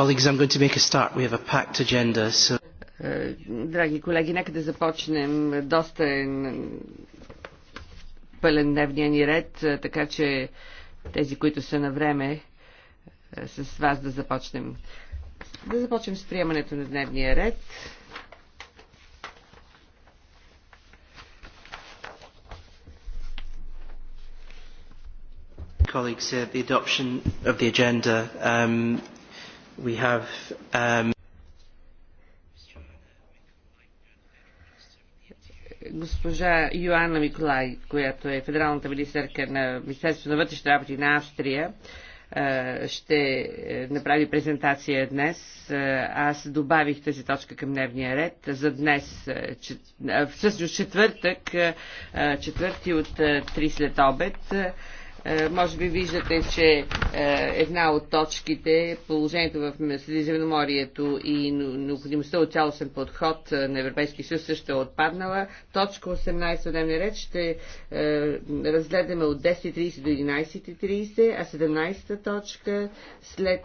Е, драги колеги, нека да започнем. Доста е пълен дневния ни ред, е, така че тези, които са на време, е, с вас да започнем. Да започнем с приемането на дневния ред. Colleagues, uh, the adoption of the agenda. Um, We have, um... Госпожа Йоанна Миколай, която е федералната министърка на Министерството на вътрешни работи на Австрия, ще е, направи презентация днес. Аз добавих тази точка към дневния ред за днес, е, всъщност четвъртък, е, четвърти от три след обед. Е, може би виждате, че е, една от точките, положението в Средиземноморието и необходимостта от цялостен подход е, на Европейския съюз също е отпаднала. Точка 18 от дневния ред ще разгледаме от 10.30 до 11.30, а 17-та точка след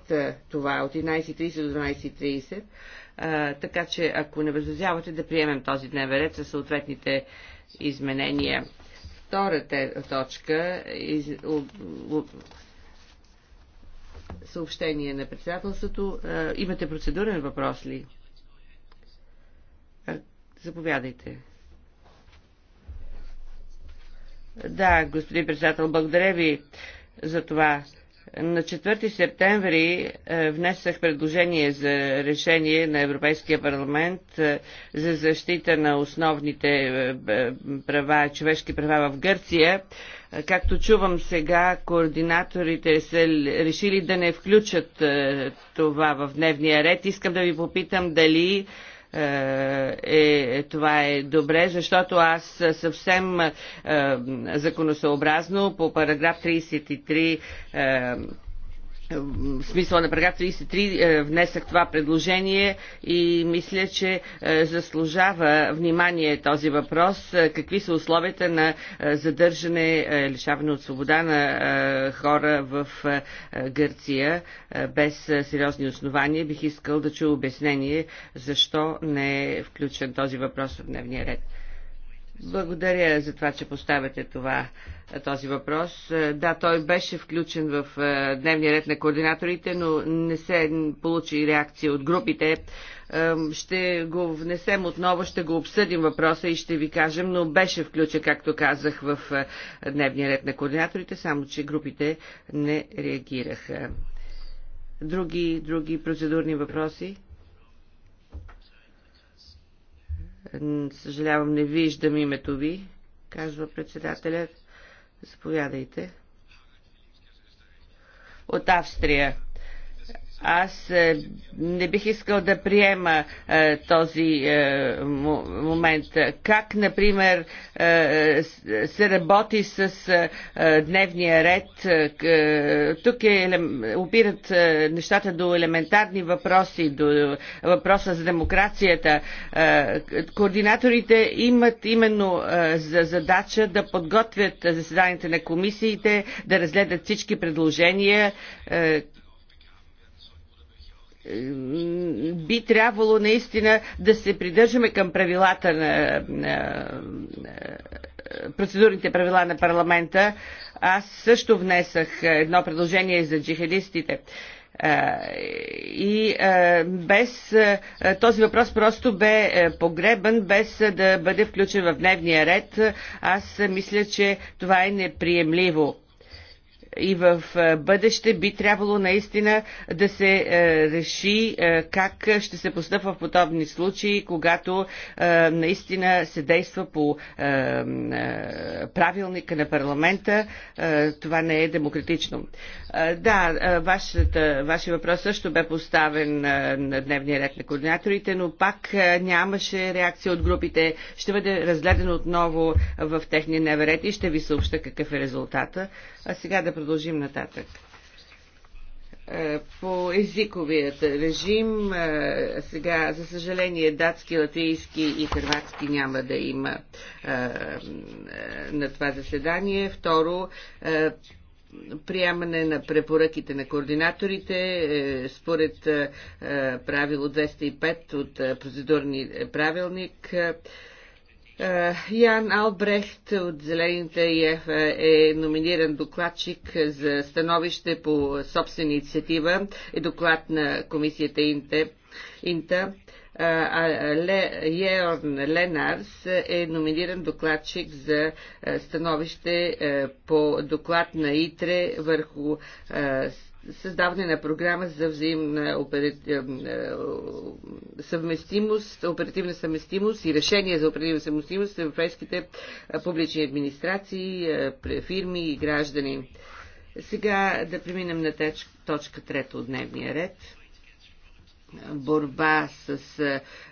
това от 11.30 до 12.30. Така че, ако не възразявате, да приемем този дневен ред със съответните изменения втора точка из, съобщение на председателството. Имате процедурен въпрос ли? Заповядайте. Да, господин председател, благодаря ви за това на 4 септември е, внесах предложение за решение на Европейския парламент е, за защита на основните е, права, човешки права в Гърция. Както чувам сега, координаторите са решили да не включат това в дневния ред. Искам да ви попитам дали е, е, е, това е добре, защото аз съвсем е, законосъобразно по параграф 33 е, в смисъла на параграф 33 е, внесах това предложение и мисля, че е, заслужава внимание този въпрос. Е, какви са условията на задържане, лишаване от свобода на хора в Гърция без сериозни основания? Бих искал да чуя обяснение защо не е включен този въпрос в дневния ред. Благодаря за това, че поставяте това, този въпрос. Е, да, той беше включен в е, дневния ред на координаторите, но не се получи реакция от групите. Е, ще го внесем отново, ще го обсъдим въпроса и ще ви кажем, но беше включен, както казах, в дневния ред на координаторите, само че групите не реагираха. Други, други процедурни въпроси? Съжалявам, не виждам името ви, казва председателят. Заповядайте. От Австрия. Аз е, не бих искал да приема е, този е, момент. Как, например, е, се работи с е, е дневния ред? Е, е тук е, опират е, нещата до елементарни въпроси, до въпроса за демокрацията. Е, координаторите имат именно е, за задача да подготвят заседанията на комисиите, да разгледат всички предложения. Е, би трябвало наистина да се придържаме към правилата на, на процедурните правила на парламента. Аз също внесах едно предложение за джихадистите. И без този въпрос просто бе погребан, без да бъде включен в дневния ред. Аз мисля, че това е неприемливо и в е, бъдеще би трябвало наистина да се е, реши е, как ще се постъпва в подобни случаи, когато наистина се действа по правилника на парламента. Това не е демократично. Да, вашата, вашия въпрос също бе поставен на дневния ред на координаторите, но пак нямаше реакция от групите. Ще бъде разгледан отново в техния неверет и ще ви съобща какъв е резултата. А сега да продължим нататък. Е, по езиковият режим, е, сега, за съжаление, датски, латвийски и хрватски няма да има е, на това заседание. Второ, приемане на препоръките на координаторите според правило 205 от процедурни правилник. Е, Ян Албрехт от Зелените ЕФ е номиниран докладчик за становище по собствена инициатива и е доклад на комисията Инта. Ле, Йорн Ленарс е номиниран докладчик за е, становище по доклад на ИТРЕ върху създаване на програма за взаимна оперативна е, е, съвместимост, оперативна съвместимост и решение за оперативна съвместимост в европейските е, публични администрации, фирми и граждани. Сега да преминем на точка трета от дневния ред борба с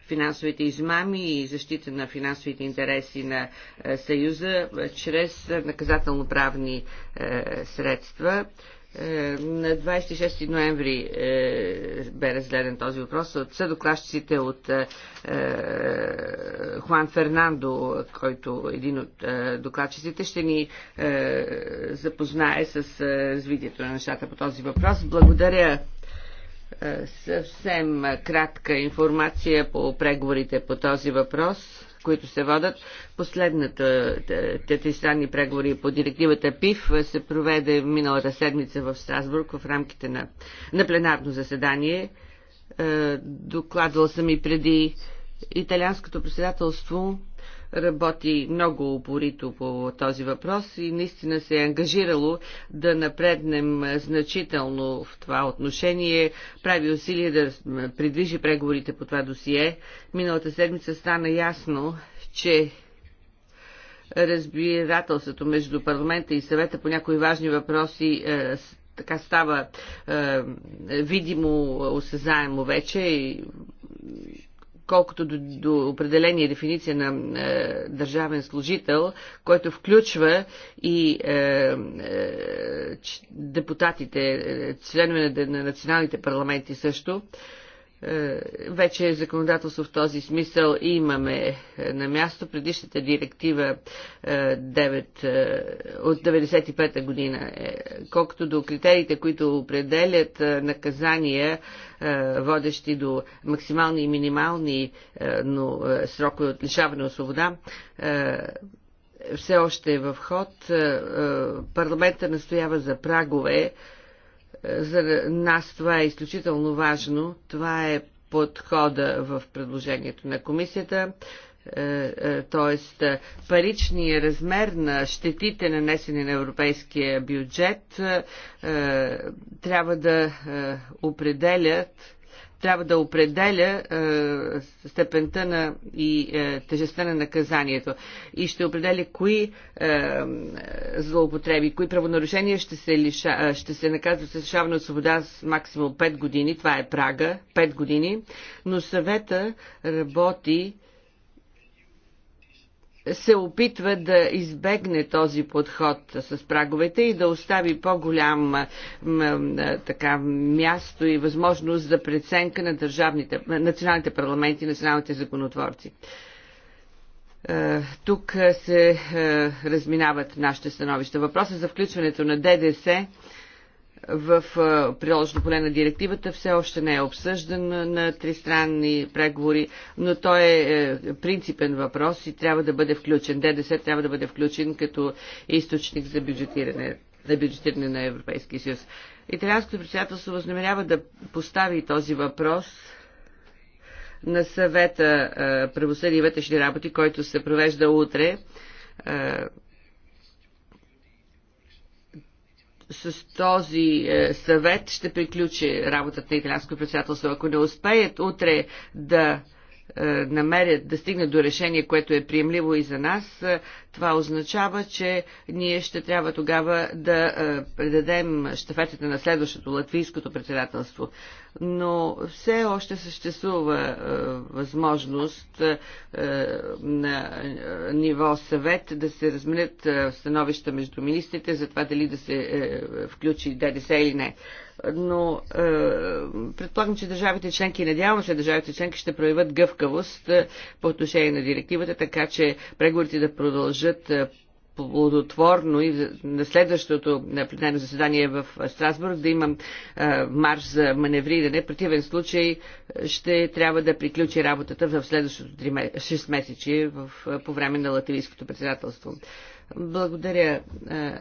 финансовите измами и защита на финансовите интереси на Съюза чрез наказателно-правни средства. Е, на 26 ноември е, бе разгледан този въпрос от съдоклащиците от е, Хуан Фернандо, който един от докладчиците ще ни запознае с развитието на нещата по този въпрос. Благодаря съвсем кратка информация по преговорите по този въпрос които се водят. Последната странни преговори по директивата ПИФ се проведе миналата седмица в Страсбург в рамките на, на пленарно заседание. Е, докладвал съм и преди италианското председателство работи много упорито по този въпрос и наистина се е ангажирало да напреднем значително в това отношение. Прави усилия да придвижи преговорите по това досие. Миналата седмица стана ясно, че разбирателството между парламента и съвета по някои важни въпроси е, така става е, видимо, осезаемо вече и колкото до, до определение дефиниция на е, държавен служител, който включва и е, е, депутатите, е, членове на, на националните парламенти също. Е, вече е законодателство в този смисъл имаме е, на място. Предишната директива 9, от 95-та година, колкото до критериите, които определят наказания, водещи до максимални и минимални но, срокове от лишаване от свобода, все още е в ход. Парламента настоява за прагове, за нас това е изключително важно. Това е подхода в предложението на комисията е, е, т.е. паричния размер на щетите, нанесени на европейския бюджет, е, трябва да определят трябва да определя е, степента на и е, тежестта на наказанието и ще определя кои е, злоупотреби, кои правонарушения ще се, лиша, е, ще се наказват с лишаване от свобода с максимум 5 години. Това е прага, 5 години. Но съвета работи се опитва да избегне този подход с праговете и да остави по-голям така, място и възможност за преценка на държавните, националните парламенти, националните законотворци. Е, тук се е, разминават нашите становища. Въпросът за включването на ДДС в приложено поле на директивата все още не е обсъждан на тристранни преговори, но той е, е принципен въпрос и трябва да бъде включен. ДДС трябва да бъде включен като източник за бюджетиране, за бюджетиране на Европейския съюз. Италианското председателство възнамерява да постави този въпрос на съвета е, правосъдие и вътрешни работи, който се провежда утре е, с този е, съвет ще приключи работата на италянско председателство. Ако не успеят утре да е, намерят да стигнат до решение, което е приемливо и за нас, е, това означава, че ние ще трябва тогава да е, предадем щафетите на следващото латвийското председателство. Но все още съществува възможност на ниво съвет да се разменят становища между министрите за това дали да се включи ДДС или не но е, предполагам, че държавите членки, надявам се, държавите членки ще проявят гъвкавост е, по отношение на директивата, така че преговорите да продължат е, плодотворно и на следващото пленарно заседание в Страсбург да имам е, марш за маневриране. противен случай ще трябва да приключи работата в следващото 6 месечи по време на латвийското председателство. Благодаря. е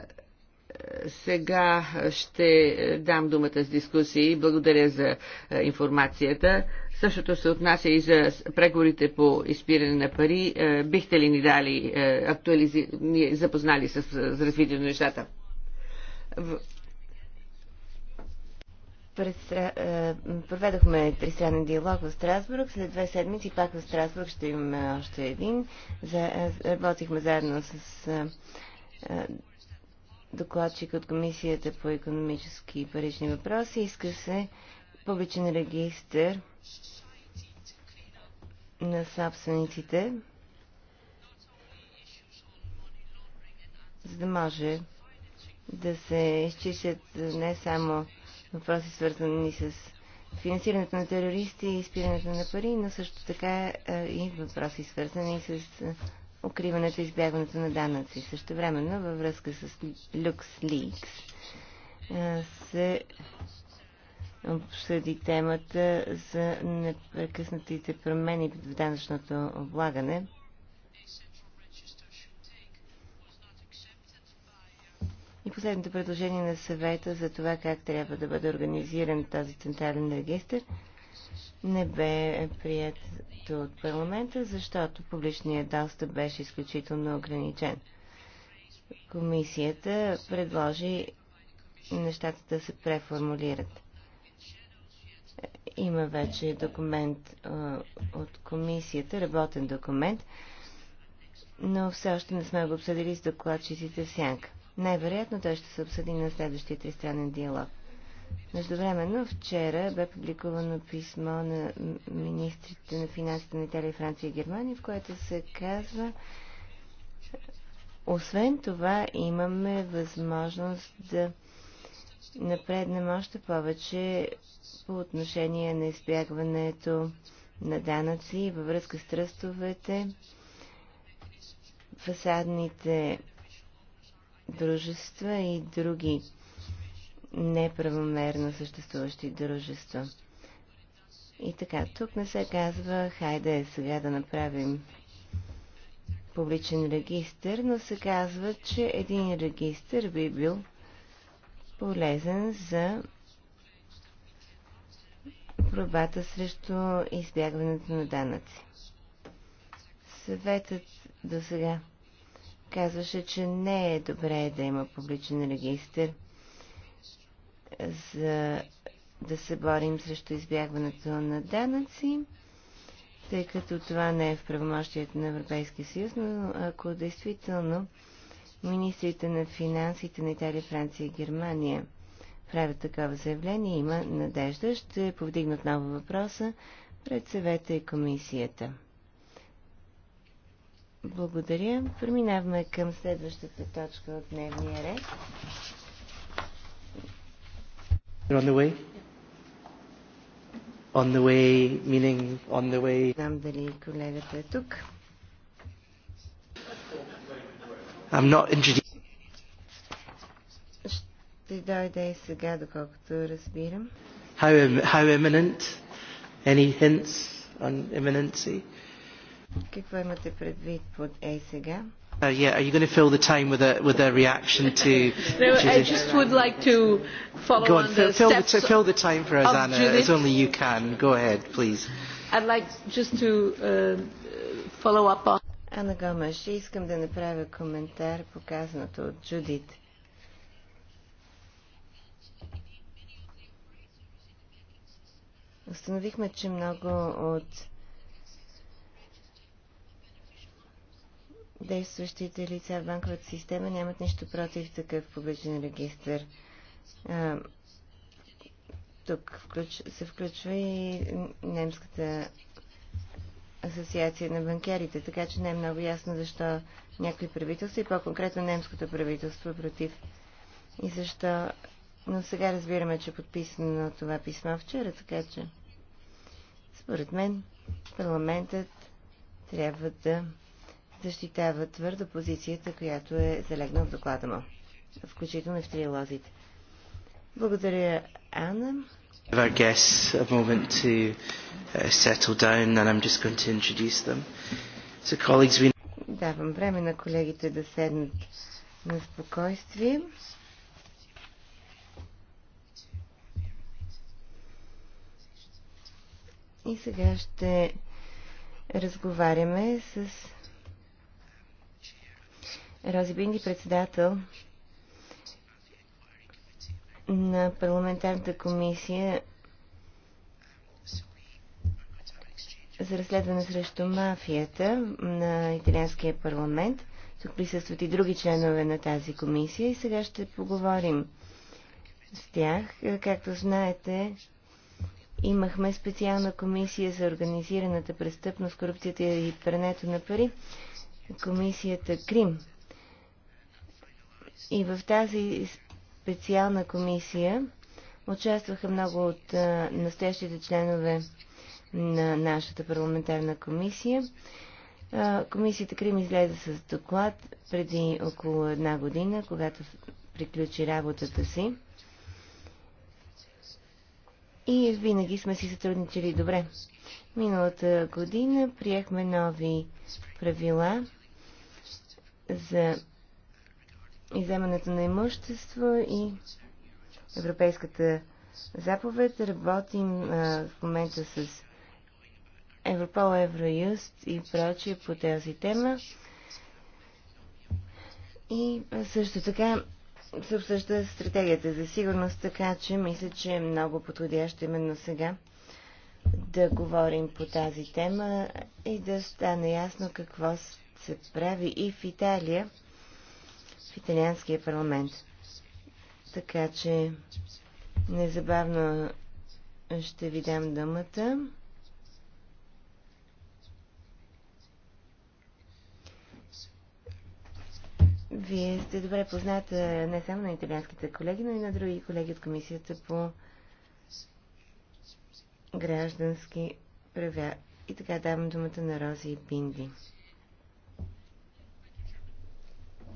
сега ще дам думата с дискусии. Благодаря за е, информацията. Същото се отнася и за преговорите по изпиране на пари. Е, бихте ли ни дали е, актуализи... ни запознали с развитието на нещата? В... През, проведохме тристранен диалог в Страсбург. След две седмици пак в Страсбург ще имаме още един. За, работихме заедно с докладчик от Комисията по економически и парични въпроси. Иска се публичен регистр на собствениците, за да може да се изчистят не само въпроси свързани с финансирането на терористи и изпирането на пари, но също така е, и въпроси свързани с укриването и избягването на данъци. Също времено във връзка с LuxLeaks се обсъди темата за непрекъснатите промени в данъчното облагане. И последното предложение на съвета за това как трябва да бъде организиран този централен регистр – не бе прият от парламента, защото публичният достъп беше изключително ограничен. Комисията предложи нещата да се преформулират. Има вече документ от комисията, работен документ, но все още не сме го обсъдили с докладчиците в сянка. Най-вероятно той ще се обсъди на следващия тристранен диалог. Междувременно вчера бе публикувано писмо на министрите на финансите на Италия, Франция и Германия, в което се казва, освен това имаме възможност да напреднем още повече по отношение на избягването на данъци във връзка с тръстовете, фасадните дружества и други неправомерно съществуващи дружества. И така, тук не се казва, хайде сега да направим публичен регистр, но се казва, че един регистр би бил полезен за пробата срещу избягването на данъци. Съветът до сега казваше, че не е добре да има публичен регистр – за да се борим срещу избягването на данъци, тъй като това не е в правомощието на Европейския съюз, но ако действително министрите на финансите на Италия, Франция и Германия правят такова заявление, има надежда, ще повдигнат нова въпроса пред съвета и комисията. Благодаря. Преминаваме към следващата точка от дневния ред. You're on the way? Yeah. On the way, meaning on the way. Знам дали колегата е тук. I'm not introducing. Ще дойде сега, доколкото разбирам. How, how imminent? Any hints on imminency? Какво имате предвид под е сега? Uh, yeah, are you going to fill the time with a with a reaction to? no, I just would like to follow Go on. on fill, the fill, steps the fill the time for us, Anna. Judith. It's only you can. Go ahead, please. I'd like just to uh, follow up on. Анна Гомеш, искам да направя коментар показаното от Джудит. Установихме, че много от действащите лица в банковата система нямат нищо против такъв публичен регистр. А, тук включ, се включва и немската асоциация на банкерите, така че не е много ясно защо някои правителства и по-конкретно немското правителство е против и защо. Но сега разбираме, че е подписано това писмо вчера, така че според мен парламентът трябва да защитава твърдо позицията, която е залегнала в доклада му, включително и в трилозите. Благодаря, Анна. Give our guests a moment to uh, settle down, and I'm just going to introduce them. So, colleagues, we... Давам време на колегите да седнат на спокойствие. И сега ще разговаряме с Рози е председател на парламентарната комисия за разследване срещу мафията на Италианския парламент. Тук присъстват и други членове на тази комисия и сега ще поговорим с тях. Както знаете, имахме специална комисия за организираната престъпност, корупцията и прането на пари. Комисията Крим и в тази специална комисия участваха много от настоящите членове на нашата парламентарна комисия. Комисията Крим излезе с доклад преди около една година, когато приключи работата си. И винаги сме си сътрудничали добре. Миналата година приехме нови правила за иземането на имущество и Европейската заповед. Работим а, в момента с Европол, Евроюст и прочие по тази тема. И също така се обсъжда стратегията за сигурност, така че мисля, че е много подходящо именно сега да говорим по тази тема и да стане ясно какво се прави и в Италия италианския парламент. Така че незабавно ще ви дам думата. Вие сте добре позната не само на италианските колеги, но и на други колеги от Комисията по граждански права. И така давам думата на Рози и Пинди.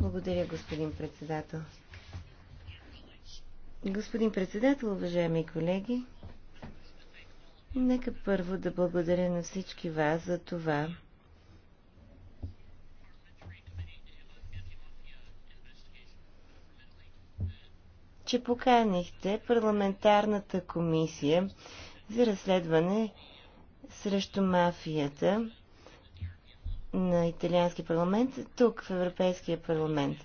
Благодаря, господин председател. Господин председател, уважаеми колеги, нека първо да благодаря на всички вас за това, че поканихте парламентарната комисия за разследване срещу мафията на италиански парламент тук в Европейския парламент.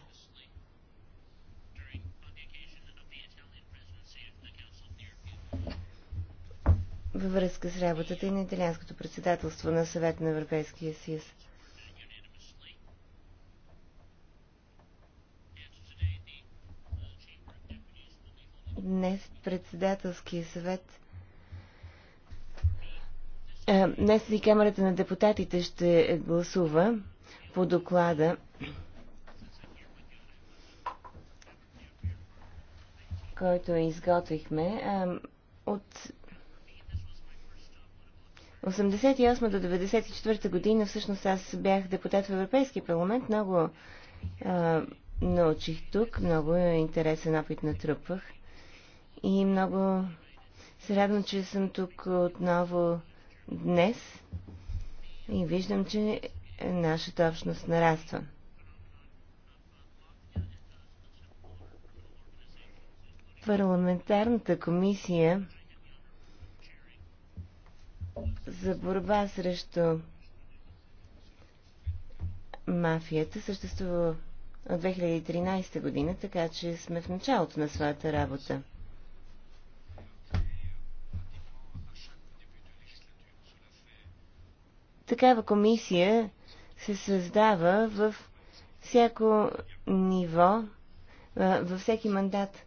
Във връзка с работата и на италианското председателство на съвет на Европейския съюз. Днес председателския съвет е, днес и Камерата на депутатите ще гласува по доклада, който изготвихме. Е, от 88 до 94 година всъщност аз бях депутат в Европейския парламент. Много а, е, научих тук, много интересен опит натрупвах. И много се радвам, че съм тук отново днес и виждам, че нашата общност нараства. Парламентарната комисия за борба срещу мафията съществува от 2013 година, така че сме в началото на своята работа. Такава комисия се създава в всяко ниво, във всеки мандат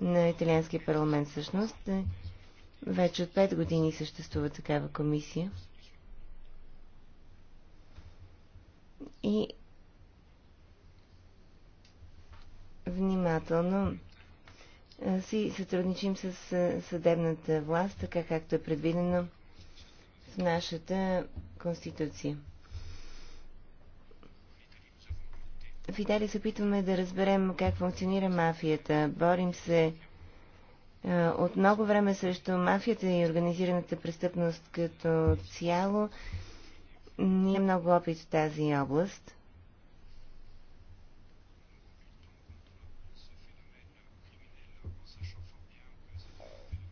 на италианския парламент всъщност. Е, вече от 5 години съществува такава комисия. И внимателно си сътрудничим с съдебната власт, така както е предвидено в нашата Конституция. В Италия се опитваме да разберем как функционира мафията. Борим се от много време срещу мафията и организираната престъпност като цяло. Ние много опит в тази област.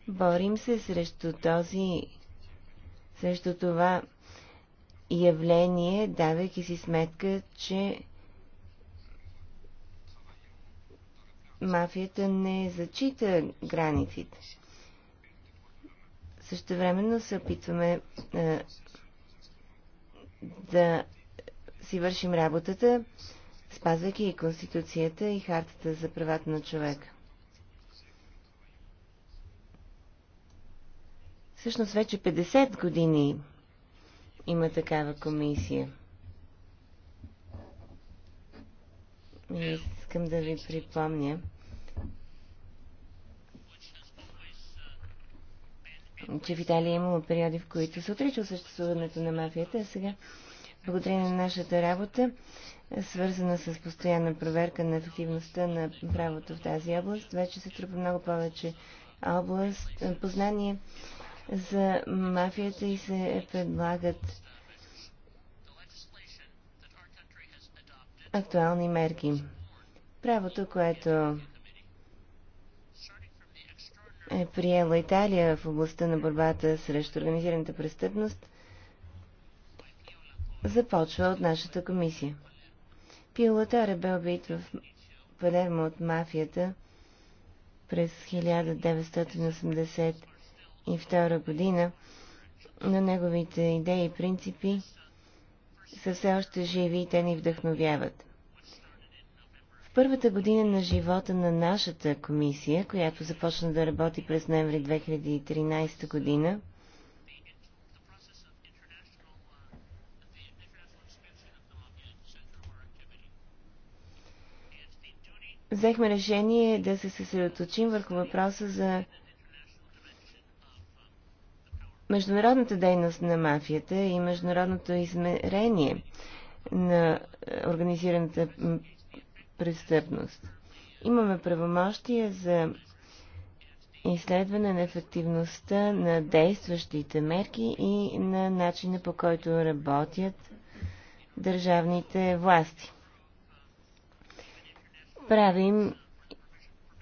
Борим се срещу този срещу това явление, давайки си сметка, че мафията не зачита границите. Също времено се опитваме а, да си вършим работата, спазвайки и Конституцията и Хартата за правата на човека. Всъщност вече 50 години има такава комисия. И искам да ви припомня, че в Италия е имало периоди, в които се отрича съществуването на мафията, а сега, благодарение на нашата работа, свързана с постоянна проверка на ефективността на правото в тази област, вече се трупа много повече област, познание за мафията и се предлагат актуални мерки. Правото, което е приела Италия в областта на борбата срещу организираната престъпност, започва от нашата комисия. Пиолатаре бе убит в Палермо от мафията през 1980 1992 година, но неговите идеи и принципи са все още живи и те ни вдъхновяват. В първата година на живота на нашата комисия, която започна да работи през ноември 2013 година, взехме решение да се съсредоточим върху въпроса за международната дейност на мафията и международното измерение на е, организираната престъпност. Имаме правомощия за изследване на ефективността на действащите мерки и на начина по който работят държавните власти. Правим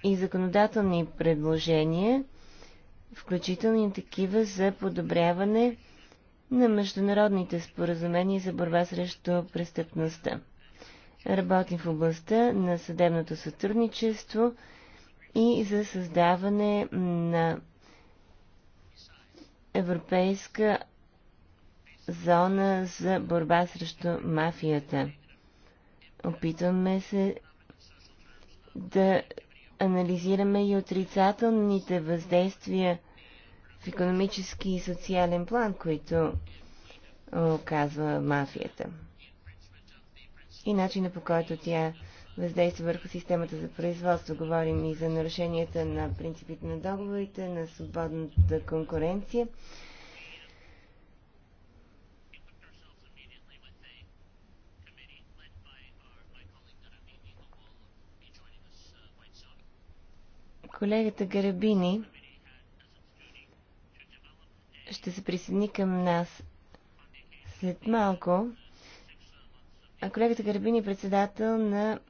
и законодателни предложения – включително и такива за подобряване на международните споразумения за борба срещу престъпността. Работим в областта на съдебното сътрудничество и за създаване на Европейска зона за борба срещу мафията. Опитваме се да анализираме и отрицателните въздействия економически и социален план, които оказва мафията. И начина по който тя въздейства върху системата за производство. Говорим и за нарушенията на принципите на договорите, на свободната конкуренция. Колегата Гарабини ще се присъедини към нас след малко. А колегата Гарбин е председател на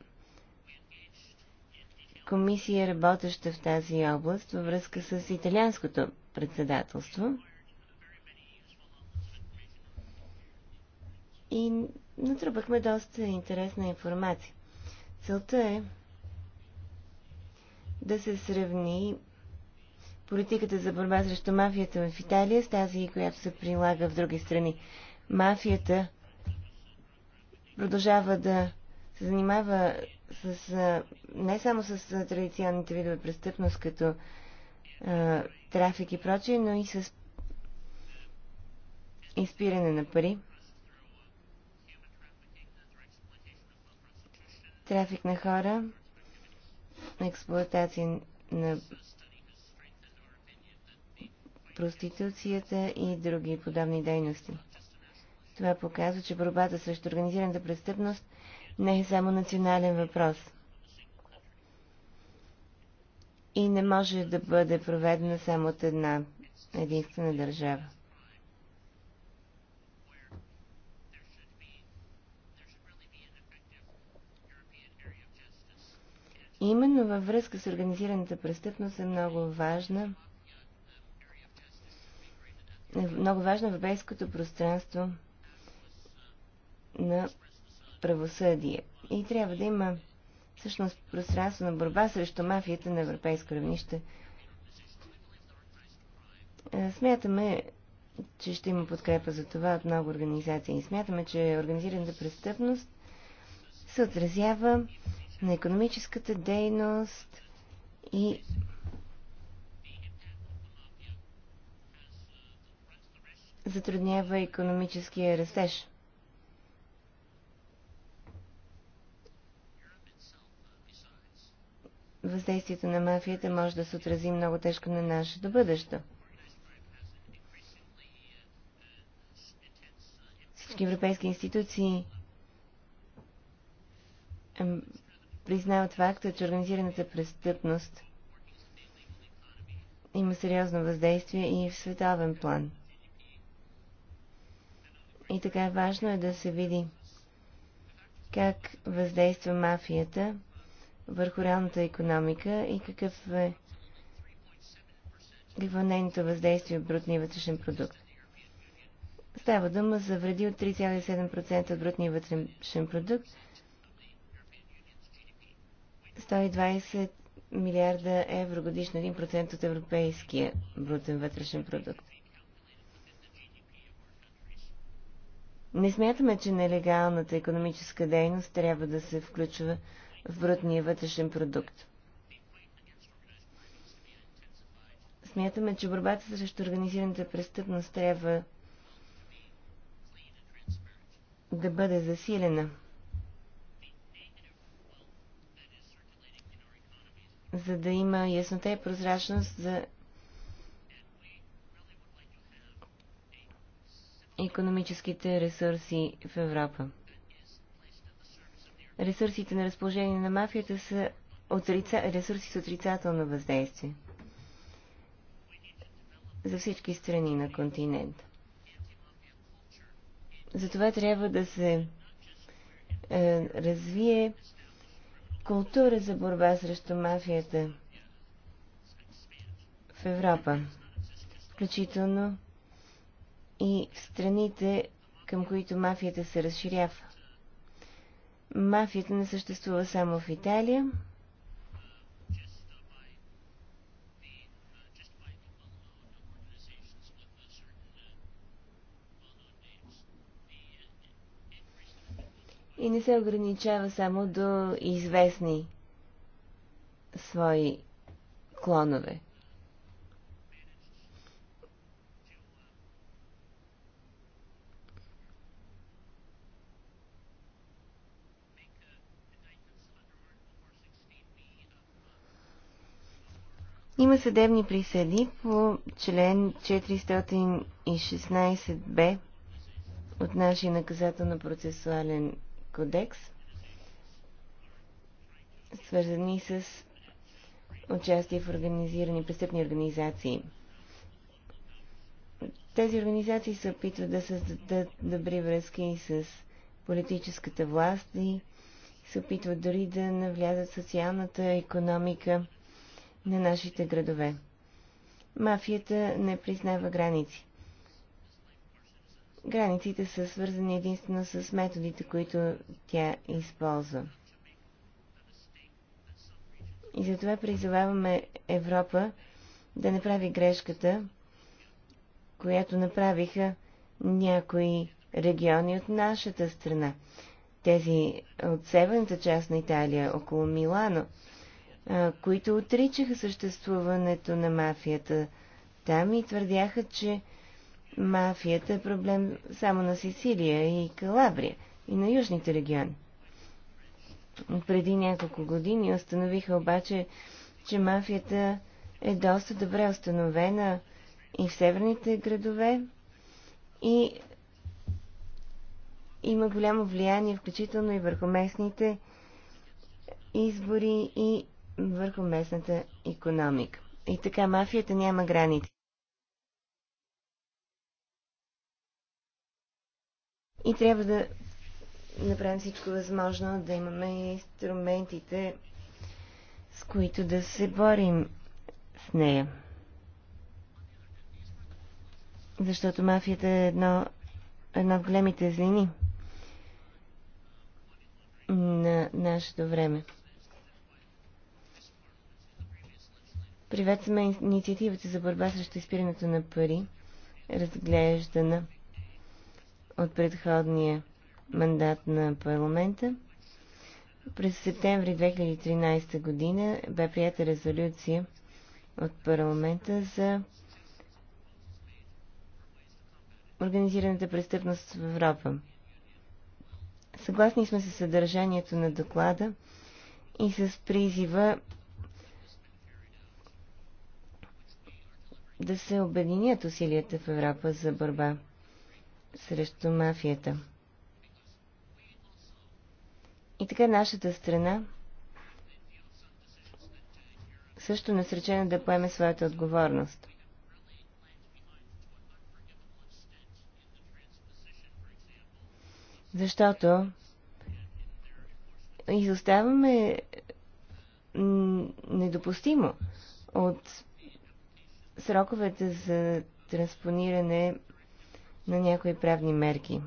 комисия, работеща в тази област във връзка с италианското председателство. И натрупахме доста интересна информация. Целта е да се сравни политиката за борба срещу мафията в Италия с тази, която се прилага в други страни. Мафията продължава да се занимава с, не само с традиционните видове престъпност, като а, трафик и прочие, но и с изпиране на пари, трафик на хора, експлуатация на проституцията и други подобни дейности. Това показва, че борбата срещу организираната престъпност не е само национален въпрос и не може да бъде проведена само от една единствена държава. Именно във връзка с организираната престъпност е много важна много важно европейското пространство на правосъдие. И трябва да има всъщност пространство на борба срещу мафията на европейско равнище. Е, смятаме, че ще има подкрепа за това от много организации. Смятаме, че организираната престъпност се отразява на економическата дейност и затруднява економическия растеж. Въздействието на мафията може да се отрази много тежко на нашето бъдеще. Всички европейски институции признават факта, че организираната престъпност има сериозно въздействие и в световен план – и така важно е да се види как въздейства мафията върху реалната економика и какъв е какво е нейното въздействие от брутния вътрешен продукт. Става дума за вреди от 3,7% от брутния вътрешен продукт, 120 милиарда евро годишно, 1% от европейския брутен вътрешен продукт. Не смятаме, че нелегалната економическа дейност трябва да се включва в брутния вътрешен продукт. Смятаме, че борбата срещу организираната престъпност трябва да бъде засилена. за да има яснота и прозрачност за економическите ресурси в Европа. Ресурсите на разположение на мафията са отрица... ресурси с отрицателно въздействие за всички страни на континента. Затова трябва да се е, развие култура за борба срещу мафията в Европа, включително и в страните, към които мафията се разширява. Мафията не съществува само в Италия. И не се ограничава само до известни свои клонове. Има съдебни присъди по член 416б от нашия наказателно-процесуален кодекс, свързани с участие в организирани престъпни организации. Тези организации се опитват да създадат добри връзки с политическата власт и се опитват дори да навлязат в социалната економика на нашите градове. Мафията не признава граници. Границите са свързани единствено с методите, които тя използва. И затова призоваваме Европа да не прави грешката, която направиха някои региони от нашата страна. Тези от северната част на Италия, около Милано, които отричаха съществуването на мафията там и твърдяха, че мафията е проблем само на Сицилия и Калабрия и на южните региони. Преди няколко години установиха обаче, че мафията е доста добре установена и в северните градове и има голямо влияние, включително и върху местните избори и върху местната економика. И така мафията няма граници. И трябва да направим всичко възможно, да имаме инструментите, с които да се борим с нея. Защото мафията е едно, едно от големите злини на нашето време. Приветстваме инициативата за борба срещу изпирането на пари, разглеждана от предходния мандат на парламента. През септември 2013 година бе прията резолюция от парламента за организираната престъпност в Европа. Съгласни сме с съдържанието на доклада и с призива да се обединят усилията в Европа за борба срещу мафията. И така нашата страна също насречена да поеме своята отговорност. Защото изоставаме недопустимо от сроковете за транспониране на някои правни мерки.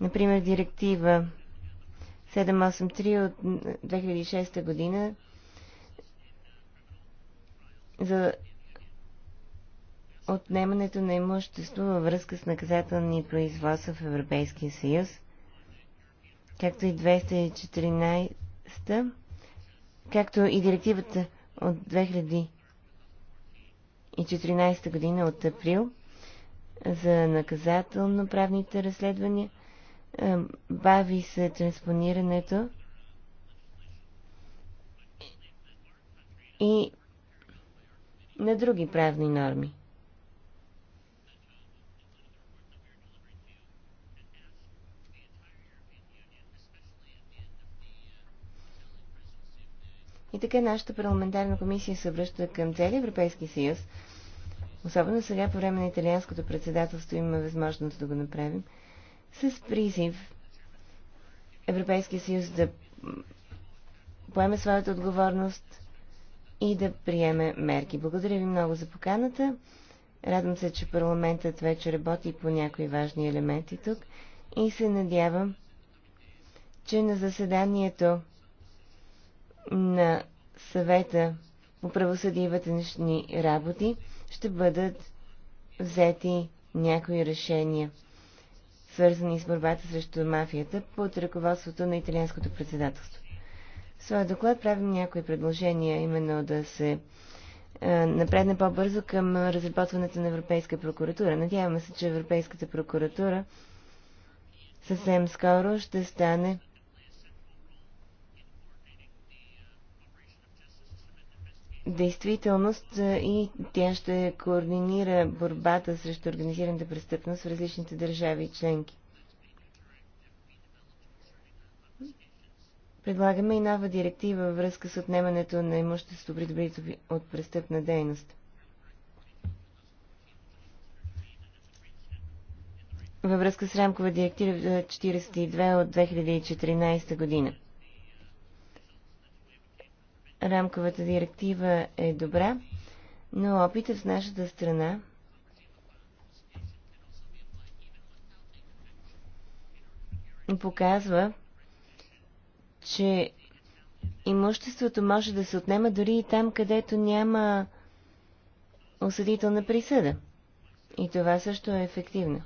Например, директива 783 от 2006 година за отнемането на имущество във връзка с наказателни производства в Европейския съюз, както и 214, както и директивата от 2014 година от април за наказателно-правните разследвания. Е, бави се транспонирането и на други правни норми. И така нашата парламентарна комисия се връща към целия Европейски съюз. Особено сега по време на италианското председателство има възможност да го направим. С призив Европейския съюз да поеме своята отговорност и да приеме мерки. Благодаря ви много за поканата. Радвам се, че парламентът вече работи по някои важни елементи тук и се надявам, че на заседанието на съвета по правосъдие и вътрешни работи ще бъдат взети някои решения, свързани с борбата срещу мафията под ръководството на италианското председателство. В своя доклад правим някои предложения, именно да се е, напредне по-бързо към разработването на Европейска прокуратура. Надяваме се, че Европейската прокуратура съвсем скоро ще стане действителност и тя ще координира борбата срещу организираната престъпност в различните държави и членки. Предлагаме и нова директива във връзка с отнемането на имущество, придобито от престъпна дейност. Във връзка с рамкова директива 42 от 2014 година рамковата директива е добра, но опитът в нашата страна показва, че имуществото може да се отнема дори и там, където няма осъдителна присъда. И това също е ефективно.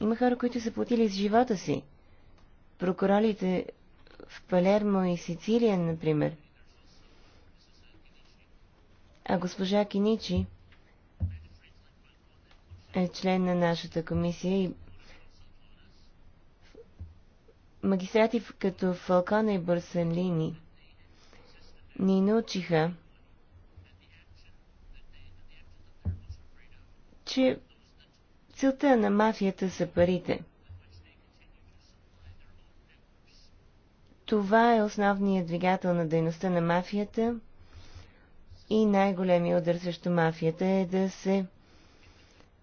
Има хора, които са платили с живота си. Прокурорите в Палермо и Сицилия, например. А госпожа Киничи е член на нашата комисия и магистрати като Фалкона и Борсалини ни научиха, че целта на мафията са парите – Това е основният двигател на дейността на мафията и най-големият удар срещу мафията е да се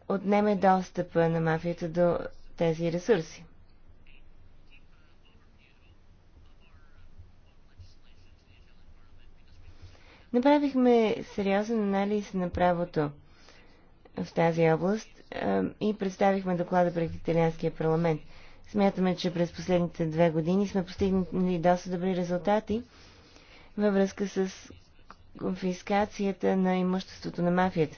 отнеме достъпа на мафията до тези ресурси. Направихме сериозен анализ на правото в тази област и представихме доклада пред Италианския парламент – Смятаме, че през последните две години сме постигнали доста добри резултати във връзка с конфискацията на имуществото на мафията.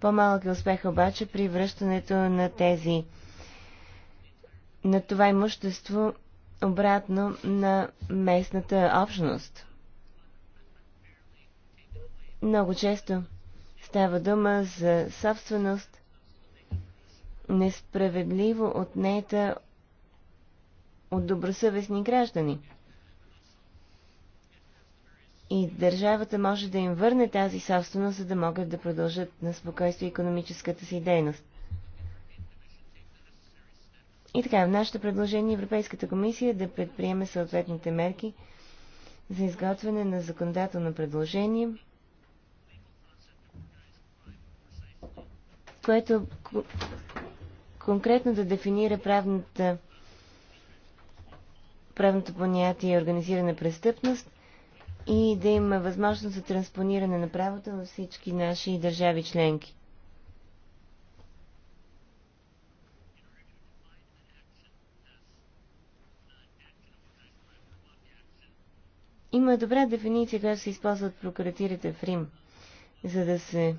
По-малък е успех обаче при връщането на тези на това имущество обратно на местната общност. Много често става дума за собственост, несправедливо отнета от добросъвестни граждани. И държавата може да им върне тази собственост, за да могат да продължат на спокойствие економическата си дейност. И така, в нашето предложение Европейската комисия да предприеме съответните мерки за изготвяне на законодателно предложение, което конкретно да дефинира правната правното понятие е организирана престъпност и да има възможност за транспониране на правото във всички наши държави членки. Има добра дефиниция, която се използва от прокуратирите в Рим, за да се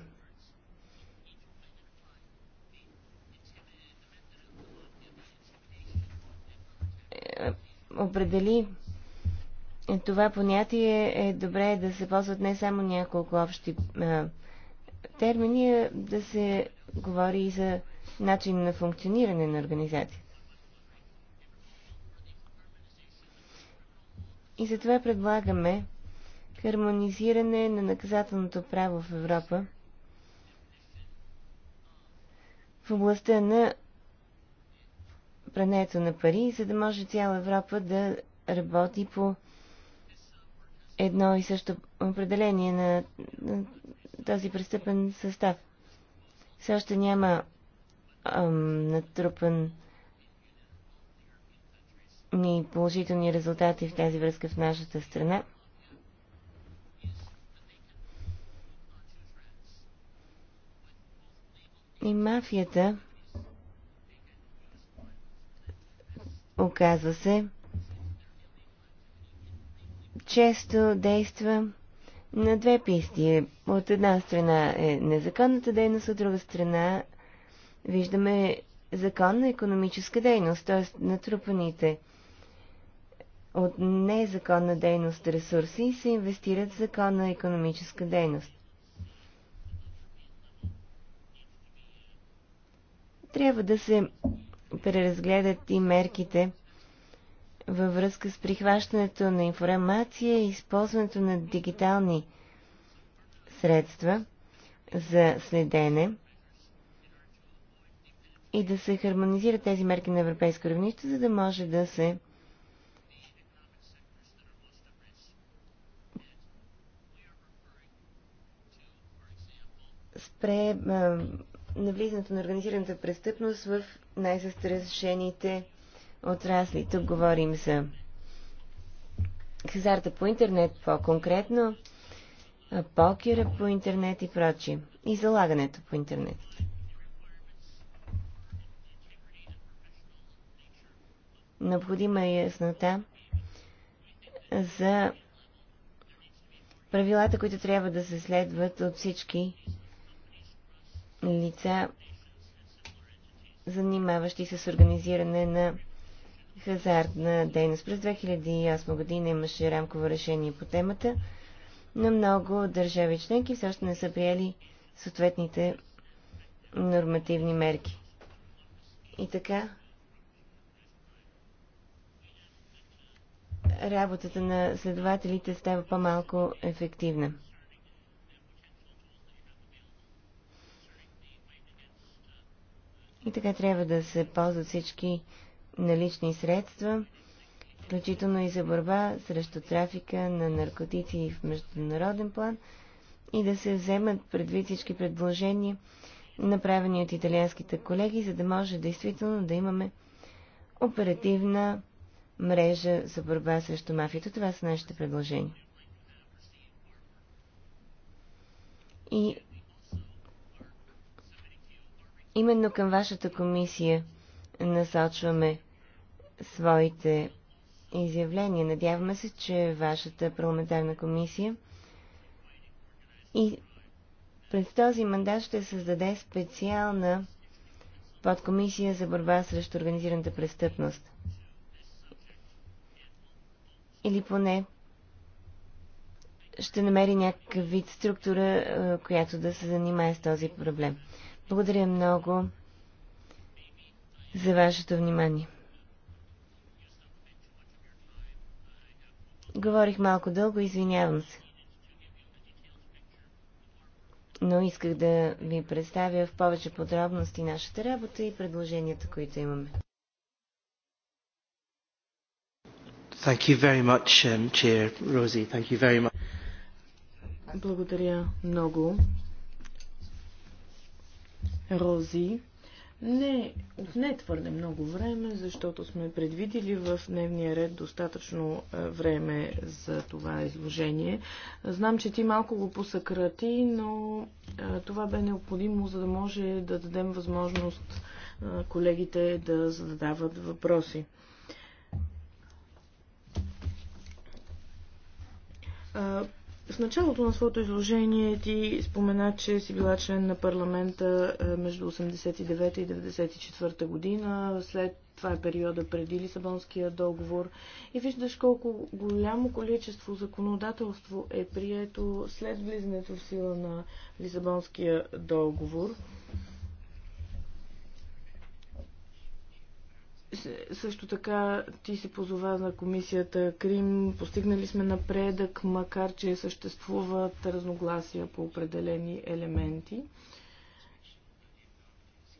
определи е, това понятие, е добре да се ползват не само няколко общи а, термини, а да се говори и за начин на функциониране на организацията. И затова предлагаме хармонизиране на наказателното право в Европа в областта на прането на пари, за да може цяла Европа да работи по едно и също определение на, на този престъпен състав. Все още няма ам, натрупан ни положителни резултати в тази връзка в нашата страна. И мафията оказва се, често действа на две писти. От една страна е незаконната дейност, от друга страна виждаме законна економическа дейност, т.е. натрупаните от незаконна дейност ресурси се инвестират в законна економическа дейност. Трябва да се преразгледат и мерките във връзка с прихващането на информация и използването на дигитални средства за следене и да се хармонизират тези мерки на европейско равнище, за да може да се спре навлизането на организираната престъпност в най-застрашените отрасли. Тук говорим за хазарта по интернет по-конкретно, покера по интернет и прочие. И залагането по интернет. Необходима е яснота за правилата, които трябва да се следват от всички лица, занимаващи се с организиране на хазартна дейност. През 2008 година имаше рамково решение по темата, но много държави членки все още не са приели съответните нормативни мерки. И така, работата на следователите става по-малко ефективна. И така трябва да се ползват всички налични средства, включително и за борба срещу трафика на наркотици в международен план и да се вземат предвид всички предложения, направени от италианските колеги, за да може действително да имаме оперативна мрежа за борба срещу мафията. Това са нашите предложения. И именно към вашата комисия насочваме своите изявления. Надяваме се, че вашата парламентарна комисия и през този мандат ще създаде специална подкомисия за борба срещу организираната престъпност. Или поне ще намери някакъв вид структура, която да се занимае с този проблем. Благодаря много за вашето внимание. Говорих малко дълго, извинявам се. Но исках да ви представя в повече подробности нашата работа и предложенията, които имаме. Thank you very much, um, Chair Rosie. Thank you very much. Благодаря много, Рози. Не, не твърде много време, защото сме предвидили в дневния ред достатъчно е, време за това изложение. Знам, че ти малко го посъкрати, но е, това бе необходимо, за да може да дадем възможност е, колегите да задават въпроси. В началото на своето изложение ти спомена, че си била член на парламента е, между 89 и 94 година. След това е периода преди Лисабонския договор. И виждаш колко голямо количество законодателство е прието след влизането в сила на Лисабонския договор Също така ти се позова на комисията Крим. Постигнали сме напредък, макар че съществуват разногласия по определени елементи.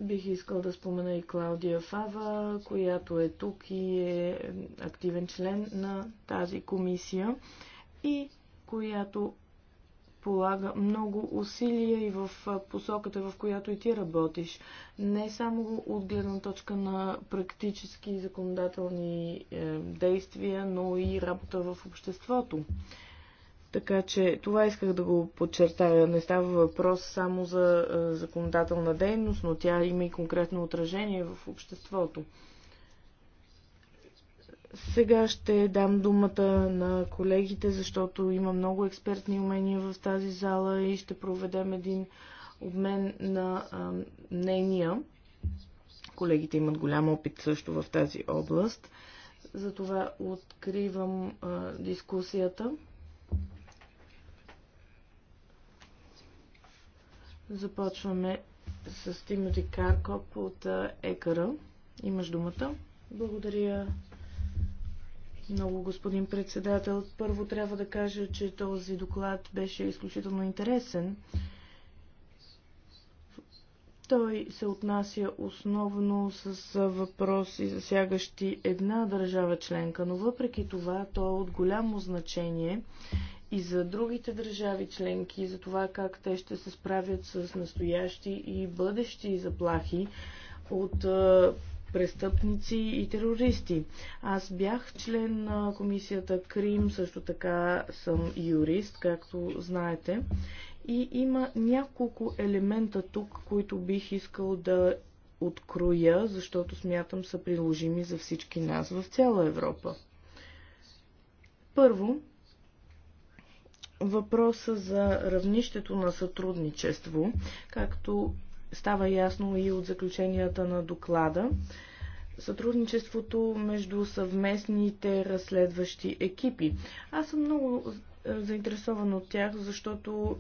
Бих искал да спомена и Клаудия Фава, която е тук и е активен член на тази комисия и която полага много усилия и в посоката, в която и ти работиш. Не само от гледна точка на практически законодателни е, действия, но и работа в обществото. Така че това исках да го подчертая. Не става въпрос само за е, законодателна дейност, но тя има и конкретно отражение в обществото. Сега ще дам думата на колегите, защото има много експертни умения в тази зала и ще проведем един обмен на а, мнения. Колегите имат голям опит също в тази област. Затова откривам а, дискусията. Започваме с Тимоти Каркоп от Екара. Имаш думата. Благодаря, много, господин председател. Първо трябва да кажа, че този доклад беше изключително интересен. Той се отнася основно с въпроси, засягащи една държава членка, но въпреки това то е от голямо значение и за другите държави членки, за това как те ще се справят с настоящи и бъдещи заплахи от е, престъпници и терористи. Аз бях член на комисията Крим, също така съм юрист, както знаете. И има няколко елемента тук, които бих искал да откроя, защото смятам са приложими за всички нас в цяла Европа. Първо, въпроса за равнището на сътрудничество, както става ясно и от заключенията на доклада сътрудничеството между съвместните разследващи екипи. Аз съм много е, заинтересован от тях, защото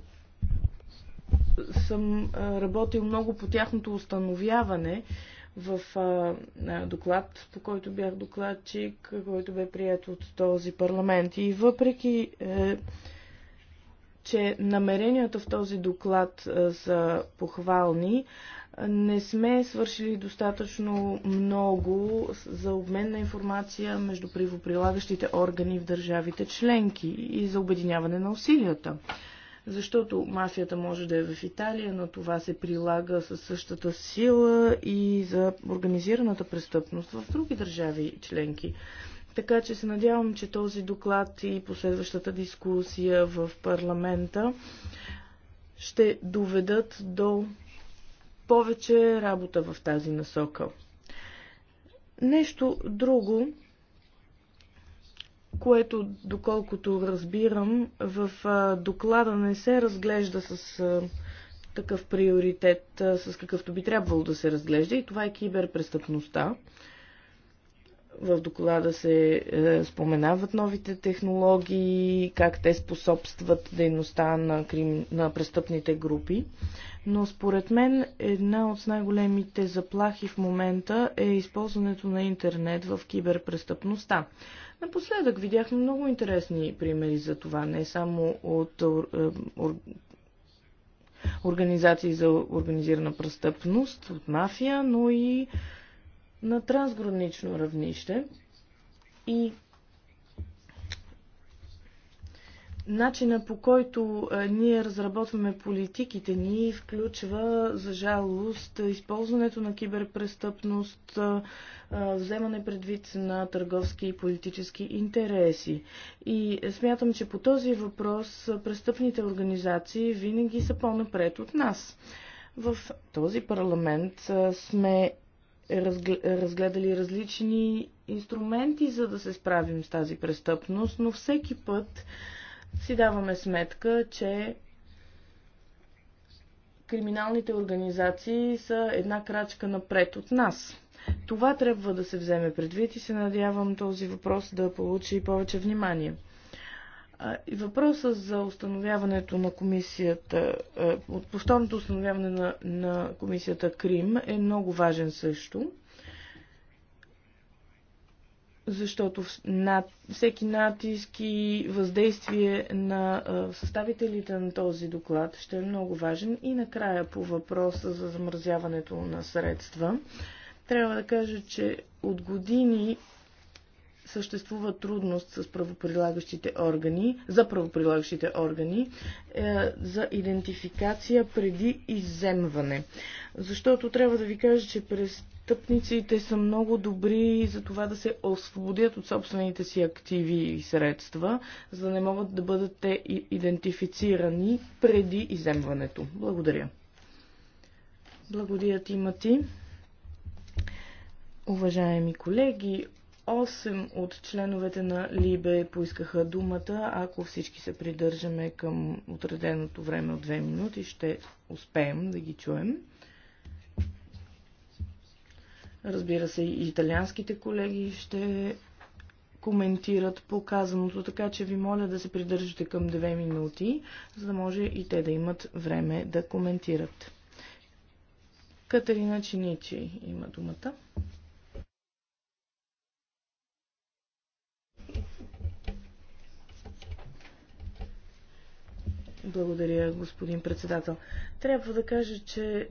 съм е, работил много по тяхното установяване в е, доклад, по който бях докладчик, който бе прият от този парламент. И въпреки, че намеренията в този доклад са похвални, не сме свършили достатъчно много за обмен на информация между правоприлагащите органи в държавите членки и за обединяване на усилията. Защото мафията може да е в Италия, но това се прилага със същата сила и за организираната престъпност в други държави членки. Така че се надявам, че този доклад и последващата дискусия в парламента ще доведат до повече работа в тази насока. Нещо друго, което, доколкото разбирам, в доклада не се разглежда с такъв приоритет, с какъвто би трябвало да се разглежда, и това е киберпрестъпността. В доклада се е, споменават новите технологии, как те способстват дейността на, крим... на престъпните групи. Но според мен една от най-големите заплахи в момента е използването на интернет в киберпрестъпността. Напоследък видяхме много интересни примери за това, не само от е, организации за организирана престъпност, от мафия, но и на трансгранично равнище и начина по който е, ние разработваме политиките ни включва, за жалост, използването на киберпрестъпност, е, е, вземане предвид на търговски и политически интереси. И смятам, че по този въпрос престъпните организации винаги са по-напред от нас. В този парламент сме разгледали различни инструменти, за да се справим с тази престъпност, но всеки път си даваме сметка, че криминалните организации са една крачка напред от нас. Това трябва да се вземе предвид и се надявам този въпрос да получи повече внимание. И въпросът за установяването на комисията, повторното установяване на, на комисията Крим е много важен също, защото над, всеки натиск и въздействие на съставителите на този доклад ще е много важен. И накрая по въпроса за замразяването на средства. Трябва да кажа, че от години съществува трудност с правоприлагащите органи, за правоприлагащите органи е, за идентификация преди иземване. Защото трябва да ви кажа, че престъпниците са много добри за това да се освободят от собствените си активи и средства, за да не могат да бъдат те идентифицирани преди иземването. Благодаря. Благодаря ти, Мати. Уважаеми колеги, 8 от членовете на Либе поискаха думата. Ако всички се придържаме към отреденото време от 2 минути, ще успеем да ги чуем. Разбира се, и италианските колеги ще коментират показаното, така че ви моля да се придържате към 2 минути, за да може и те да имат време да коментират. Катерина Чиничи има думата. Благодаря, господин председател. Трябва да кажа, че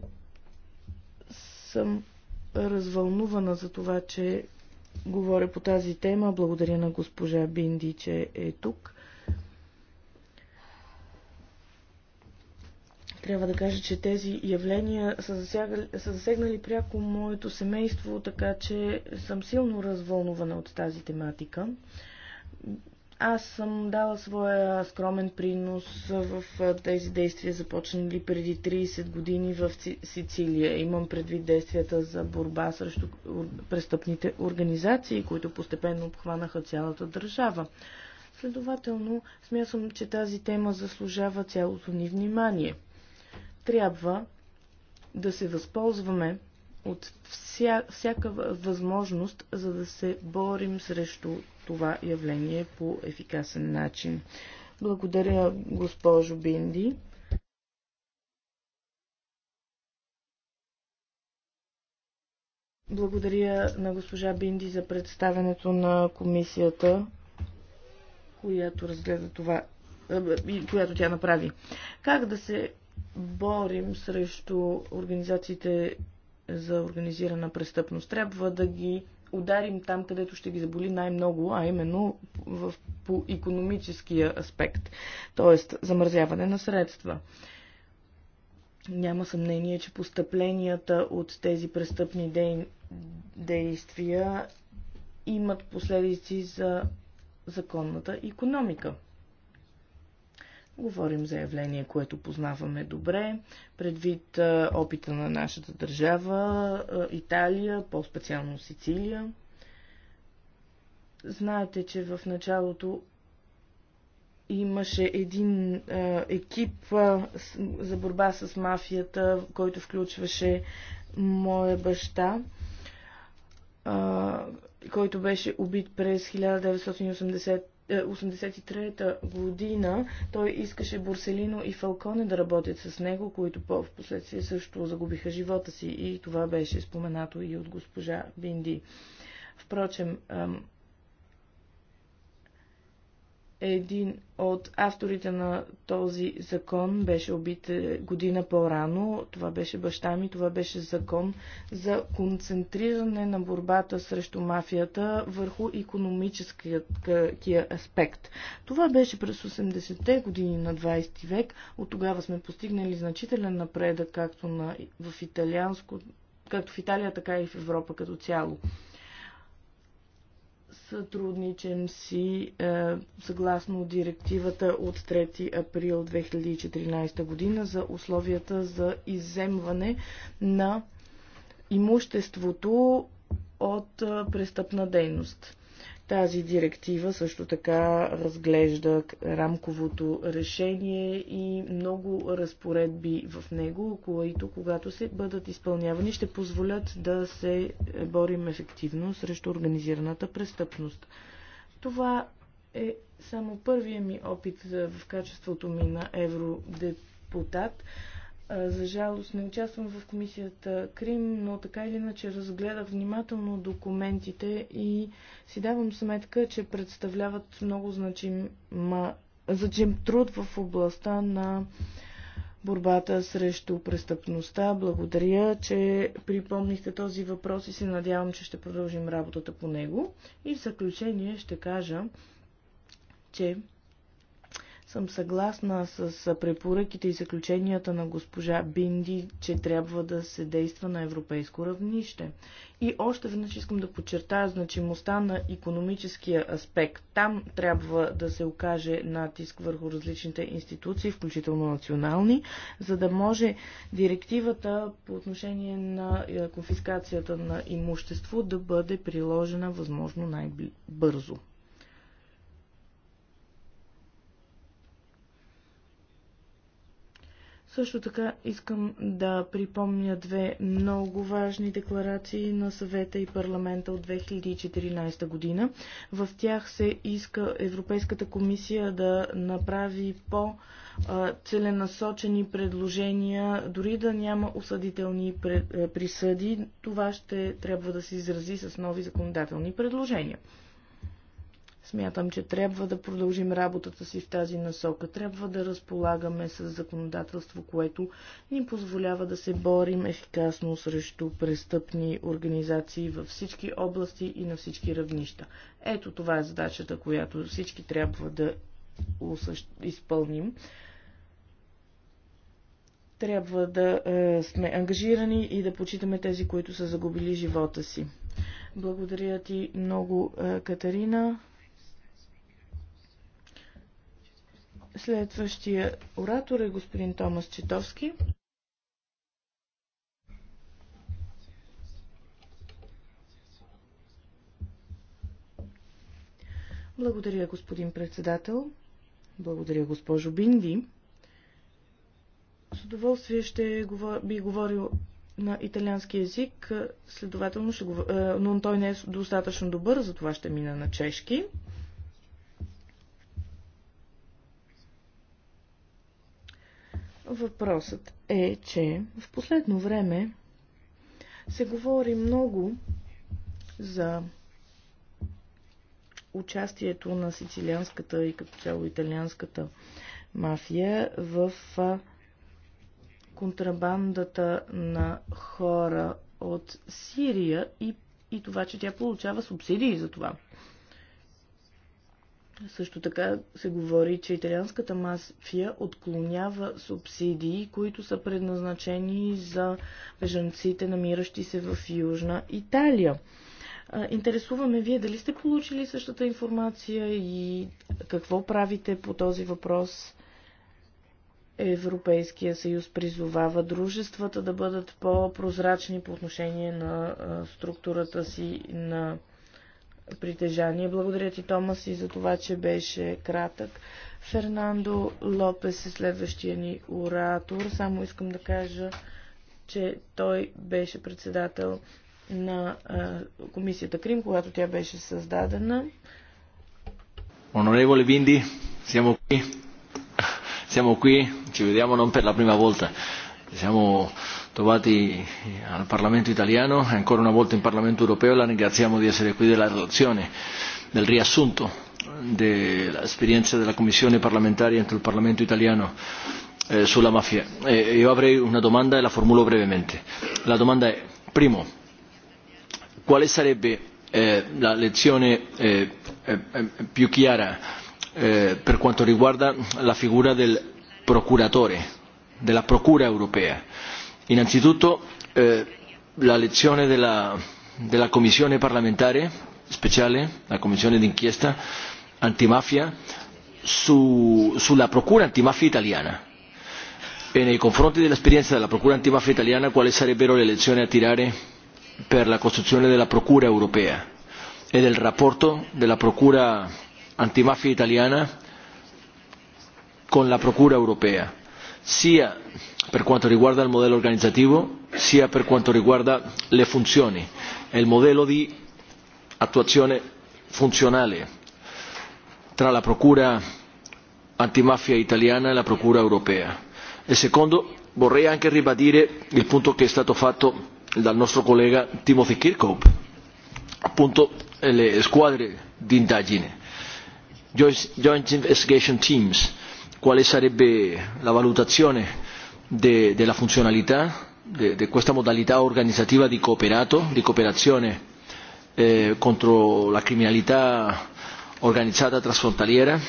съм развълнувана за това, че говоря по тази тема. Благодаря на госпожа Бинди, че е тук. Трябва да кажа, че тези явления са, засягали, са засегнали пряко моето семейство, така че съм силно развълнувана от тази тематика. Аз съм дала своя скромен принос в тези действия, започнали преди 30 години в Сицилия. Имам предвид действията за борба срещу престъпните организации, които постепенно обхванаха цялата държава. Следователно, смятам, че тази тема заслужава цялото ни внимание. Трябва да се възползваме от вся, всяка възможност, за да се борим срещу това явление по ефикасен начин. Благодаря, госпожо Бинди. Благодаря на госпожа Бинди за представенето на комисията, която разгледа това, която тя направи. Как да се борим срещу организациите за организирана престъпност? Трябва да ги ударим там, където ще ги заболи най-много, а именно в, по економическия аспект, т.е. замързяване на средства. Няма съмнение, че постъпленията от тези престъпни дей... действия имат последици за законната економика. Говорим за явление, което познаваме добре, предвид опита на нашата държава, Италия, по-специално Сицилия. Знаете, че в началото имаше един а, екип а, с, за борба с мафията, който включваше моя баща, а, който беше убит през 1980 1983 та година той искаше Борселино и Фалконе да работят с него, които в последствие също загубиха живота си и това беше споменато и от госпожа Бинди. Впрочем, един от авторите на този закон беше убит е, година по-рано. Това беше баща ми, това беше закон за концентриране на борбата срещу мафията върху економическия аспект. Това беше през 80-те години на 20 век. От тогава сме постигнали значителен напредък както на, в италианско, както в Италия, така и в Европа като цяло. Сътрудничен си е, съгласно директивата от 3 април 2014 година за условията за иземване на имуществото от е, престъпна дейност. Тази директива също така разглежда рамковото решение и много разпоредби в него, които когато се бъдат изпълнявани ще позволят да се борим ефективно срещу организираната престъпност. Това е само първия ми опит в качеството ми на евродепутат. За жалост не участвам в комисията Крим, но така или иначе разгледах внимателно документите и си давам сметка, че представляват много значим, ма, значим труд в областта на борбата срещу престъпността. Благодаря, че припомнихте този въпрос и се надявам, че ще продължим работата по него. И в заключение ще кажа, че съм съгласна с препоръките и заключенията на госпожа Бинди, че трябва да се действа на европейско равнище. И още веднъж искам да подчертая значимостта на економическия аспект. Там трябва да се окаже натиск върху различните институции, включително национални, за да може директивата по отношение на е, конфискацията на имущество да бъде приложена възможно най-бързо. Също така искам да припомня две много важни декларации на съвета и парламента от 2014 година. В тях се иска Европейската комисия да направи по- целенасочени предложения, дори да няма осъдителни присъди, това ще трябва да се изрази с нови законодателни предложения. Смятам, че трябва да продължим работата си в тази насока. Трябва да разполагаме с законодателство, което ни позволява да се борим ефикасно срещу престъпни организации във всички области и на всички равнища. Ето това е задачата, която всички трябва да изпълним трябва да е, сме ангажирани и да почитаме тези, които са загубили живота си. Благодаря ти много, е, Катерина. Следващия оратор е господин Томас Читовски. Благодаря, господин председател. Благодаря, госпожо Бинди. С удоволствие ще би говорил на италиански язик, следователно ще го... Е, но той не е достатъчно добър, затова ще мина на чешки. Въпросът е, че в последно време се говори много за участието на сицилианската и като цяло италианската мафия в контрабандата на хора от Сирия и, и това, че тя получава субсидии за това. Също така се говори, че италианската мафия отклонява субсидии, които са предназначени за бежанците, намиращи се в Южна Италия. Интересуваме вие дали сте получили същата информация и какво правите по този въпрос. Европейския съюз призовава дружествата да бъдат по-прозрачни по отношение на структурата си на притежание. Благодаря ти, Томас, и за това, че беше кратък. Фернандо Лопес е следващия ни оратор. Само искам да кажа, че той беше председател на комисията Крим, когато тя беше създадена. Onorevole Bindi, siamo qui, siamo qui, ci vediamo non per la prima volta, siamo Trovati al Parlamento italiano e ancora una volta in Parlamento europeo, la ringraziamo di essere qui della relazione, del riassunto dell'esperienza della Commissione parlamentare entro il Parlamento italiano sulla mafia. io avrei una domanda e la formulo brevemente. La domanda è, primo, quale sarebbe la lezione più chiara per quanto riguarda la figura del procuratore, della procura europea? innanzitutto la lezione della commissione parlamentare speciale la commissione d'inchiesta antimafia sulla procura antimafia italiana e nei confronti dell'esperienza della procura antimafia italiana quali sarebbero le lezioni da tirare per la costruzione della procura europea e del rapporto della procura antimafia italiana con la procura europea sia per quanto riguarda il modello organizzativo sia per quanto riguarda le funzioni e il modello di attuazione funzionale tra la procura antimafia italiana e la procura europea. E secondo, vorrei anche ribadire il punto che è stato fatto dal nostro collega Timothy Kirkhope, appunto le squadre di indagine, joint investigation teams, quale sarebbe la valutazione de, della funzionalità de, di questa modalità organizzativa di cooperato, di cooperazione eh, contro la criminalità organizzata trasfrontaliera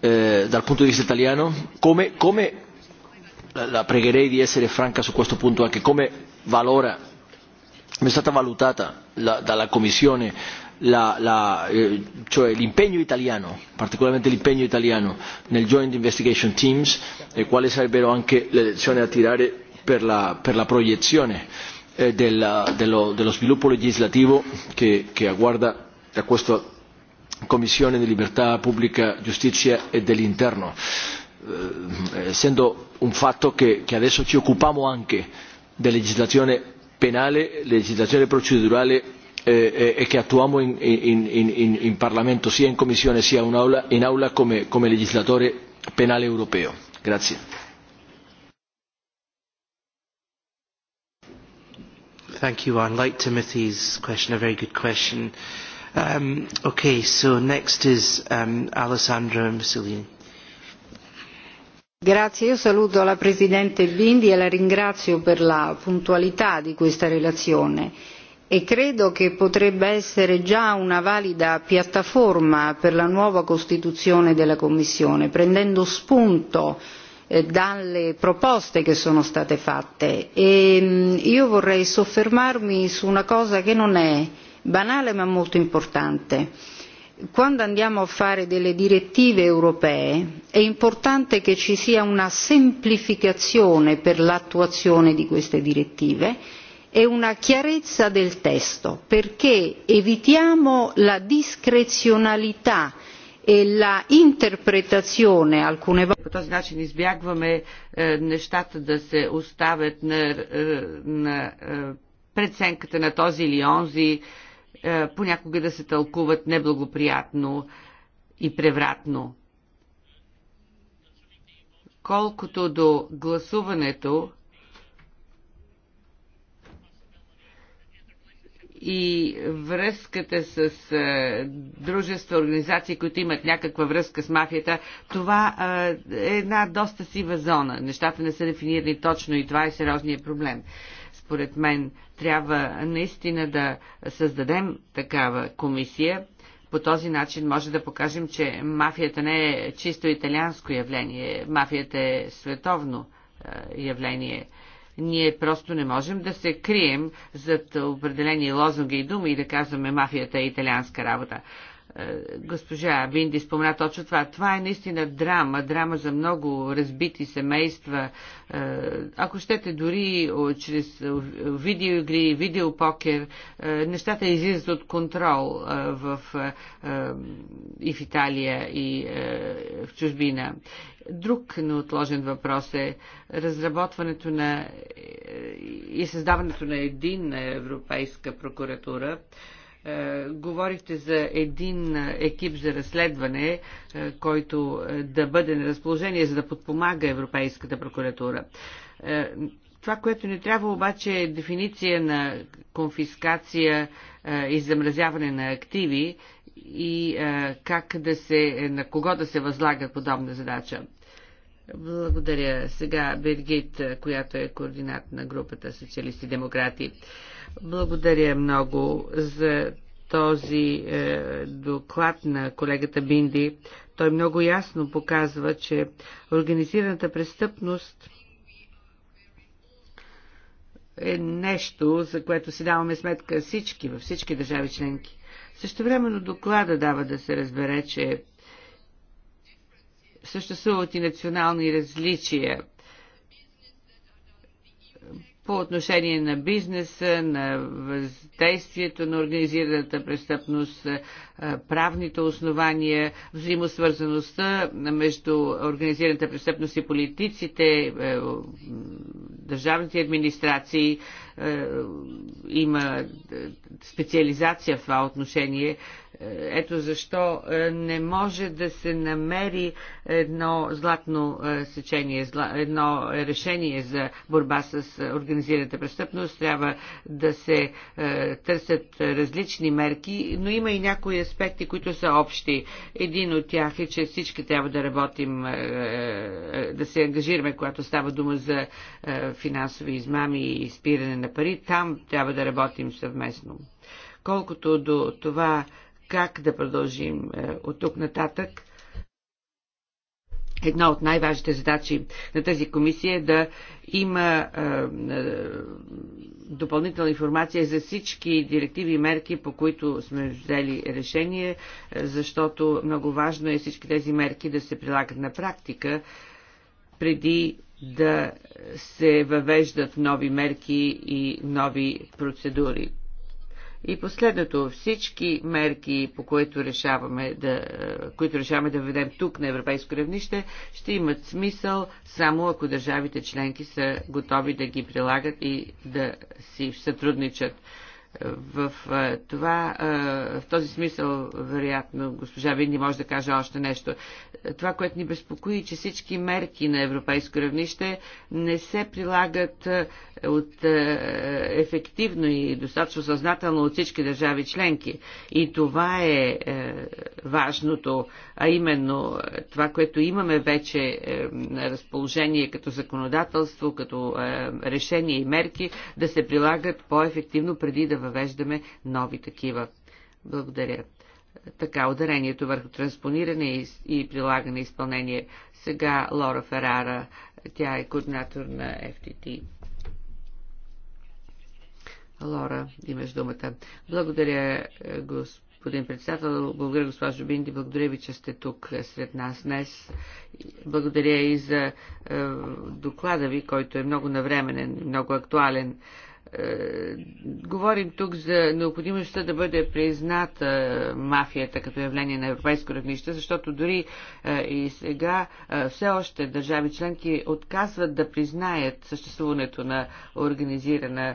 eh, dal punto di vista italiano, come, come la pregherei di essere franca su questo punto anche come valora come è stata valutata la, dalla Commissione cioè l'impegno italiano, particolarmente l'impegno italiano nel Joint Investigation Teams e quali sarebbero anche le lezioni a tirare per la, per la proiezione eh, della, dello, dello sviluppo legislativo che, che aguarda da questa Commissione di Libertà Pubblica, Giustizia e dell'Interno, eh, essendo un fatto che, che adesso ci occupiamo anche della legislazione penale, legislazione procedurale e che attuiamo in, Parlamento, sia in Commissione sia in Aula, come, legislatore penale europeo. Like Timothy's question, a very good question. io saluto la Presidente Bindi e la ringrazio per la puntualità di questa relazione e credo che potrebbe essere già una valida piattaforma per la nuova costituzione della Commissione, prendendo spunto dalle proposte che sono state fatte. E io vorrei soffermarmi su una cosa che non è banale ma molto importante. Quando andiamo a fare delle direttive europee è importante che ci sia una semplificazione per l'attuazione di queste direttive è una chiarezza del testo perché evitiamo la discrezionalità е ла интерпретационе алкуне По този начин избягваме е, нещата да се оставят на, е, на е, преценката на този или онзи, понякога да се тълкуват неблагоприятно и превратно. Колкото до гласуването, и връзката с дружества, организации, които имат някаква връзка с мафията, това е една доста сива зона. Нещата не са дефинирани точно и това е сериозният проблем. Според мен трябва наистина да създадем такава комисия, по този начин може да покажем, че мафията не е чисто италианско явление, мафията е световно явление. Ние просто не можем да се крием зад определени лозунги и думи и да казваме мафията е италианска работа. Е, госпожа Винди спомена точно това. Това е наистина драма, драма за много разбити семейства. Е, ако щете дори е, чрез видеоигри, видеопокер, нещата излизат от контрол в, и в Италия, и в чужбина. Друг неотложен въпрос е разработването на и създаването на един европейска прокуратура. Е, говорихте за един екип за разследване, е, който е, да бъде на разположение, за да подпомага Европейската прокуратура. това, което не трябва обаче е дефиниция на конфискация и замразяване на активи и как да се, на кого да се възлага подобна задача. Благодаря сега Бергит, която е координат на групата Социалисти-демократи. демократи благодаря много за този е, доклад на колегата Бинди. Той много ясно показва, че организираната престъпност е нещо, за което си даваме сметка всички, във всички държави членки. Също времено доклада дава да се разбере, че съществуват и национални различия по отношение на бизнеса, на въздействието на организираната престъпност, правните основания, взаимосвързаността между организираната престъпност и политиците, е, държавните администрации. Е, има е, специализация в това отношение ето защо е, не може да се намери едно златно е, сечение, едно решение за борба с е, организираната престъпност. Трябва да се търсят различни мерки, но има и някои аспекти, които са общи. Един от тях е, че всички трябва да работим, да се ангажираме, когато става дума за финансови измами и спиране на пари. Там трябва да работим съвместно. Колкото до това как да продължим е, от тук нататък. Една от най-важните задачи на тази комисия е да има е, е, допълнителна информация за всички директиви и мерки, по които сме взели решение, е, защото много важно е всички тези мерки да се прилагат на практика преди да се въвеждат нови мерки и нови процедури. И последното, всички мерки, по които решаваме да, които решаваме да введем тук на европейско равнище, ще имат смисъл само ако държавите членки са готови да ги прилагат и да си сътрудничат. В, това, в този смисъл, вероятно, госпожа Винни може да каже още нещо. Това, което ни безпокои, че всички мерки на европейско равнище не се прилагат от ефективно и достатъчно съзнателно от всички държави членки. И това е, е важното, а именно това, което имаме вече е, на разположение като законодателство, като е, решение и мерки, да се прилагат по-ефективно преди да въвеждаме нови такива. Благодаря. Така, ударението върху транспониране и, прилагане и изпълнение. Сега Лора Ферара, тя е координатор на FTT. Лора, имаш думата. Благодаря, господин господин председател. Благодаря, госпожо Бинди. Благодаря ви, че сте тук сред нас днес. Благодаря и за е, доклада ви, който е много навременен, много актуален. Е, е, говорим тук за необходимостта да бъде призната мафията като явление на европейско равнище, защото дори е, и сега е, все още държави членки отказват да признаят съществуването на организирана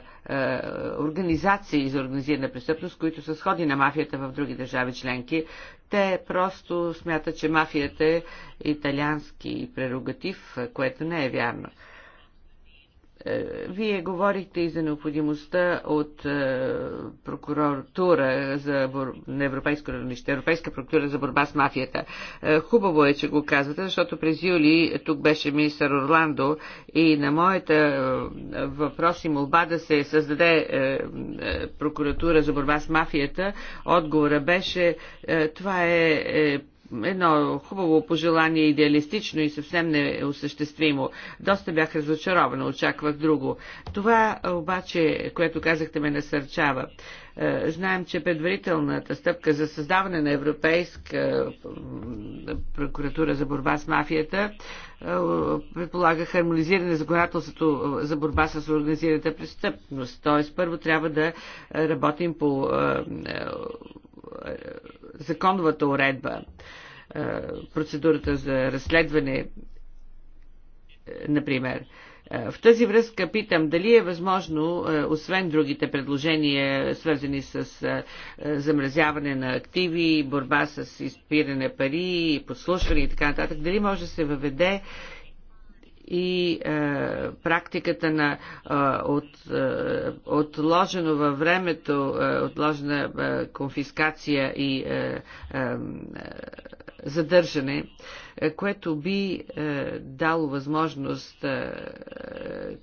организации за организирана престъпност, които са сходи на мафията в други държави членки. Те просто смятат, че мафията е италиански прерогатив, което не е вярно. Е, вие говорихте и за необходимостта от е, прокуратура за бор... на европейско равнище, Европейска прокуратура за борба с мафията. Е, хубаво е, че го казвате, защото през юли тук беше министър Орландо и на моята въпрос и молба да се създаде прокуратура за борба с мафията, отговора беше това е едно хубаво пожелание, идеалистично и съвсем неосъществимо. Доста бях разочарована, очаквах друго. Това обаче, което казахте, ме насърчава. Е, знаем, че предварителната стъпка за създаване на Европейска прокуратура за борба с мафията е, предполага хармонизиране на законодателството е, за борба с организираната престъпност. Тоест, първо трябва да работим по законовата уредба, е, процедурата за разследване, е, например. Е, в тази връзка питам дали е възможно, освен другите предложения, свързани с замразяване на активи, борба с изпиране пари, подслушване и така нататък, дали може да се въведе и е, практиката на е, от, е, отложено във времето, е, отложена е, конфискация и е, е, задържане, е, което би е, дало възможност, е,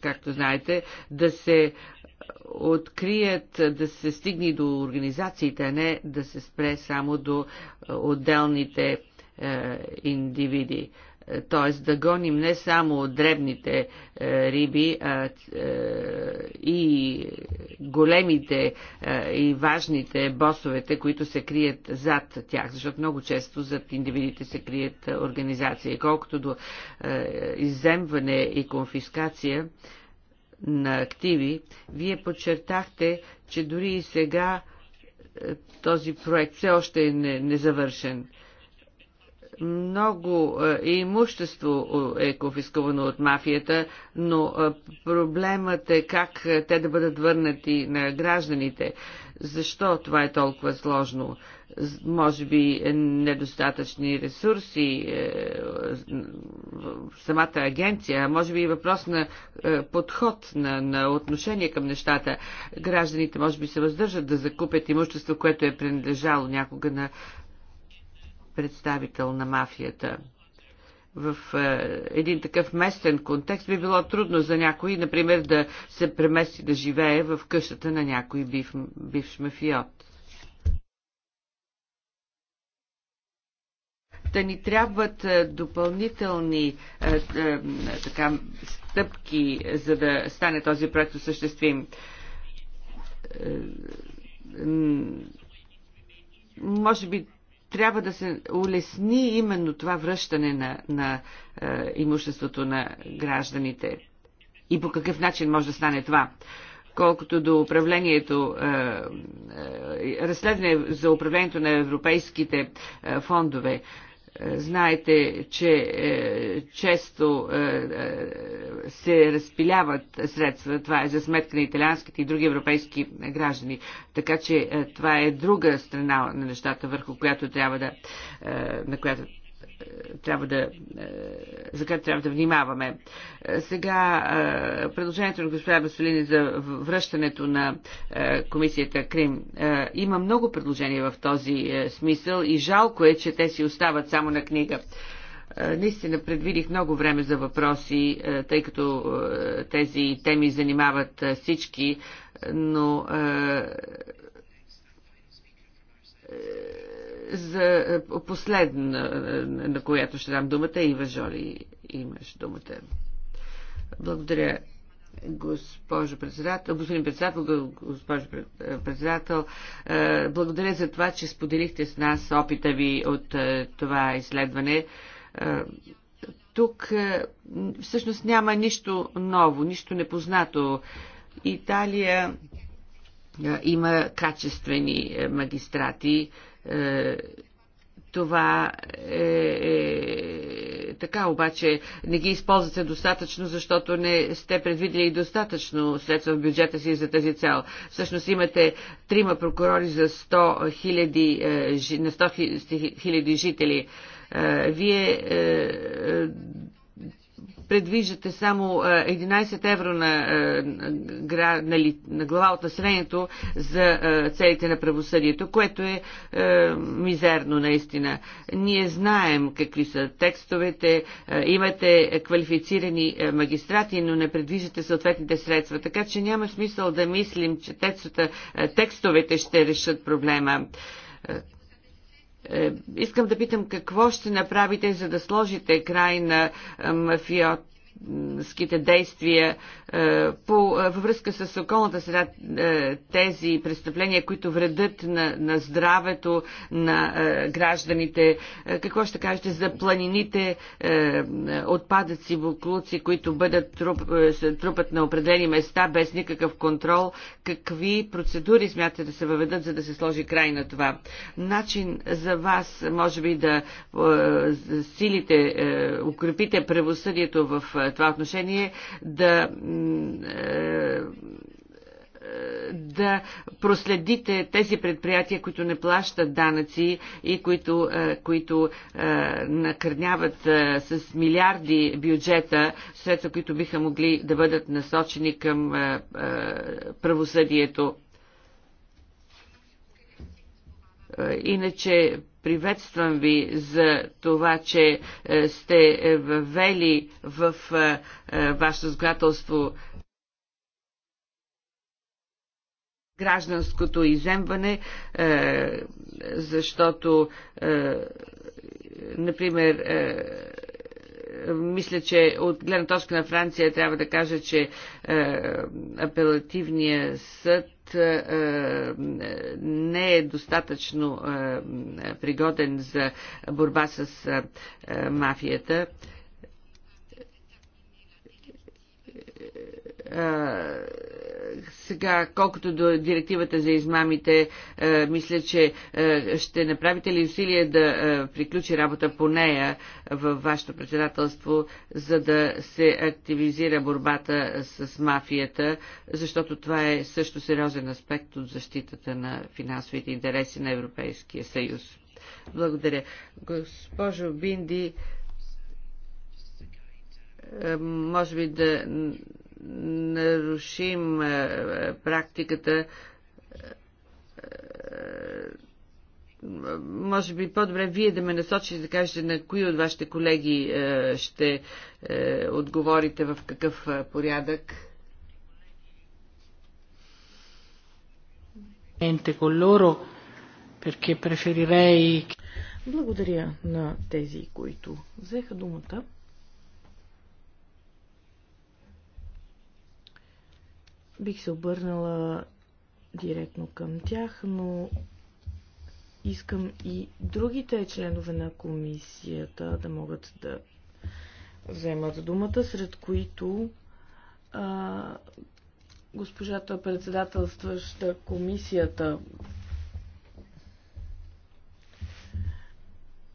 както знаете, да се открият, да се стигне до организациите, а не да се спре само до е, отделните е, индивиди. Е, т.е. да гоним не само дребните е, риби а, е, и големите е, и важните босовете, които се крият зад тях, защото много често зад индивидите се крият организации. Колкото до иземване и конфискация на активи, вие подчертахте, че дори и сега този проект все още е незавършен. Много е, имущество е, е конфискувано от мафията, но е, проблемът е как те да бъдат върнати на гражданите. Защо това е толкова сложно? Може би недостатъчни ресурси, самата агенция, може би и въпрос на подход, на, на отношение към нещата. Гражданите може би се въздържат да закупят имущество, което е принадлежало някога на представител на мафията. В е, един такъв местен контекст би било трудно за някой, например, да се премести да живее в къщата на някой бив, бивш мафиот. Та ни трябват е, допълнителни е, е, така, стъпки, за да стане този проект осъществим е, може би трябва да се улесни именно това връщане на, на е, имуществото на гражданите. И по какъв начин може да стане това? Колкото до управлението, е, е, разследване за управлението на европейските е, фондове, Знаете, че е, често е, е, се разпиляват средства. Това е за сметка на италианските и други европейски граждани. Така че това е друга страна на нещата, върху която трябва да, на която трябва да, е, за което трябва да внимаваме. Е, сега е, предложението на госпожа Басолини за връщането на комисията Крим. Има много предложения в този смисъл и жалко е, че те си остават само на книга. Наистина предвидих много време за въпроси, тъй като тези теми занимават всички, но за е, последна, на която ще дам думата, Ива Жоли, имаш думата. Благодаря, госпожо председател, господин председател, госпожо е, председател, е, благодаря за това, че споделихте с нас опита ви от това изследване. Тук всъщност няма нищо ново, нищо непознато. Италия има качествени магистрати, е, това е, е така, обаче не ги използвате достатъчно, защото не сте предвидели достатъчно средства в бюджета си за тази цел. Всъщност имате трима прокурори за 100 хиляди, е, на 100 хиляди жители. е, е предвиждате само 11 е, евро на, е, на, на глава от населението за е, целите на правосъдието, което е, е мизерно наистина. Ние знаем какви са текстовете, имате квалифицирани магистрати, но не предвиждате съответните средства, така че няма смисъл да мислим, че текстовете ще решат проблема е, искам да питам какво ще направите, за да сложите край на мафиот ските действия е, по, е, във връзка с околната среда е, тези престъпления, които вредят на, на здравето на гражданите? Какво ще кажете за планините отпадъци, буклуци, които бъдат труп, трупат на определени места без никакъв контрол? Какви процедури смятате да се въведат, за да се сложи край на това? Начин за вас, може би, да силите, укрепите правосъдието в това отношение да е, е, да проследите тези предприятия, които не плащат данъци и които, е, които накърняват с милиарди бюджета, средства, които биха могли да бъдат насочени към правосъдието. Иначе Приветствам ви за това, че е, сте е, въвели в е, вашето сградателство гражданското иземване, защото, например, мисля, че от гледна точка на Франция трябва да кажа, че е, апелативният съд е, не е достатъчно е, пригоден за борба с е, е мафията. Е, е сега, колкото до директивата за измамите, е, мисля, че е, ще направите ли усилие да е, приключи работа по нея във вашето председателство, за да се активизира борбата с мафията, защото това е също сериозен аспект от защитата на финансовите интереси на Европейския съюз. Благодаря. Госпожо Бинди, може би да нарушим е, практиката е, може би по-добре вие да ме насочите да кажете на кои от вашите колеги е, ще отговорите в какъв порядък. Благодаря на тези, които взеха думата. бих се обърнала директно към тях, но искам и другите членове на комисията да могат да вземат думата, сред които а, госпожата председателстваща комисията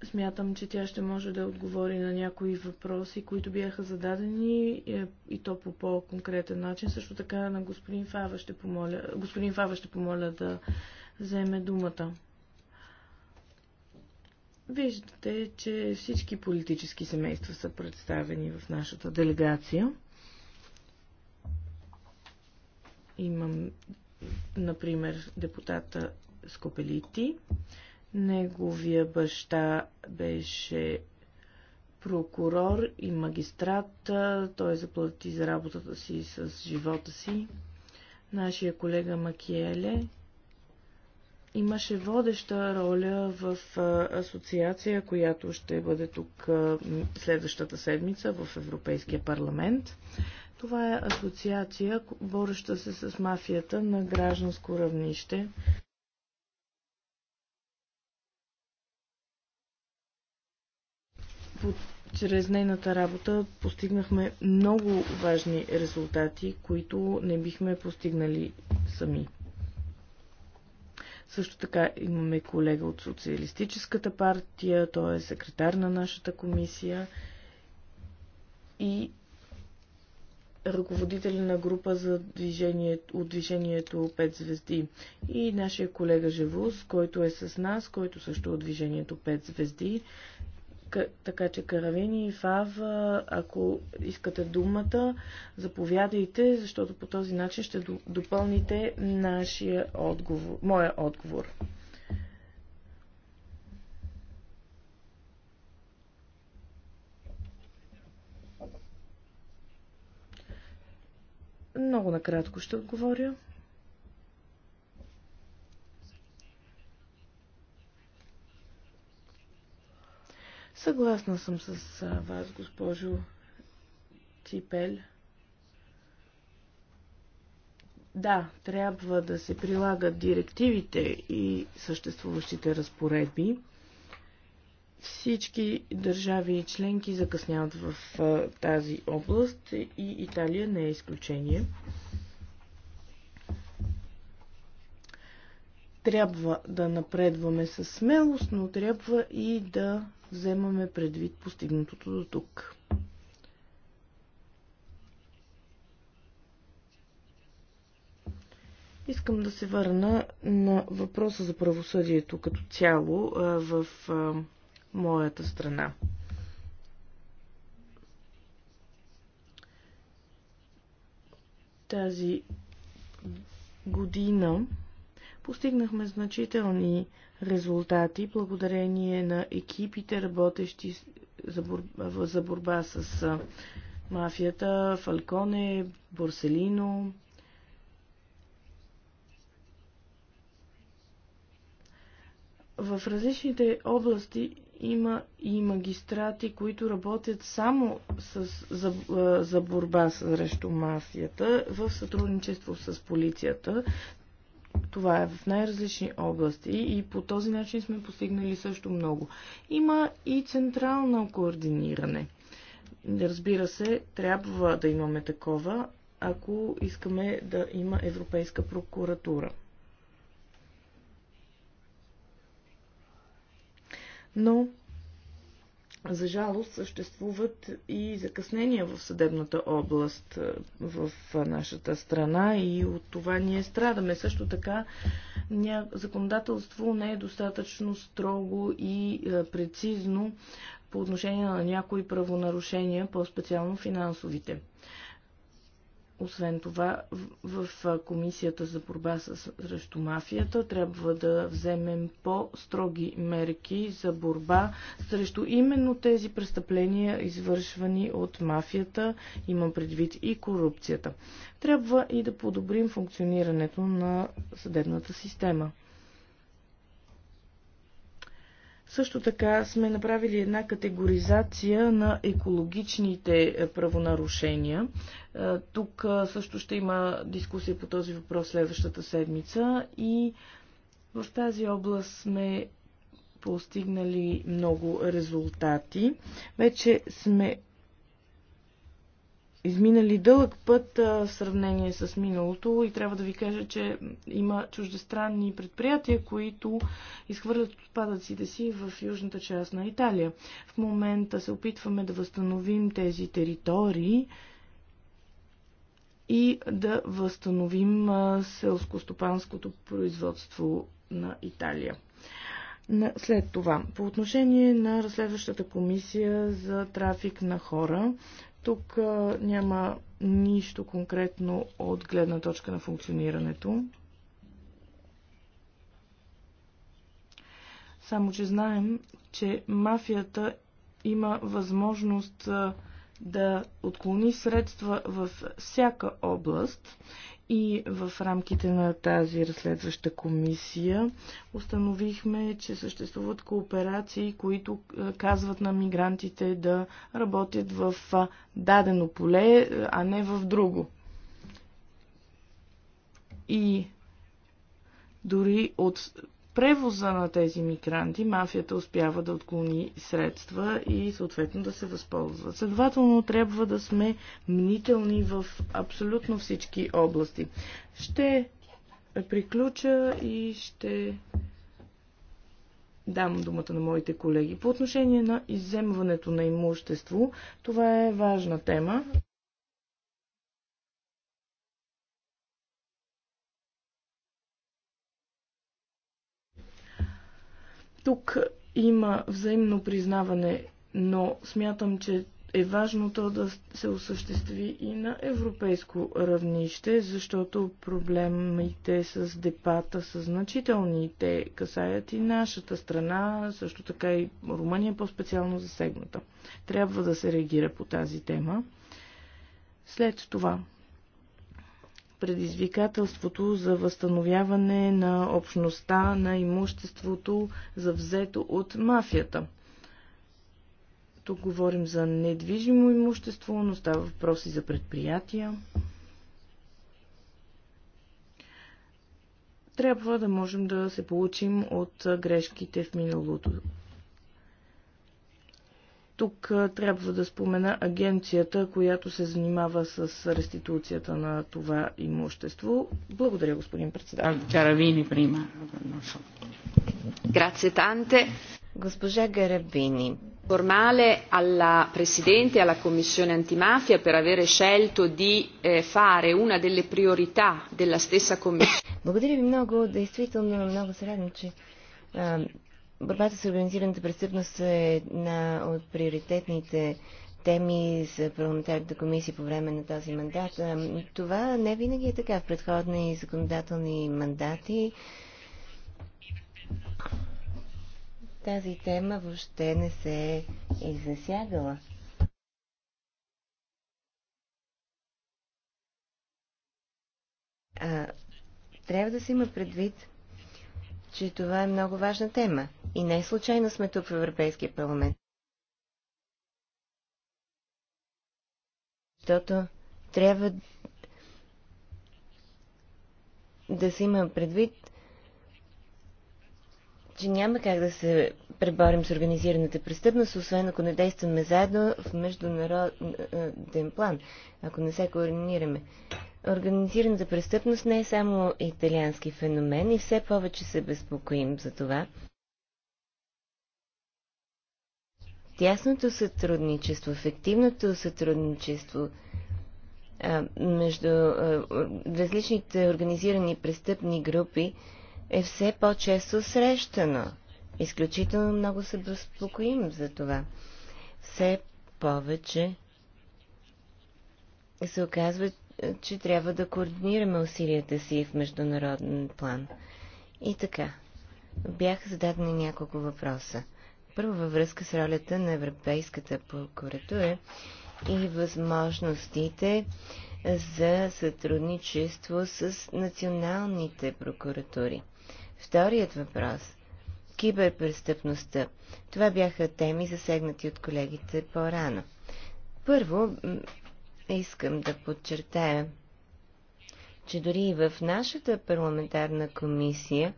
Смятам, че тя ще може да отговори на някои въпроси, които бяха зададени е, и то по по-конкретен начин. Също така на господин Фава ще помоля, господин Фава ще помоля да вземе думата. Виждате, че всички политически семейства са представени в нашата делегация. Имам, например, депутата Скопелити, Неговия баща беше прокурор и магистрат. Той заплати за работата си с живота си. Нашия колега Макиеле имаше водеща роля в асоциация, която ще бъде тук следващата седмица в Европейския парламент. Това е асоциация, бореща се с мафията на гражданско равнище. чрез нейната работа постигнахме много важни резултати, които не бихме постигнали сами. Също така имаме колега от Социалистическата партия, той е секретар на нашата комисия и ръководител на група за движение, от движението 5 звезди. И нашия колега Жевус, който е с нас, който също е от движението 5 звезди. Така че Каравини и Фав, ако искате думата, заповядайте, защото по този начин ще допълните нашия отговор, моя отговор. Много накратко ще отговоря. Съгласна съм с вас, госпожо Ципель. Да, трябва да се прилагат директивите и съществуващите разпоредби. Всички държави и членки закъсняват в тази област и Италия не е изключение. Трябва да напредваме със смелост, но трябва и да вземаме предвид постигнатото до тук. Искам да се върна на въпроса за правосъдието като цяло в моята страна. Тази година постигнахме значителни резултати благодарение на екипите, работещи за борба, за борба с мафията, Фалконе, Борселино. В различните области има и магистрати, които работят само с, за, за борба срещу мафията в сътрудничество с полицията. Това е в най-различни области и по този начин сме постигнали също много. Има и централно координиране. Разбира се, трябва да имаме такова, ако искаме да има Европейска прокуратура. Но за жалост съществуват и закъснения в съдебната област е, в е, нашата страна и от това ние страдаме. Също така законодателство не е достатъчно строго и е, прецизно по отношение на някои правонарушения, по-специално финансовите. Освен това, в, в Комисията за борба срещу мафията трябва да вземем по-строги мерки за борба срещу именно тези престъпления, извършвани от мафията, имам предвид и корупцията. Трябва и да подобрим функционирането на съдебната система. Също така сме направили една категоризация на екологичните е, правонарушения. Е, тук е, също ще има дискусия по този въпрос следващата седмица и в тази област сме постигнали много резултати. Вече сме изминали дълъг път а, в сравнение с миналото и трябва да ви кажа, че има чуждестранни предприятия, които изхвърлят отпадъците си в южната част на Италия. В момента се опитваме да възстановим тези територии и да възстановим селско-стопанското производство на Италия. След това, по отношение на разследващата комисия за трафик на хора, тук няма нищо конкретно от гледна точка на функционирането. Само, че знаем, че мафията има възможност да отклони средства във всяка област и в рамките на тази разследваща комисия установихме, че съществуват кооперации, които казват на мигрантите да работят в дадено поле, а не в друго. И дори от превоза на тези мигранти мафията успява да отклони средства и съответно да се възползва. Следователно трябва да сме мнителни в абсолютно всички области. Ще приключа и ще дам думата на моите колеги. По отношение на иземването на имущество, това е важна тема. Тук има взаимно признаване, но смятам, че е важно то да се осъществи и на европейско равнище, защото проблемите с депата са значителни. Те касаят и нашата страна, също така и Румъния е по-специално засегната. Трябва да се реагира по тази тема. След това предизвикателството за възстановяване на общността на имуществото за взето от мафията. Тук говорим за недвижимо имущество, но става въпроси за предприятия. Трябва да можем да се получим от грешките в миналото. Тук трябва да спомена агенцията, която се занимава с реституцията на това имущество. Благодаря, господин председател. Чаравини, прима. Грация, танте. Госпожа Гарабини. Formale alla Presidente e alla Commissione antimafia per avere scelto di eh, fare una delle priorità della stessa Commissione. Благодаря ви много. Действително много се радвам, че Борбата с организираната престъпност е една от приоритетните теми за парламентарната комисия по време на този мандат. Това не винаги е така в предходни законодателни мандати. Тази тема въобще не се е засягала. А, трябва да се има предвид, че това е много важна тема. И не случайно сме тук в Европейския парламент. Защото трябва да се има предвид, че няма как да се преборим с организираната престъпност, освен ако не действаме заедно в международен план, ако не се координираме. Организираната престъпност не е само италиански феномен и все повече се безпокоим за това. Тясното сътрудничество, ефективното сътрудничество а, между а, различните организирани престъпни групи е все по-често срещано. Изключително много се безпокоим за това. Все повече се оказва, че трябва да координираме усилията си в международен план. И така, бяха зададени няколко въпроса. Първо във връзка с ролята на Европейската прокуратура и възможностите за сътрудничество с националните прокуратури. Вторият въпрос – киберпрестъпността. Това бяха теми, засегнати от колегите по-рано. Първо, искам да подчертая, че дори и в нашата парламентарна комисия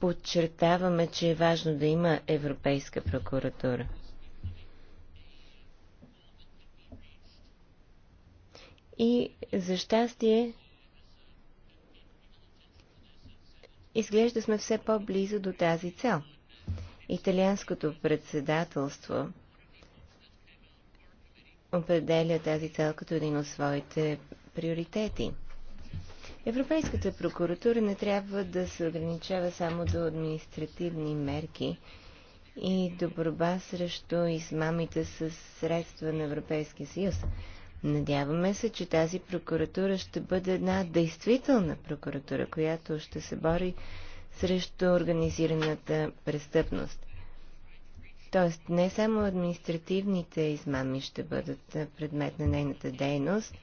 подчертаваме, че е важно да има Европейска прокуратура. И за щастие, изглежда сме все по-близо до тази цел. Италианското председателство – определя тази цел като един от своите приоритети. Европейската прокуратура не трябва да се ограничава само до административни мерки и до борба срещу измамите с средства на Европейския съюз. Надяваме се, че тази прокуратура ще бъде една действителна прокуратура, която ще се бори срещу организираната престъпност. Тоест, не само административните измами ще бъдат предмет на нейната дейност,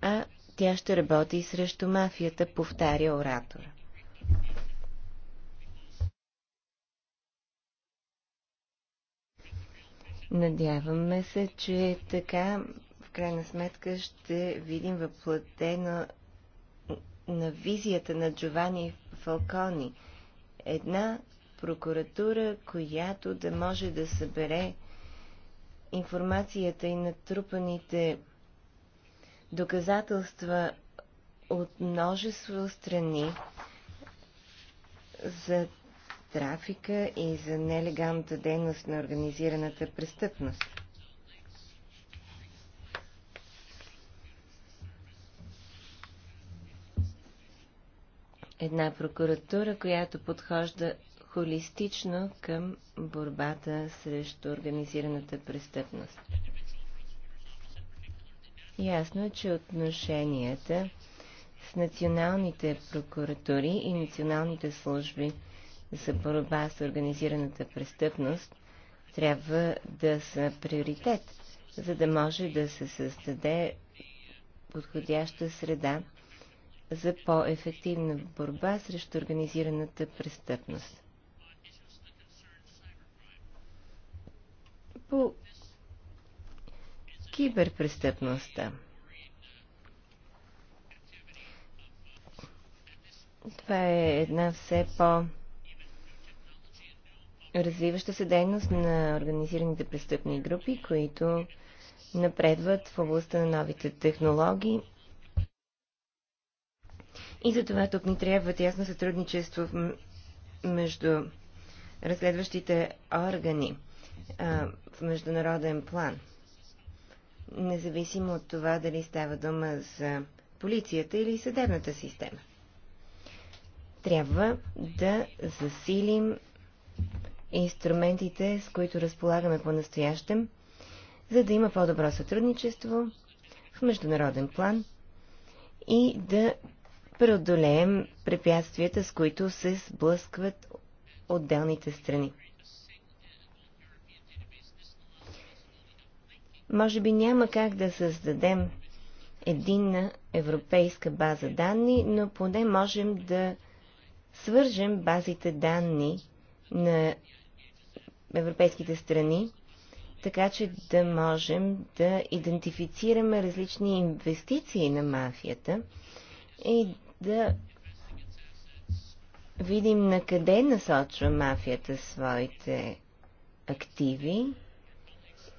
а тя ще работи и срещу мафията, повтаря оратора. Надяваме се, че така в крайна сметка ще видим въплътено на визията на Джовани Фалкони. Една прокуратура, която да може да събере информацията и натрупаните доказателства от множество страни за трафика и за нелегалната дейност на организираната престъпност. Една прокуратура, която подхожда холистично към борбата срещу организираната престъпност. Ясно е, че отношенията с националните прокуратури и националните служби за борба с организираната престъпност трябва да са приоритет, за да може да се създаде подходяща среда за по-ефективна борба срещу организираната престъпност. по киберпрестъпността. Това е една все по- развиваща се дейност на организираните престъпни групи, които напредват в областта на новите технологии. И за това тук ни трябва тясно сътрудничество между разследващите органи а, в международен план. Независимо от това дали става дума за полицията или съдебната система. Трябва да засилим инструментите, с които разполагаме по-настоящем, за да има по-добро сътрудничество в международен план и да преодолеем препятствията, с които се сблъскват отделните страни. Може би няма как да създадем единна европейска база данни, но поне можем да свържем базите данни на европейските страни, така че да можем да идентифицираме различни инвестиции на мафията и да видим на къде насочва мафията своите активи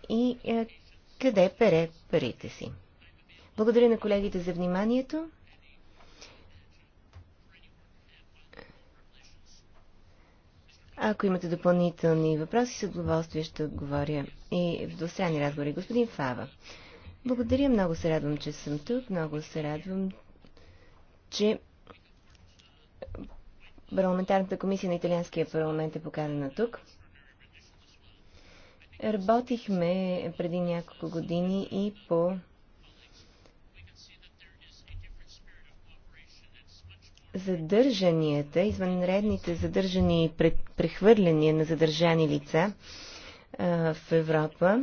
и къде пере парите си. Благодаря на колегите за вниманието. Ако имате допълнителни въпроси, с удоволствие ще отговоря и в достранни разговори. Господин Фава, благодаря, много се радвам, че съм тук, много се радвам, че парламентарната комисия на Италианския парламент е поканена тук. Работихме преди няколко години и по задържанията, извънредните задържани и прехвърляния на задържани лица а, в Европа.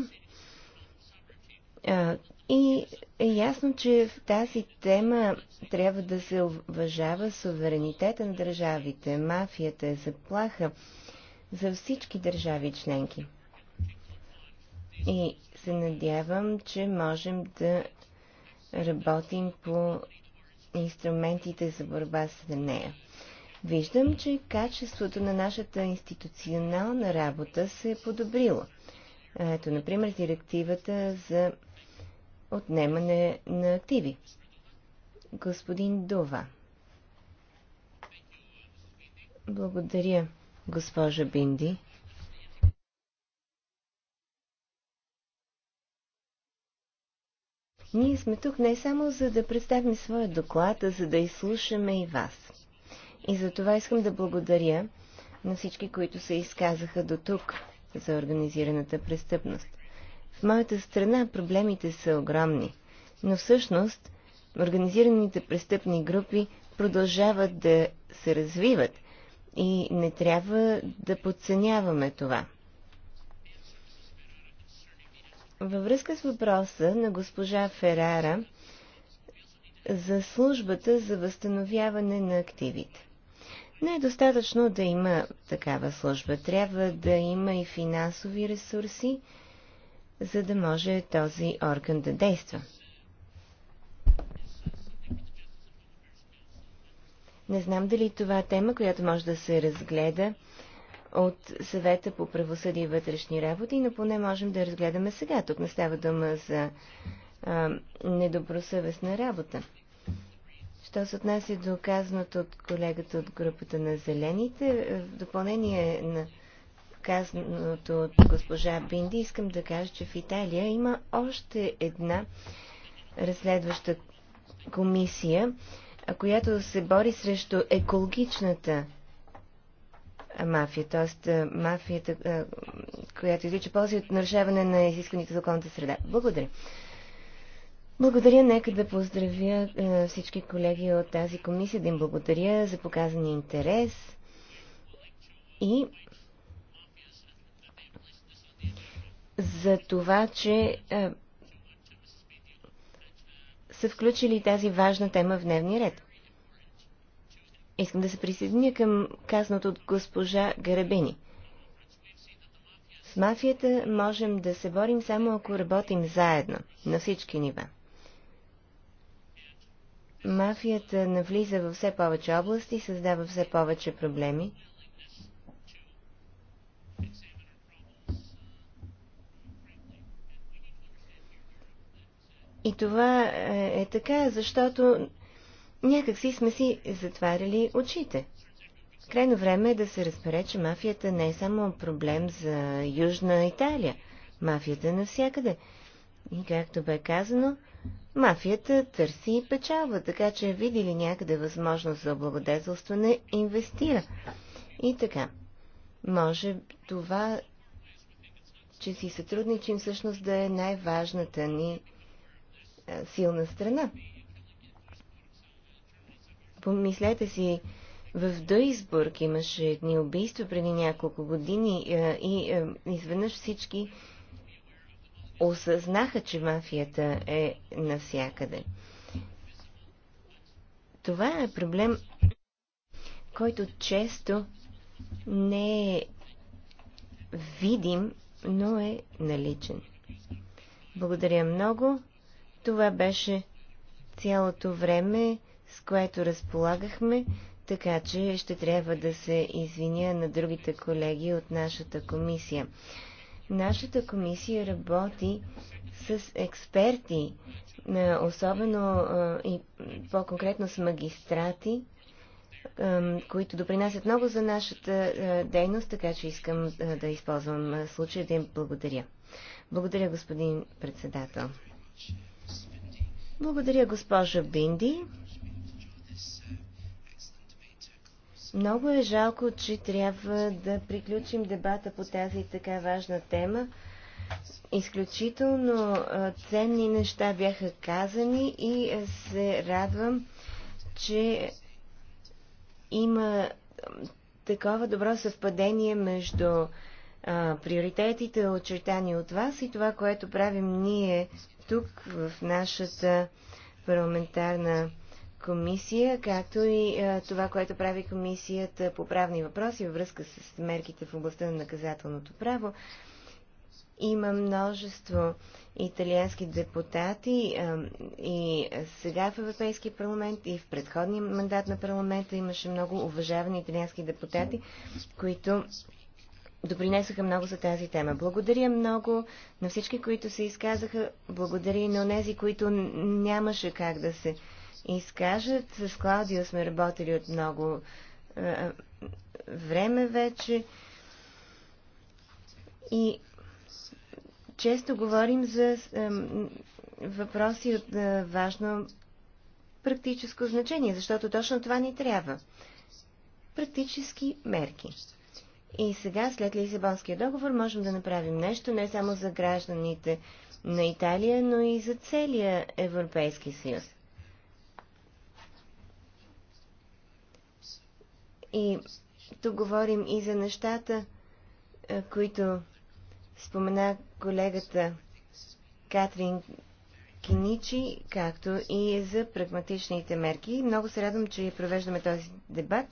А, и е ясно, че в тази тема трябва да се уважава суверенитета на държавите. Мафията е заплаха за всички държави членки. И се надявам, че можем да работим по инструментите за борба с нея. Виждам, че качеството на нашата институционална работа се е подобрило. Ето, например, директивата за отнемане на активи. Господин Дова. Благодаря, госпожа Бинди. Ние сме тук не само за да представим своя доклад, а за да изслушаме и вас. И за това искам да благодаря на всички, които се изказаха до тук за организираната престъпност. В моята страна проблемите са огромни, но всъщност организираните престъпни групи продължават да се развиват и не трябва да подценяваме това. Във връзка с въпроса на госпожа Ферара за службата за възстановяване на активите. Не е достатъчно да има такава служба. Трябва да има и финансови ресурси, за да може този орган да действа. Не знам дали това е тема, която може да се разгледа от съвета по правосъдие и вътрешни работи, но поне можем да разгледаме сега. Тук не става дума за а, недобросъвестна работа. Що се отнася до казаното от колегата от групата на Зелените, е, в допълнение на казаното от госпожа Бинди, искам да кажа, че в Италия има още една разследваща комисия, която се бори срещу екологичната мафия, т.е. Е, мафията, е, която излича ползи от нарушаване на изискваните за околната среда. Благодаря. Благодаря, нека да поздравя е, всички колеги от тази комисия, да им благодаря за показания интерес и за това, че са включили тази важна тема в дневния ред. Искам да се присъединя към казаното от госпожа Гарабини. С мафията можем да се борим само ако работим заедно, на всички нива. Мафията навлиза във все повече области, създава все повече проблеми. И това е, е така, защото някакси сме си затваряли очите. Крайно време е да се разбере, че мафията не е само проблем за Южна Италия. Мафията е навсякъде. И както бе казано, мафията търси и печалва, така че види ли някъде възможност за облагодетелстване, инвестира. И така. Може това, че си сътрудничим всъщност да е най-важната ни силна страна. Помислете си, в Дъйсбург имаше едни убийства преди няколко години е, и е, изведнъж всички осъзнаха, че мафията е навсякъде. Това е проблем, който често не е видим, но е наличен. Благодаря много. Това беше цялото време с което разполагахме, така че ще трябва да се извиня на другите колеги от нашата комисия. Нашата комисия работи с експерти, е, особено е, и по-конкретно с магистрати, е, които допринасят много за нашата дейност, така че искам да използвам случая да им благодаря. Благодаря, господин председател. Благодаря, госпожа Бинди. Много е жалко, че трябва да приключим дебата по тази така важна тема. Изключително ценни неща бяха казани и се радвам, че има такова добро съвпадение между а, приоритетите, очертани от вас и това, което правим ние тук в нашата парламентарна комисия, както и а, е, това, което прави комисията по правни въпроси във връзка с мерките в областта на наказателното право. Има множество италиански депутати а, е, и сега в Европейския парламент и в предходния мандат на парламента имаше много уважавани италиански депутати, които допринесоха много за тази тема. Благодаря много на всички, които се изказаха. Благодаря и на тези, които нямаше как да се изкажат. С Клаудио сме работили от много е, време вече. И често говорим за въпроси от е, важно практическо значение, защото точно това ни трябва. Практически мерки. И сега, след Лисабонския договор, можем да направим нещо не само за гражданите на Италия, но и за целия Европейски съюз. И тук говорим и за нещата, е, които спомена колегата Катрин Киничи, както и за прагматичните мерки. Много се радвам, че провеждаме този дебат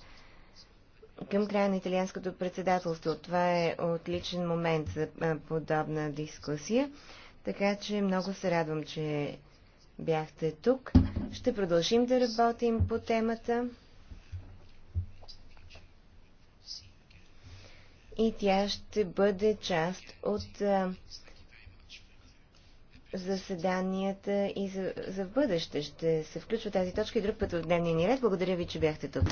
към края на италианското председателство. Това е отличен момент за е, подобна дискусия, така че много се радвам, че бяхте тук. Ще продължим да работим по темата. и тя ще бъде част от заседанията и за, за бъдеще. Ще се включва тази точка и друг път в дневния ни ред. Благодаря ви, че бяхте тук.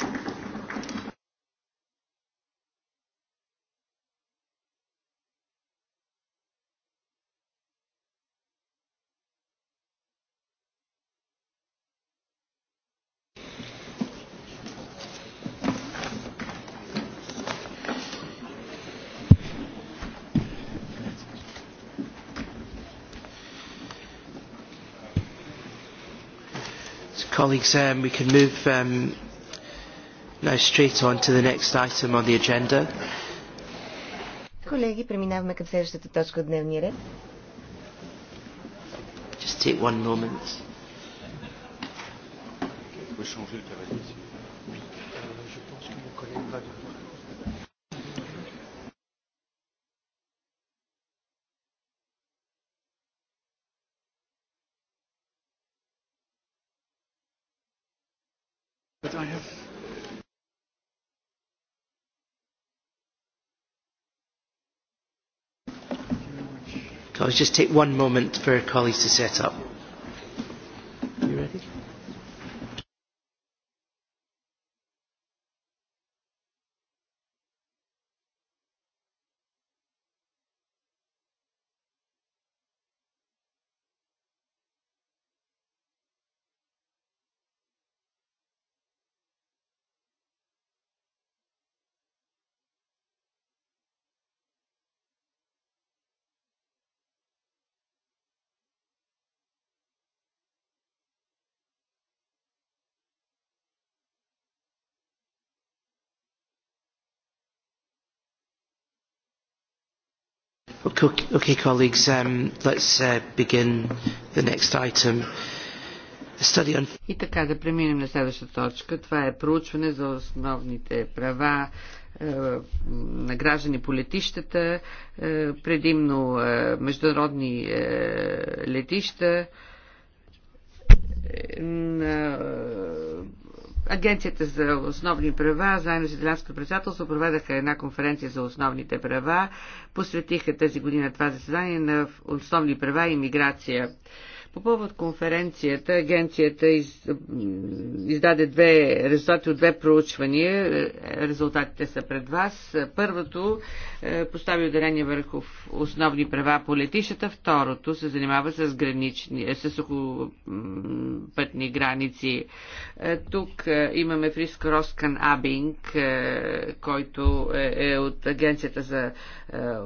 Colleagues, um, we can move um, now straight on to the next item on the agenda. Колеги, преминаваме към следващата точка от дневния ред. Just take one moment. Okay, pouvez I'll just take one moment for colleagues to set up. Okay, colleagues, um, let's uh, begin the next item. On... И така да преминем на следващата точка. Това е проучване за основните права е, на граждани по летищата, е, предимно е, международни е, летища. Е, на, е, Агенцията за основни права, заедно с Италианското председателство, проведаха една конференция за основните права, посветиха тази година това заседание на основни права и миграция. По повод конференцията, агенцията из, издаде две резултати от две проучвания. Резултатите са пред вас. Първото е, постави ударение върху основни права по летищата. Второто се занимава с, гранични, е, с сухопътни граници. Е, тук имаме Фриско Роскан Абинг, който е от Агенцията за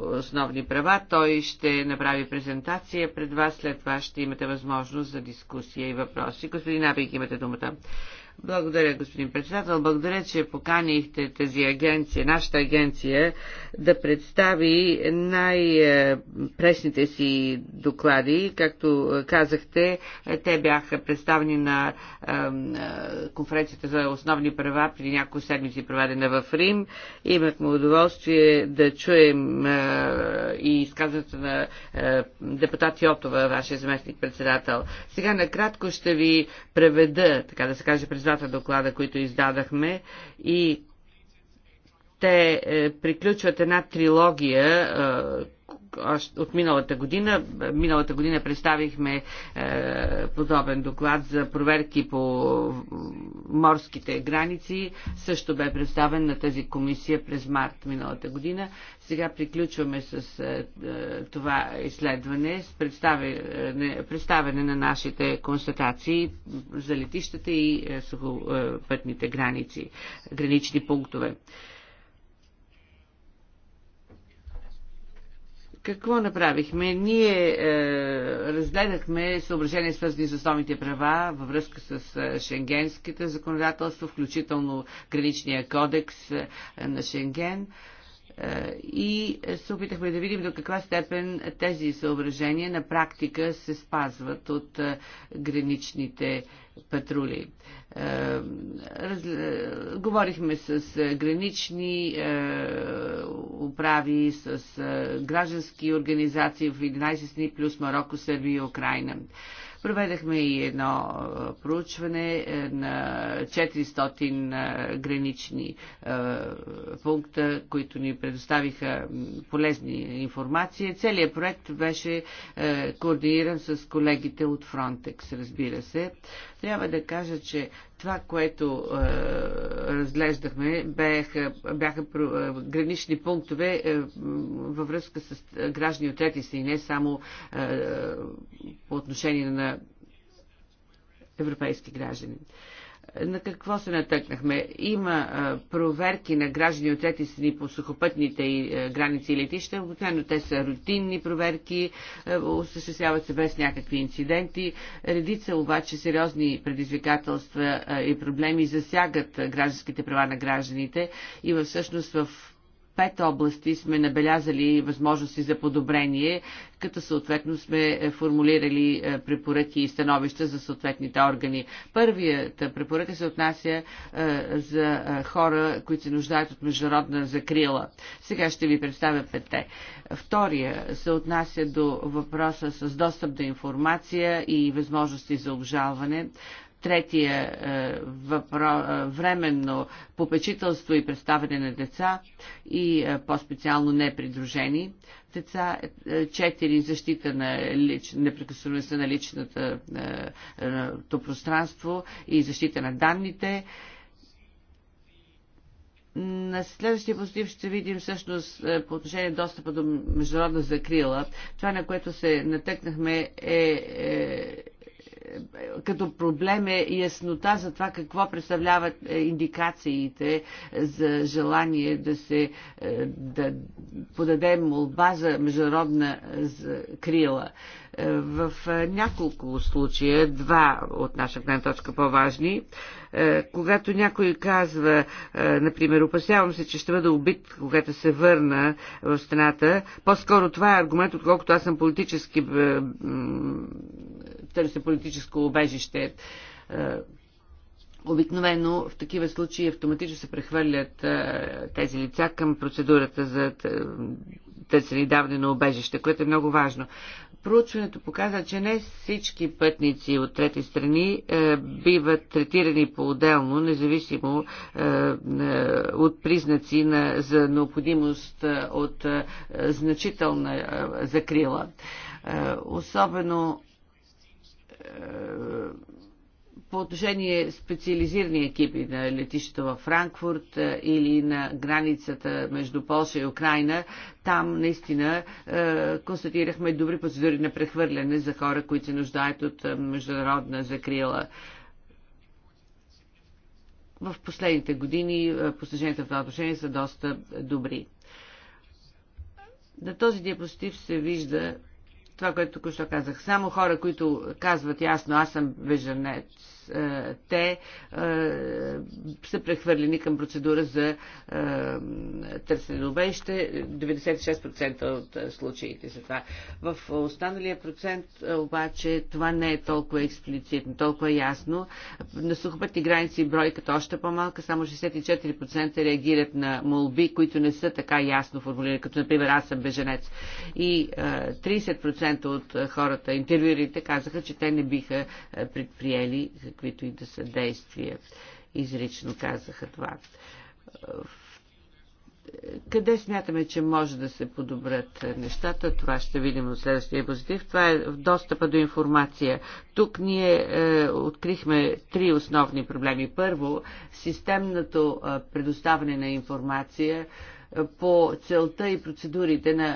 основни права. Той ще направи презентация пред вас. След това ще имате възможност за дискусия и въпроси. Господин Абик, имате думата. Благодаря, господин председател. Благодаря, че поканихте тази агенция, нашата агенция, да представи най-пресните си доклади. Както казахте, те бяха представени на конференцията за основни права преди няколко седмици, проведена в Рим. Имахме удоволствие да чуем и изказването на депутат Йотова, вашия заместник председател. Сега накратко ще ви преведа, така да се каже, през двата доклада, които издадахме и те е, приключват една трилогия, е, от миналата година. Миналата година представихме е, подобен доклад за проверки по морските граници. Също бе представен на тази комисия през март миналата година. Сега приключваме с е, е, това изследване, с представяне, представяне на нашите констатации за летищата и сухопътните граници, гранични пунктове. Какво направихме? Ние е, разгледахме съображения, свързани с основните права във връзка с е, шенгенските законодателства, включително граничния кодекс е, на Шенген. Е, е, и се опитахме да видим до каква степен тези съображения на практика се спазват от е, граничните патрули. Е, раз... Говорихме с гранични управи, с граждански организации в 11 дни плюс Марокко, Сърбия и Украина. Проведахме и едно проучване е, на 400 гранични пункта, които ни предоставиха полезни информации. Целият проект беше е, координиран с колегите от Frontex, разбира се. Трябва да кажа, че това, което е, разглеждахме, бяха, бяха е, гранични пунктове е, във връзка с граждани от трети страни, не само е, по отношение на европейски граждани. Е, на какво се натъкнахме? Има проверки на граждани от трети страни по сухопътните граници и летища. Обикновено те са рутинни проверки, осъществяват се без някакви инциденти. Редица обаче сериозни предизвикателства и проблеми засягат гражданските права на гражданите и всъщност в пет области сме набелязали възможности за подобрение, като съответно сме е, формулирали е, препоръки и становища за съответните органи. Първията препоръка се отнася е, за хора, които се нуждаят от международна закрила. Сега ще ви представя петте. Втория се отнася до въпроса с достъп до информация и възможности за обжалване. Третия е, въпро... Е, временно попечителство и представяне на деца и е, по-специално непридружени деца. Четири защита на лич... неприкосновеността на личното пространство и защита на данните. На следващия позитив ще видим всъщност по отношение на достъпа до международна закрила. Това, на което се натъкнахме е, е като проблем е яснота за това какво представляват е, индикациите за желание да се е, да подадем молба за международна е, крила. В няколко случая, два от наша гледна точка по-важни, когато някой казва, например, опасявам се, че ще бъда убит, когато се върна в страната, по-скоро това е аргумент, отколкото аз съм политически търся политическо убежище. Е, обикновено в такива случаи автоматично се прехвърлят е, тези лица към процедурата за е, търсене и даване на убежище, което е много важно. Проучването показва, че не всички пътници от трети страни е, биват третирани по-отделно, независимо е, е, от признаци на, за необходимост от е, значителна е, закрила. Е, особено е, по отношение специализирани екипи на летището във Франкфурт е, или на границата между Польша и Украина, там наистина е, констатирахме добри процедури на прехвърляне за хора, които се нуждаят от международна закрила. В последните години постиженията в това отношение са доста добри. На този диапозитив се вижда това, което току-що казах. Само хора, които казват ясно, аз съм беженец, е, те е, са прехвърлени към процедура за е, търсене на обеще. 96% от случаите са това. В останалия процент обаче това не е толкова експлицитно, толкова ясно. На сухопътни граници бройката още по-малка, само 64% реагират на молби, които не са така ясно формулирани, като например аз съм беженец. И 30% от хората, интервюирите, казаха, че те не биха предприели каквито и да са действия. Изрично казаха това. Къде смятаме, че може да се подобрят нещата, това ще видим в следващия позитив. Това е в достъпа до информация. Тук ние е, открихме три основни проблеми. Първо, системното е, предоставяне на информация е, по целта и процедурите на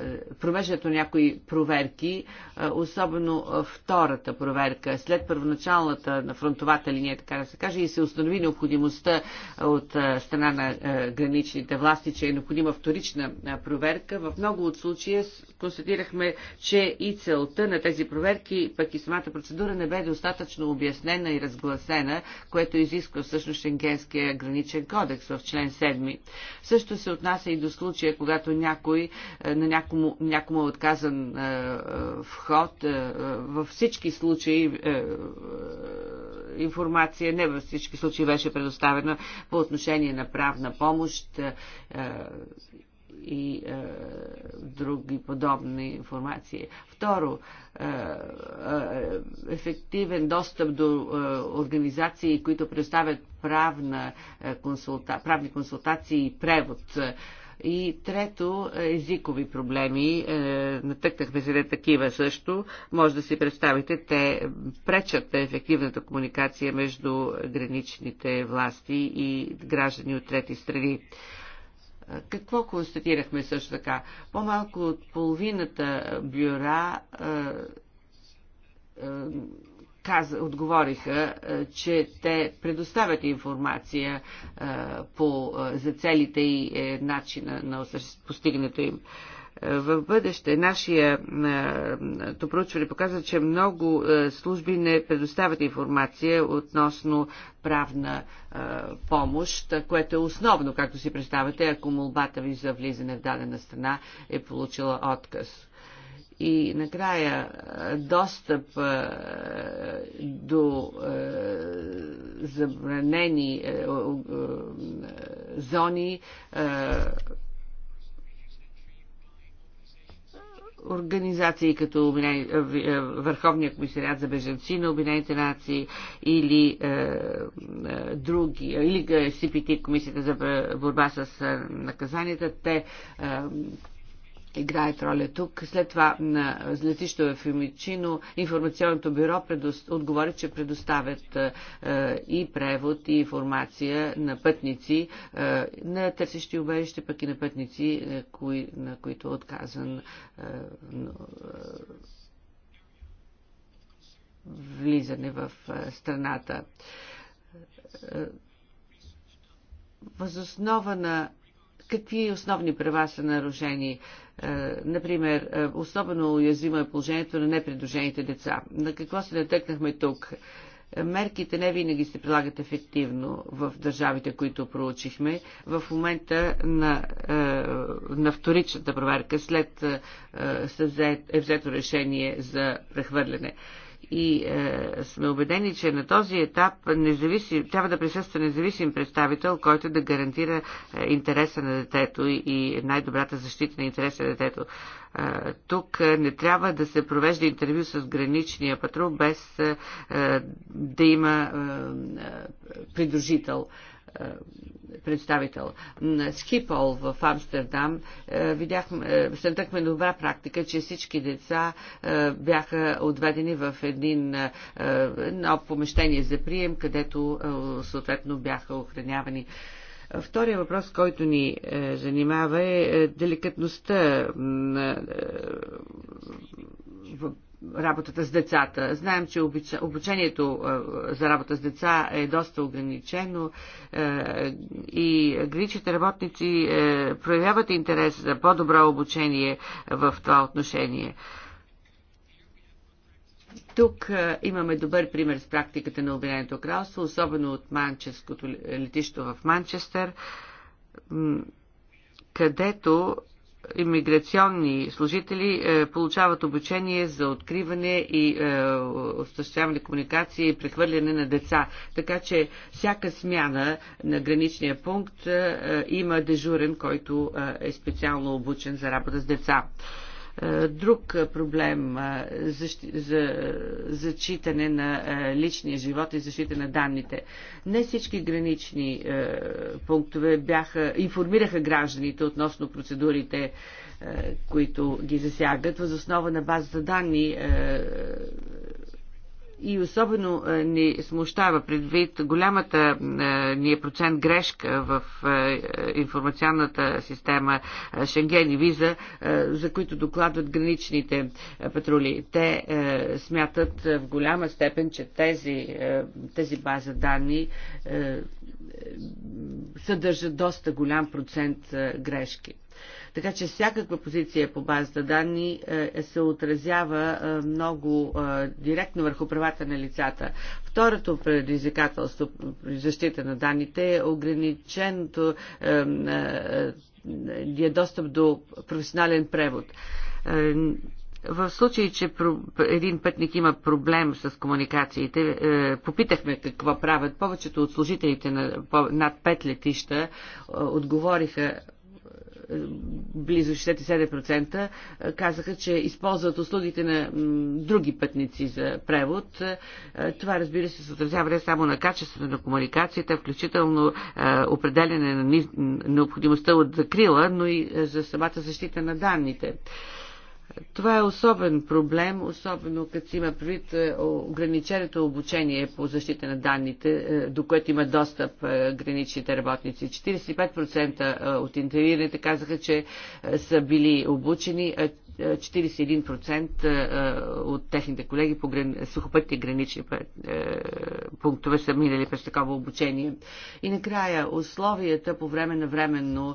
е, провеждането на някои проверки, е, особено е, втората проверка, след първоначалната на фронтовата линия, така да се каже, и се установи необходимостта от страна на граничните власти, че е необходима вторична проверка. В много от случая констатирахме, че и целта на тези проверки, пък и самата процедура не бе достатъчно обяснена и разгласена, което изисква всъщност Шенгенския граничен кодекс в член 7. Също се отнася отнася и до случая, когато някой, е, на някому, някому е отказан е, е, вход. Във всички случаи информация, не във всички случаи беше предоставена по отношение на правна помощ и э, други подобни информации. Второ, э, э, ефективен достъп до э, организации, които предоставят правна, э, консулта, правни консултации и превод. и трето, езикови проблеми. Натъкнахме се на такива също. Може да си представите, те пречат на ефективната комуникация между граничните власти и граждани от трети страни. Какво констатирахме също така? По-малко от половината бюра каза, отговориха, че те предоставят информация по, за целите и е, начина на постигането им в бъдеще. Нашия то проучване показва, че много служби не предоставят информация относно правна помощ, което е основно, както си представяте, ако молбата ви за влизане в дадена страна е получила отказ и накрая достъп до забранени зони организации като е, е, Върховния комисариат за беженци на Обединените нации или е, е други, или CPT, Комисията за борба с наказанията, те е, играят роля тук. След това на летището в Юмичино информационното бюро предост... отговори, че предоставят е, е, и превод, и информация на пътници, е, на търсещи убежище, пък и на пътници, е, кои... на които е отказан е, е влизане в е, страната. Възоснова на какви основни права са нарушени. Е, например, е, особено уязвимо е положението на непредружените деца. На какво се натъкнахме тук? мерките не винаги се прилагат ефективно в държавите, които проучихме. В момента на, е, на вторичната проверка след е взето решение за прехвърляне и е, сме убедени, че на този етап независим, трябва да присъства независим представител, който да гарантира е, интереса на детето и, и най-добрата защита на интереса на детето. Е, тук е, не трябва да се провежда интервю с граничния патрул без е, е да има е, е придружител. Е, е, представител. На Скипол в Амстердам е, видяхме, съдъхме добра практика, че всички деца е, бяха отведени в един, едно помещение за прием, където съответно бяха охранявани Втория въпрос, който ни занимава е деликатността на работата с децата. Знаем, че обучението е, за работа с деца е доста ограничено е, и граничните работници е, проявяват интерес за по-добро обучение в това отношение. Тук имаме добър пример с практиката на Обединеното кралство, особено от манческото летище в Манчестър, където иммиграционни служители е, получават обучение за откриване и е, осъществяване комуникации и прехвърляне на деца. Така че всяка смяна на граничния пункт е, има дежурен, който е специално обучен за работа с деца. Е, друг проблем е, за зачитане на е, личния живот и защита на данните. Не всички гранични пунктове бяха, информираха гражданите относно процедурите, които ги засягат. Възоснова на базата данни и особено е, ни смущава предвид голямата е, ни е процент грешка в е, информационната система Шенген и виза, за които докладват граничните патрули. Те смятат в голяма степен, че тези, тези база данни съдържат доста голям процент грешки. Така че всякаква позиция по базата данни е, се отразява е, много е, директно върху правата на лицата. Второто предизвикателство при защита на данните е ограниченото е достъп до професионален превод. В случай, че един пътник има проблем с комуникациите, попитахме какво правят. Повечето от служителите на над пет летища отговориха близо 67% казаха, че използват услугите на други пътници за превод. Това, разбира се, се отразява не само на качеството на комуникацията, включително определене на необходимостта от закрила, но и за самата защита на данните. Това е особен проблем, особено като си има предвид е, ограниченото обучение по защита на данните, е, до което има достъп е, граничните работници. 45% от интервюирите казаха, че са били обучени, 41% от техните колеги по сухопътни гранични е, пунктове са минали през такова обучение. И накрая, условията по време на временно е,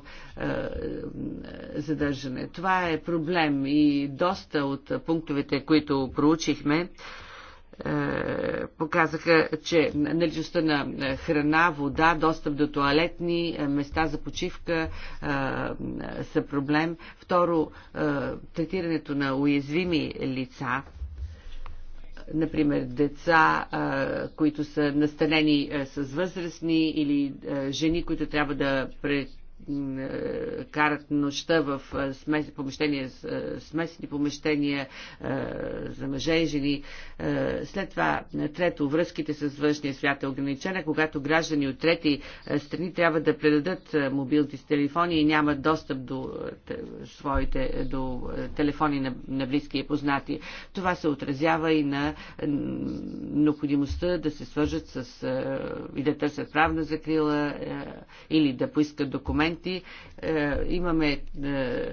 задържане. Това е проблем и доста от пунктовете, които проучихме, е, показаха, че наличността на храна, вода, достъп до туалетни, е, места за почивка е, са проблем. Второ, третирането на уязвими лица, например, деца, които са настанени с възрастни или жени, които трябва да пред е, карат нощта в е, смесни помещения, е, смесни помещения за мъже и жени. След това, трето, връзките с външния свят е ограничена, когато граждани от трети страни трябва да предадат мобилните си телефони и нямат достъп до своите до телефони на, на близки и познати. Това се отразява и на необходимостта да се свържат с и да търсят правна закрила или да поискат документи инструменти. Е, имаме е,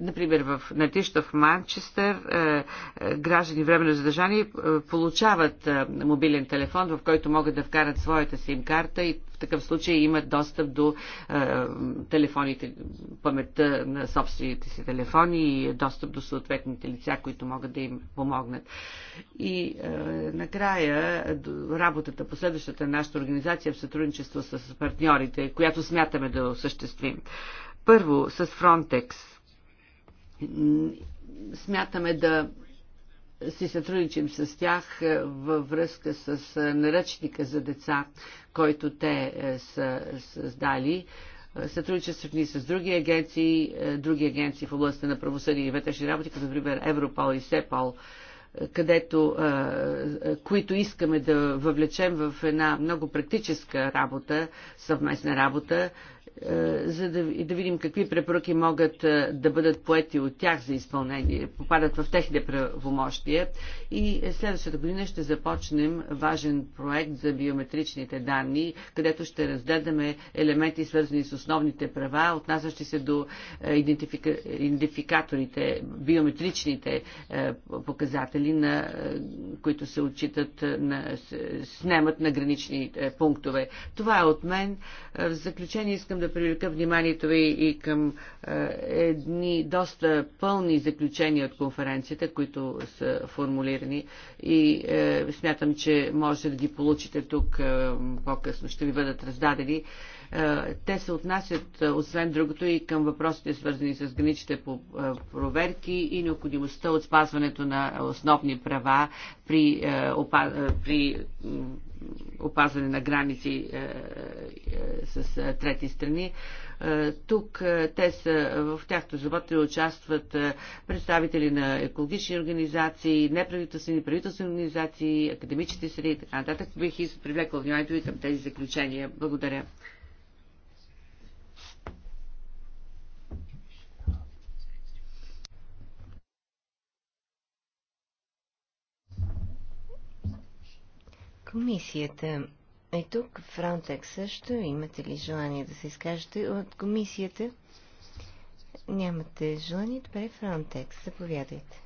Например, в летището в Манчестър е, е, граждани временно задържани е, получават мобилен телефон, в който могат да вкарат своята сим карта и в такъв случай имат достъп до телефоните, паметта на собствените си телефони и достъп до съответните лица, които могат да им помогнат. И накрая работата, последващата нашата организация в сътрудничество с партньорите, която смятаме да осъществим. Първо, с Фронтекс Смятаме да си сътрудничим с тях е, във връзка с е, наръчника за деца, който те е, са създали. Сътрудничеството ни с други агенции, други агенции в областта на правосъдие и вътрешни работи, като например Европол и Сепол, където, които искаме да въвлечем в една много практическа работа, съвместна работа е, за да, да видим какви препоръки могат е, да бъдат поети от тях за изпълнение, попадат в техните правомощия. И е, следващата година ще започнем важен проект за биометричните данни, където ще разгледаме елементи, свързани с основните права, отнасящи се до идентифика... идентификаторите, биометричните показатели, на, които се отчитат, на, снемат на гранични пунктове. Това е от мен. В заключение искам да привлека вниманието ви и към е, едни доста пълни заключения от конференцията, които са формулирани и е, смятам, че може да ги получите тук е, по-късно. Ще ви бъдат раздадени. Те се отнасят, освен другото, и към въпросите, свързани с граничните проверки и необходимостта от спазването на основни права при, при опазване на граници е, е, с е, трети страни. Е, тук е, те са, в тяхто живота участват е, представители на екологични организации, неправителствени, правителствени организации, академичните среди и така нататък. Бих и привлекла вниманието и към тези заключения. Благодаря. Комисията е тук, Фронтекс също. Имате ли желание да се изкажете от комисията? Нямате желание, добре, Фронтекс, заповядайте.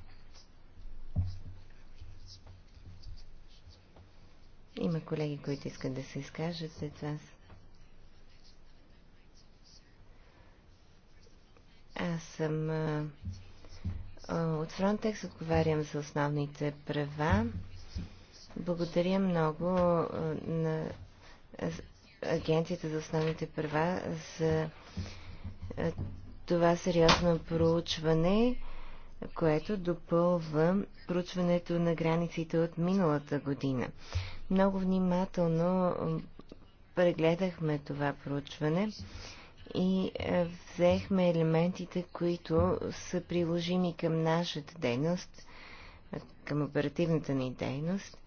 Има колеги, които искат да се изкажат след вас. Аз съм а, от Frontex, отговарям за основните права. Благодаря много на Агенцията за основните права за това сериозно проучване, което допълва проучването на границите от миналата година. Много внимателно прегледахме това проучване и взехме елементите, които са приложими към нашата дейност, към оперативната ни дейност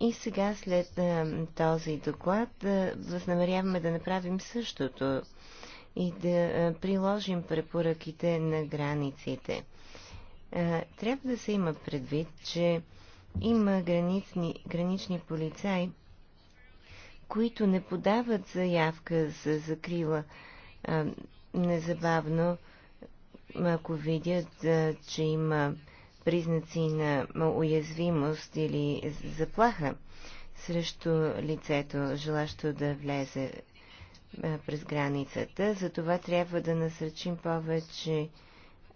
и сега, след а, е, този доклад, а, е, възнамеряваме да направим същото и да а, е, приложим препоръките на границите. А, трябва да се има предвид, че има гранични, гранични полицаи, които не подават заявка за закрила а, незабавно, ако видят, а, че има признаци на уязвимост или заплаха срещу лицето, желащо да влезе през границата. Затова трябва да насръчим повече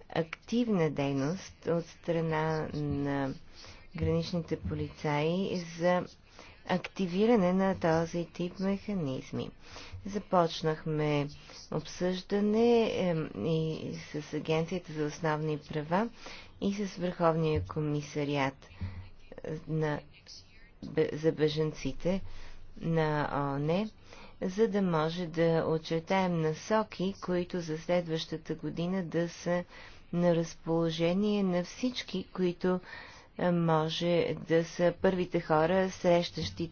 активна дейност от страна на граничните полицаи за активиране на този тип механизми. Започнахме обсъждане и с Агенцията за основни права и с Върховния комисариат е, на, за беженците на ОНЕ, за да може да очертаем насоки, които за следващата година да са на разположение на всички, които може да са първите хора, срещащи,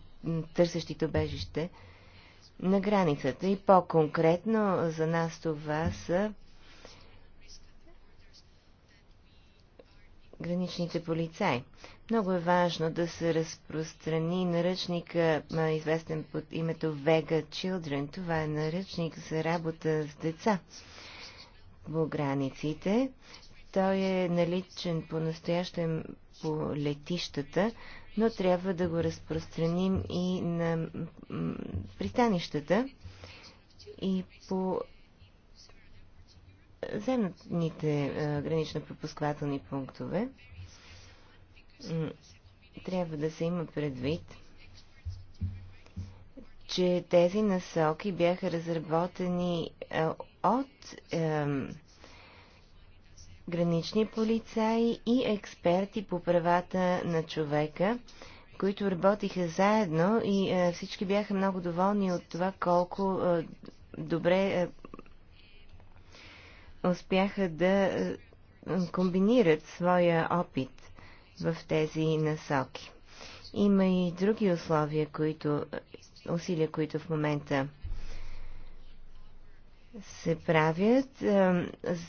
търсещите обежище на границата. И по-конкретно за нас това са граничните полицаи. Много е важно да се разпространи наръчника, известен под името Vega Children. Това е наръчник за работа с деца по границите. Той е наличен по-настоящем по летищата, но трябва да го разпространим и на пристанищата и по земните гранично пропусквателни пунктове. Трябва да се има предвид, че тези насоки бяха разработени от гранични полицаи и експерти по правата на човека, които работиха заедно и а, е, всички бяха много доволни от това колко а, е, добре а, е, успяха да комбинират своя опит в тези насоки. Има и други условия, които, усилия, които в момента се правят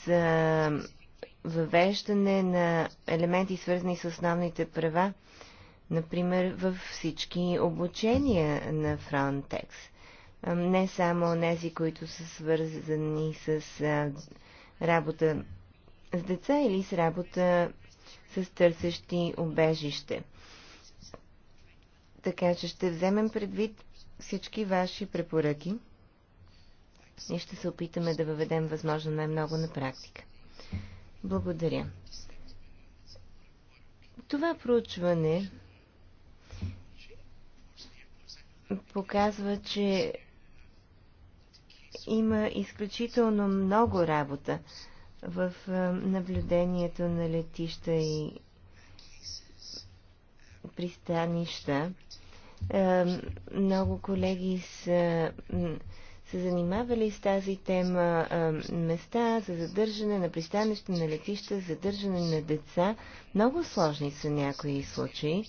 за въвеждане на елементи, свързани с основните права, например във всички обучения на Frontex. Не само тези, които са свързани с работа с деца или с работа с търсещи обежище. Така че ще вземем предвид всички ваши препоръки и ще се опитаме да въведем възможно най-много на практика. Благодаря. Това проучване показва, че има изключително много работа в наблюдението на летища и пристанища. Много колеги са се занимавали с тази тема а, места за задържане на пристанище, на летища, задържане на деца. Много сложни са някои случаи.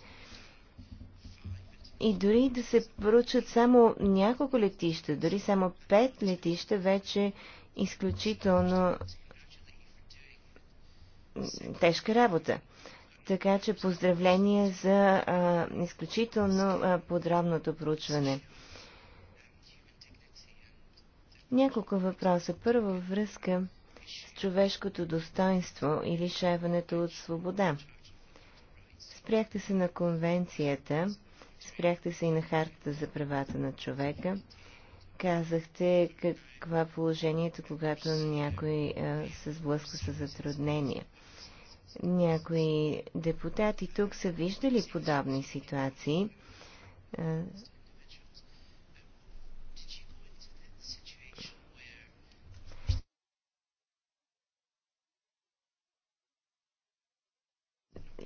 И дори да се поручат само няколко летища, дори само пет летища, вече изключително тежка работа. Така че поздравления за а, изключително а, подробното проучване. Няколко въпроса. Първо връзка с човешкото достоинство и лишаването от свобода. Спряхте се на конвенцията, спряхте се и на хартата за правата на човека. Казахте каква е положението, когато някой а, е, се сблъска с затруднения. Някои депутати тук са виждали подобни ситуации. А, е,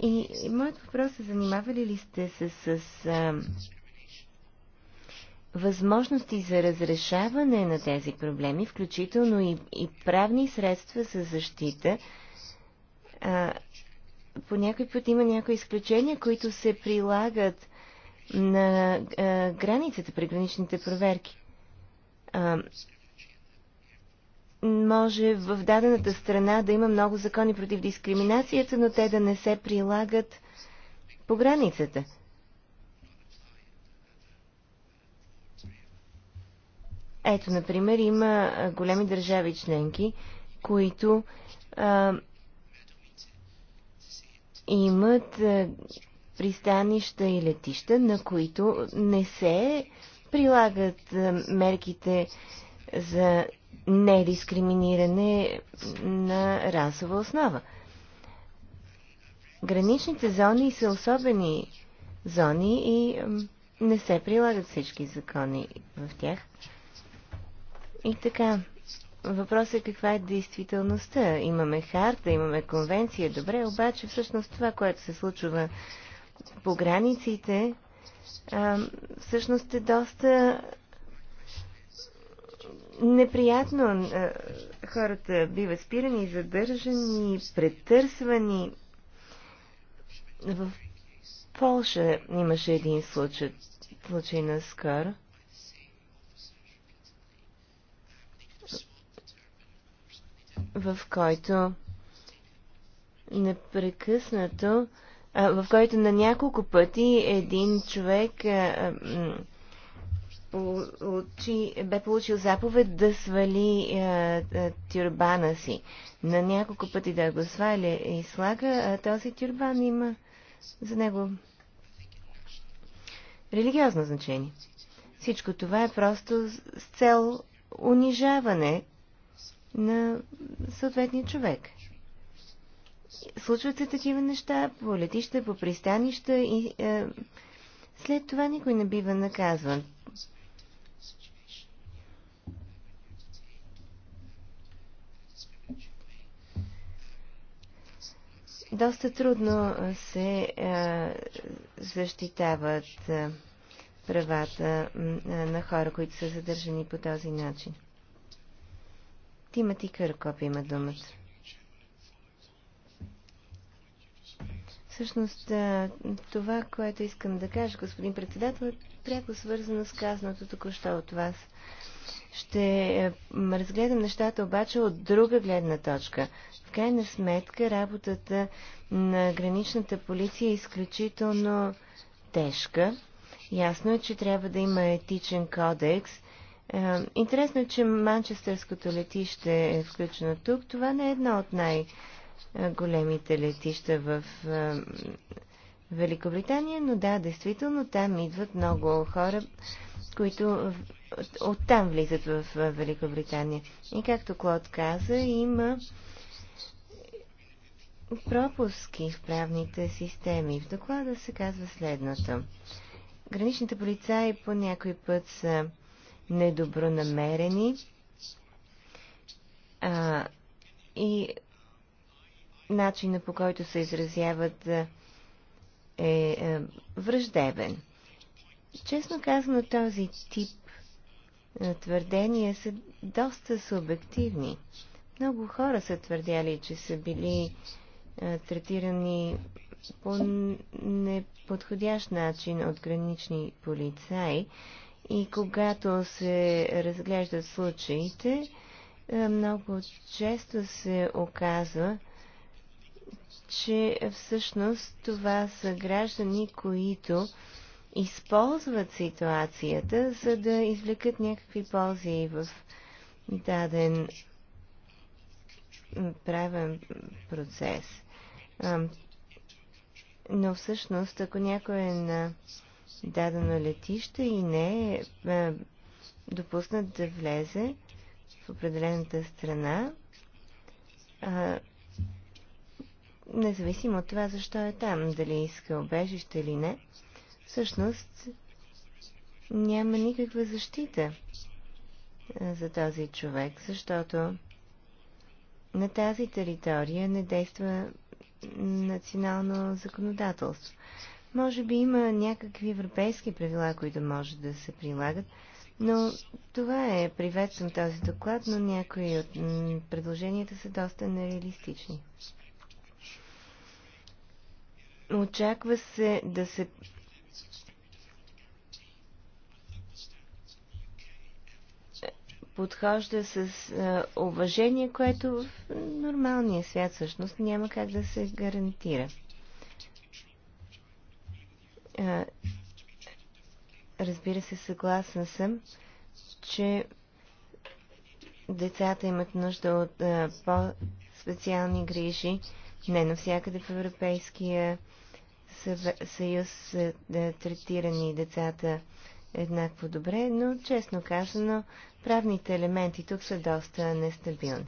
И, и моят въпрос е, занимавали ли сте се с, с а, възможности за разрешаване на тези проблеми, включително и, и правни средства за защита? А, по някой път има някои изключения, които се прилагат на а, границата при граничните проверки. А, може в дадената страна да има много закони против дискриминацията, но те да не се прилагат по границата. Ето, например, има големи държави членки, които а, имат а, пристанища и летища, на които не се прилагат а, мерките за недискриминиране на расова основа. Граничните зони са особени зони и не се прилагат всички закони в тях. И така, въпросът е каква е действителността. Имаме харта, имаме конвенция, добре, обаче всъщност това, което се случва по границите, всъщност е доста неприятно. Хората биват спирани, задържани, претърсвани. В Полша имаше един случай, случай наскоро. в който непрекъснато, а, в който на няколко пъти един човек а, а, получи, бе получил заповед да свали е, е, тюрбана си. На няколко пъти да го сваля и слага, а този тюрбан има за него религиозно значение. Всичко това е просто с цел унижаване на съответния човек. Случват се такива неща по летища, по пристанища и е, след това никой не бива наказван. доста трудно се а, защитават а, правата а, на хора, които са задържани по този начин. Тимати Къркоп има думата. Всъщност, това, което искам да кажа, господин председател, е пряко свързано с казаното току-що от вас. Ще разгледам нещата обаче от друга гледна точка крайна сметка работата на граничната полиция е изключително тежка. Ясно е, че трябва да има етичен кодекс. Е, интересно е, че Манчестърското летище е включено тук. Това не е едно от най-големите летища в е, Великобритания, но да, действително там идват много хора, които оттам влизат в е, Великобритания. И както Клод каза, има пропуски в правните системи. В доклада се казва следното. Граничните полицаи по някой път са недобронамерени а, и начина по който се изразяват е, е враждебен. Честно казано, този тип твърдения са доста субективни. Много хора са твърдяли, че са били е, третирани по неподходящ начин от гранични полицаи. И когато се разглеждат случаите, е, много често се оказва, че всъщност това са граждани, които използват ситуацията, за да извлекат някакви ползи в даден правен процес. Но всъщност, ако някой е на дадено летище и не е допуснат да влезе в определената страна, независимо от това защо е там, дали иска обежище или не, всъщност няма никаква защита за този човек, защото на тази територия не действа национално законодателство. Може би има някакви европейски правила, които може да се прилагат, но това е. Приветствам този доклад, но някои от предложенията са доста нереалистични. Очаква се да се подхожда с е, уважение, което в нормалния свят всъщност няма как да се гарантира. Е, разбира се, съгласна съм, че децата имат нужда от е, по-специални грижи. Не навсякъде в Европейския съюз са третирани децата еднакво добре, но честно казано правните елементи тук са доста нестабилни.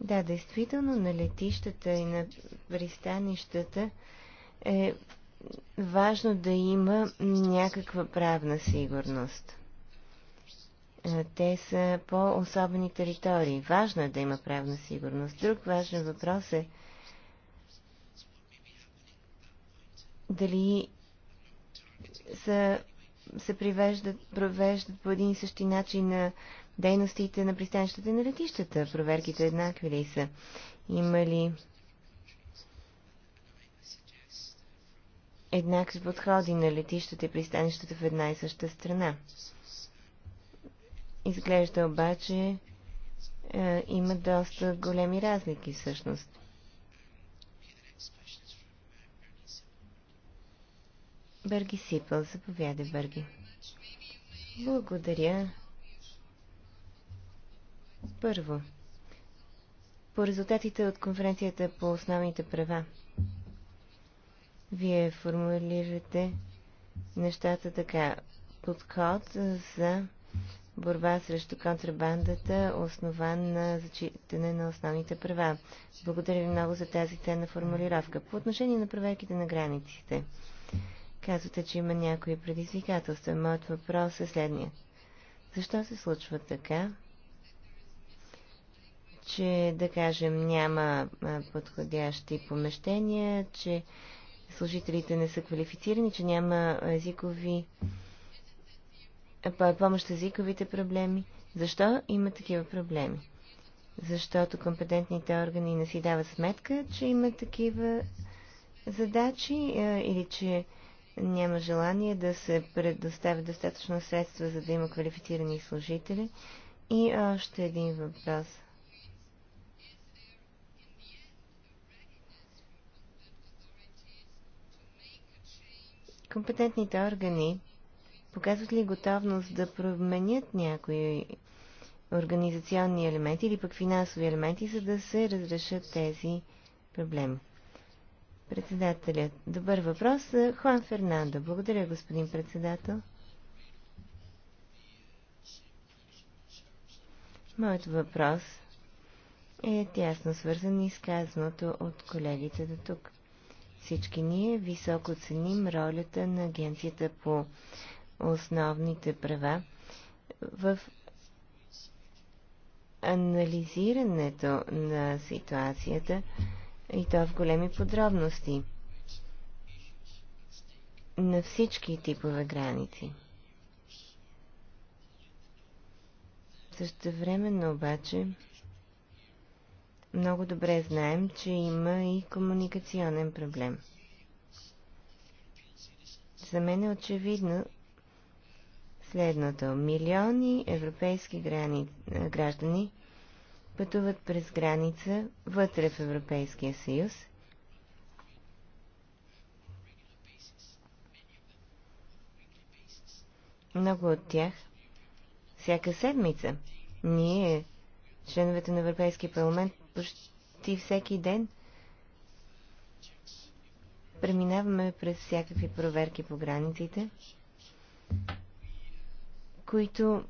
Да, действително на летищата и на пристанищата е важно да има някаква правна сигурност. Е, те са по-особени територии. Важно е да има правна сигурност. Друг важен въпрос е дали са се привеждат, провеждат по един и същи начин на дейностите на пристанищата и на летищата? Проверките еднакви ли са? Има ли еднакви подходи на летищата и пристанищата в една и съща страна? Изглежда обаче е, има доста големи разлики всъщност. Бърги Сипъл. Заповядай, Бърги. Благодаря. Първо, по резултатите от конференцията по основните права, вие формулирате нещата така. Подход за борба срещу контрабандата, основан на зачитане на основните права. Благодаря ви много за тази ценна формулировка. По отношение на проверките на границите. Казвате, че има някои предизвикателства. Моят въпрос е следният. Защо се случва така, че, да кажем, няма подходящи помещения, че служителите не са квалифицирани, че няма езикови помощ с езиковите проблеми. Защо има такива проблеми? Защото компетентните органи не си дават сметка, че има такива задачи или че няма желание да се предоставят достатъчно средства, за да има квалифицирани служители. И още един въпрос. Компетентните органи показват ли готовност да променят някои организационни елементи или пък финансови елементи, за да се разрешат тези проблеми? Председателят. Добър въпрос. Е, Хуан Фернандо. Благодаря, господин председател. Моят въпрос е тясно свързан и с казаното от колегите до тук. Всички ние високо ценим ролята на Агенцията по основните права в анализирането на ситуацията и то в големи подробности на всички типове граници. Също времено обаче много добре знаем, че има и комуникационен проблем. За мен е очевидно следното. Милиони европейски грани... граждани пътуват през граница вътре в Европейския съюз. Много от тях всяка седмица. Ние, членовете на Европейския парламент, почти всеки ден преминаваме през всякакви проверки по границите, които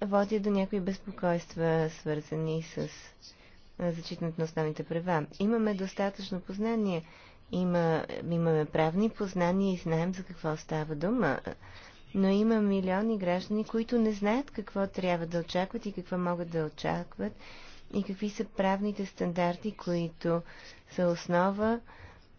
води до някои безпокойства, свързани с зачитането на основните права. Имаме достатъчно познание, има, имаме правни познания и знаем за какво става дума, но има милиони граждани, които не знаят какво трябва да очакват и какво могат да очакват и какви са правните стандарти, които са основа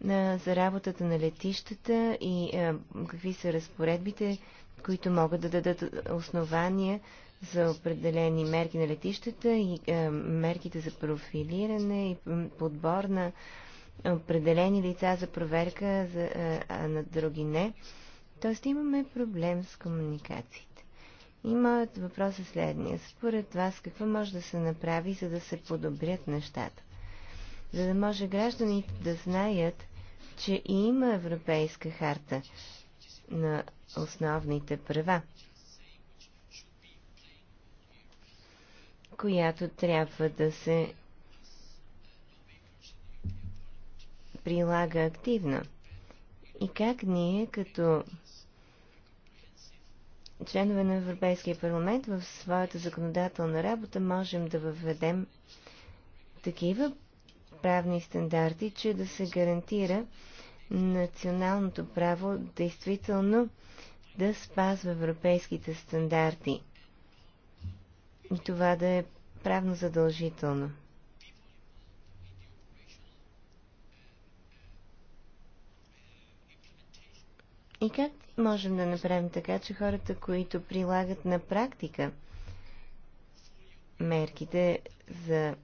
на, за работата на летищата и а, какви са разпоредбите, които могат да дадат основания за определени мерки на летищата и е, мерките за профилиране и подбор на определени лица за проверка, за, е, а на други не. Тоест имаме проблем с комуникациите. И моят въпрос е следния. Според вас какво може да се направи, за да се подобрят нещата? За да може гражданите да знаят, че има Европейска харта на основните права. която трябва да се прилага активно. И как ние, като членове на Европейския парламент, в своята законодателна работа можем да въведем такива правни стандарти, че да се гарантира националното право действително да спазва европейските стандарти и това да е правно задължително. И как можем да направим така, че хората, които прилагат на практика мерките за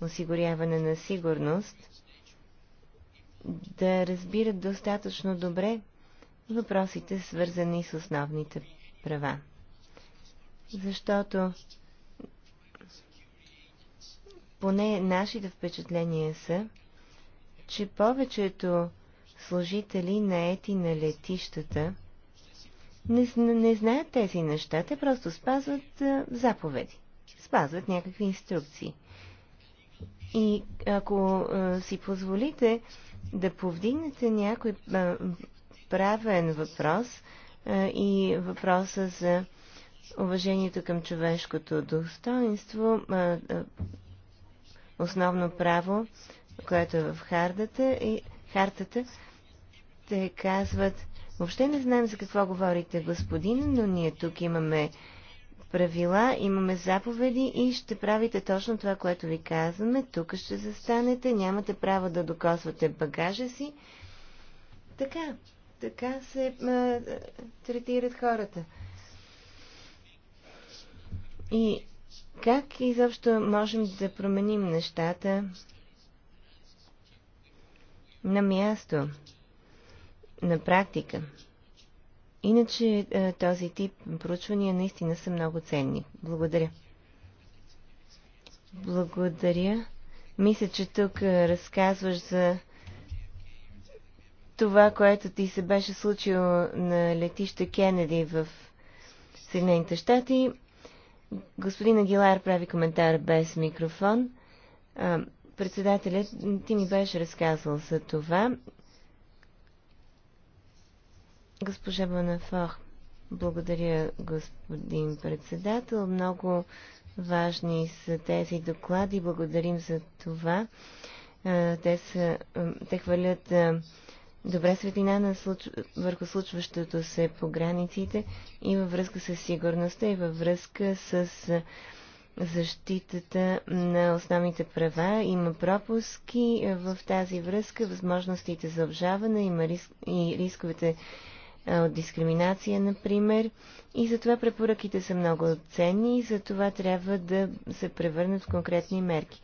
осигуряване на сигурност, да разбират достатъчно добре въпросите, свързани с основните права? защото поне нашите впечатления са, че повечето служители наети на летищата не, не знаят тези неща, те просто спазват а, заповеди, спазват някакви инструкции. И ако а, си позволите да повдигнете някой а, правен въпрос а, и въпроса за уважението към човешкото достоинство, основно право, което е в хардата и хартата, те казват, въобще не знаем за какво говорите, господин, но ние тук имаме правила, имаме заповеди и ще правите точно това, което ви казваме. Тук ще застанете, нямате право да докосвате багажа си. Така, така се а, третират хората. И как изобщо можем да променим нещата на място, на практика? Иначе е, този тип проучвания наистина са много ценни. Благодаря. Благодаря. Мисля, че тук е, разказваш за това, което ти се беше случило на летище Кенеди в Съединените щати. Господин Агилар прави коментар без микрофон. Председателят, ти ми беше разказал за това. Госпожа Бонафор, благодаря, господин председател. Много важни са тези доклади. Благодарим за това. Те, са, те хвалят добра светлина на случ... върху случващото се по границите и във връзка с сигурността и във връзка с защитата на основните права. Има пропуски в тази връзка, възможностите за обжаване, има риск... и рисковете от дискриминация, например. И затова препоръките са много ценни и затова трябва да се превърнат в конкретни мерки.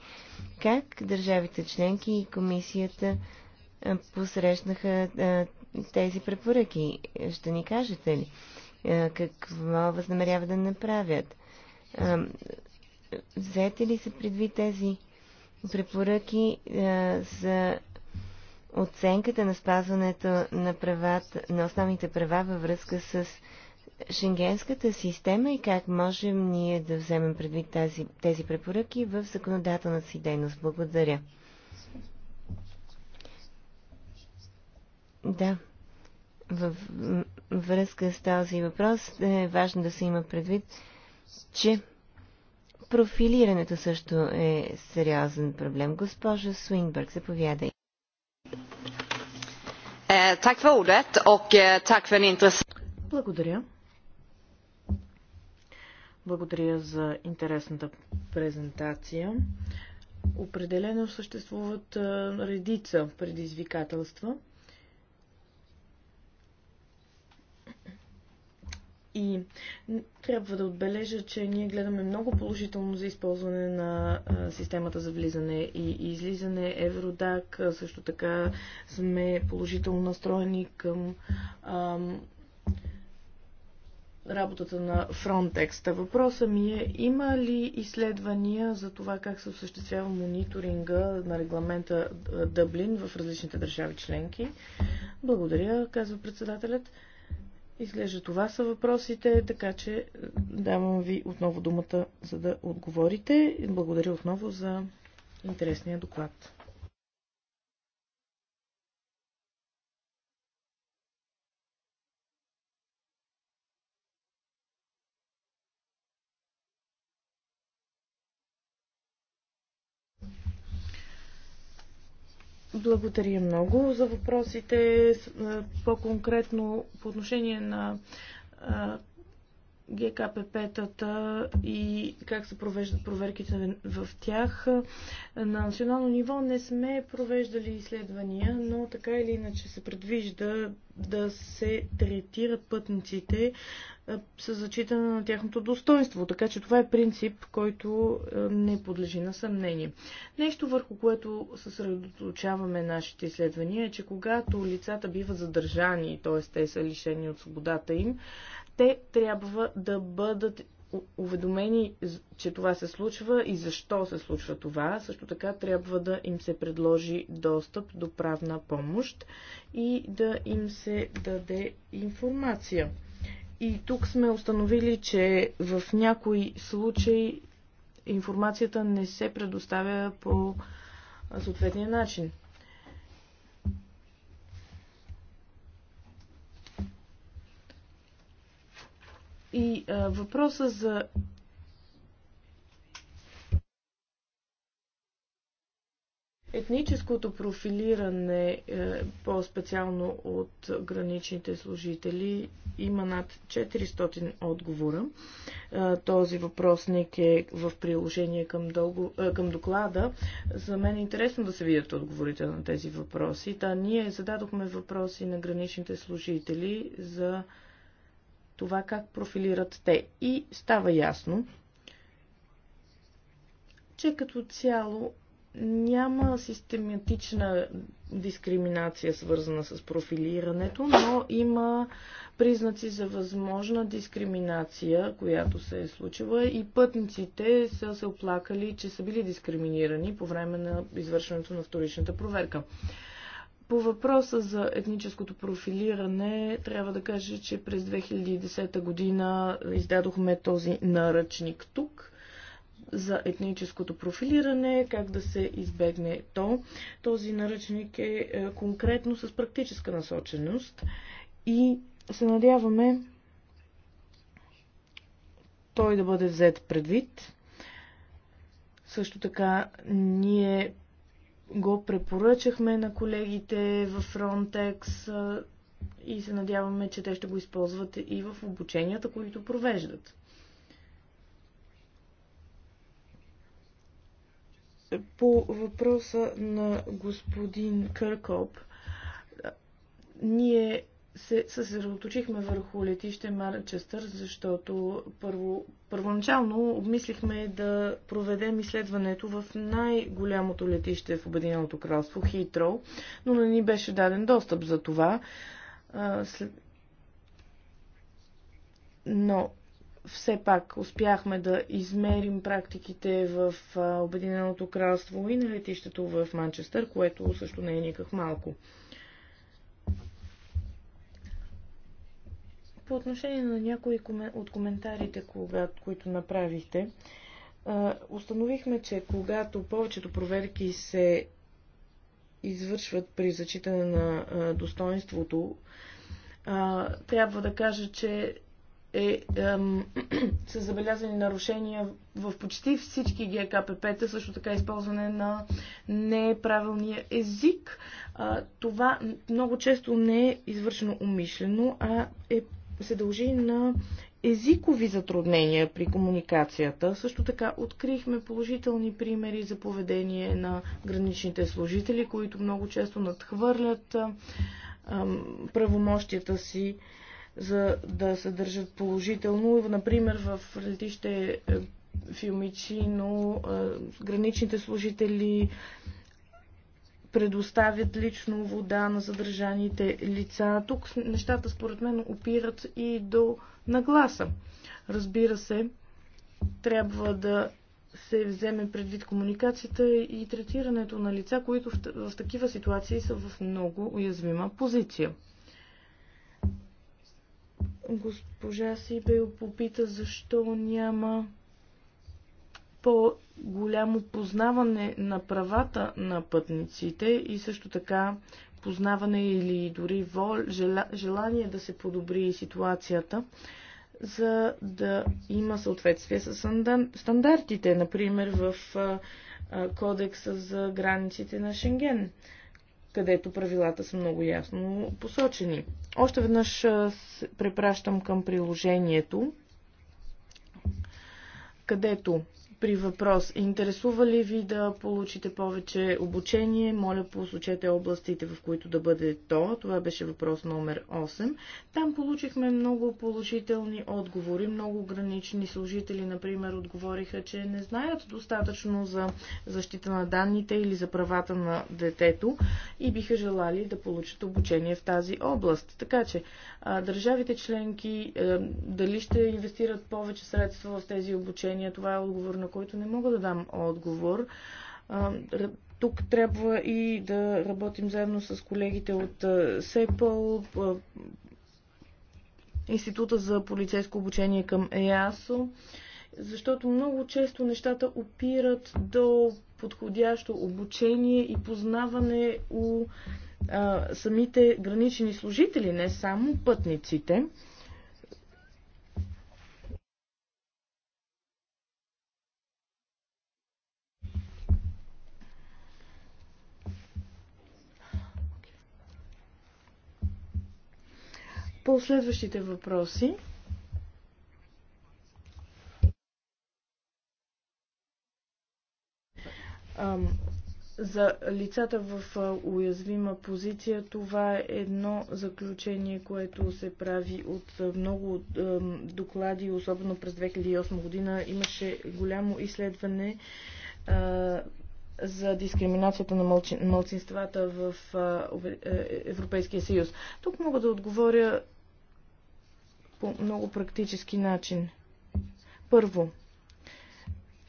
Как държавите членки и комисията посрещнаха тези препоръки. Ще ни кажете ли какво възнамерява да направят? Взете ли се предвид тези препоръки за оценката на спазването на, правата, на основните права във връзка с шенгенската система и как можем ние да вземем предвид тази, тези препоръки в законодателната си дейност. Благодаря. Да. Във връзка с този въпрос е важно да се има предвид, че профилирането също е сериозен проблем. Госпожа Суинбърг, заповядай. Е, е, Благодаря. Благодаря за интересната презентация. Определено съществуват е, редица предизвикателства. И трябва да отбележа, че ние гледаме много положително за използване на системата за влизане и излизане, Евродак, също така сме положително настроени към ам, работата на Фронтекста. Въпросът ми е, има ли изследвания за това как се осъществява мониторинга на регламента Дъблин в различните държави членки? Благодаря, казва председателят. Изглежда това са въпросите, така че е, давам ви отново думата, за да отговорите. Благодаря отново за интересния доклад. Благодаря много за въпросите. По-конкретно по отношение на ГКПП-тата и как се провеждат проверките в тях. На национално ниво не сме провеждали изследвания, но така или иначе се предвижда да се третират пътниците е, с зачитане на тяхното достоинство. Така че това е принцип, който е, не подлежи на съмнение. Нещо върху което съсредоточаваме нашите изследвания е, че когато лицата биват задържани, т.е. те са лишени от свободата им, те трябва да бъдат уведомени, че това се случва и защо се случва това. Също така трябва да им се предложи достъп до правна помощ и да им се даде информация. И тук сме установили, че в някои случаи информацията не се предоставя по съответния начин. И а, въпроса за Етническото профилиране, е, по-специално от граничните служители, има над 400 отговора. Е, този въпросник е в приложение към, дълго, е, към доклада. За мен е интересно да се видят отговорите на тези въпроси. Та ние зададохме въпроси на граничните служители за това как профилират те. И става ясно, че като цяло няма систематична дискриминация, свързана с профилирането, но има признаци за възможна дискриминация, която се е случила и пътниците са се оплакали, че са били дискриминирани по време на извършването на вторичната проверка. По въпроса за етническото профилиране, трябва да кажа, че през 2010 година издадохме този наръчник тук за етническото профилиране, как да се избегне то. Този наръчник е, е конкретно с практическа насоченост и се надяваме той да бъде взет предвид. Също така ние го препоръчахме на колегите в Frontex и се надяваме, че те ще го използват и в обученията, които провеждат. По въпроса на господин Къркоп, ние се съсредоточихме върху летище Марчестър, защото първо, първоначално обмислихме да проведем изследването в най-голямото летище в Обединеното кралство, Хитро, но не ни беше даден достъп за това. Но все пак успяхме да измерим практиките в Обединеното кралство и на летището в Манчестър, което също не е никак малко. По отношение на някои от коментарите, които направихте, установихме, че когато повечето проверки се извършват при зачитане на достоинството, трябва да кажа, че е, ем, са забелязани нарушения в почти всички ГКПП-та, също така използване на неправилния език. А, това много често не е извършено умишлено, а е се дължи на езикови затруднения при комуникацията. Също така открихме положителни примери за поведение на граничните служители, които много често надхвърлят правомощията си за да се държат положително. Например, в летище е, Филмичино граничните служители предоставят лично вода на задържаните лица. Тук нещата според мен опират и до нагласа. Разбира се, трябва да се вземе предвид комуникацията и третирането на лица, които в, в такива ситуации са в много уязвима позиция. Госпожа Сибел попита защо няма по-голямо познаване на правата на пътниците и също така познаване или дори вол, жела, желание да се подобри ситуацията, за да има съответствие с стандартите, например в кодекса за границите на Шенген където правилата са много ясно посочени. Още веднъж препращам към приложението, където при въпрос. Интересува ли ви да получите повече обучение? Моля, посочете областите, в които да бъде то. Това беше въпрос номер 8. Там получихме много положителни отговори. Много гранични служители, например, отговориха, че не знаят достатъчно за защита на данните или за правата на детето и биха желали да получат обучение в тази област. Така че, държавите членки дали ще инвестират повече средства в тези обучения, това е отговор на които не мога да дам отговор. Тук трябва и да работим заедно с колегите от СЕПЛ, Института за полицейско обучение към ЕАСО, защото много често нещата опират до подходящо обучение и познаване у а, самите гранични служители, не само пътниците. По следващите въпроси. За лицата в уязвима позиция това е едно заключение, което се прави от много доклади, особено през 2008 година. Имаше голямо изследване за дискриминацията на мълчинствата в е, Европейския съюз. Тук мога да отговоря по много практически начин. Първо,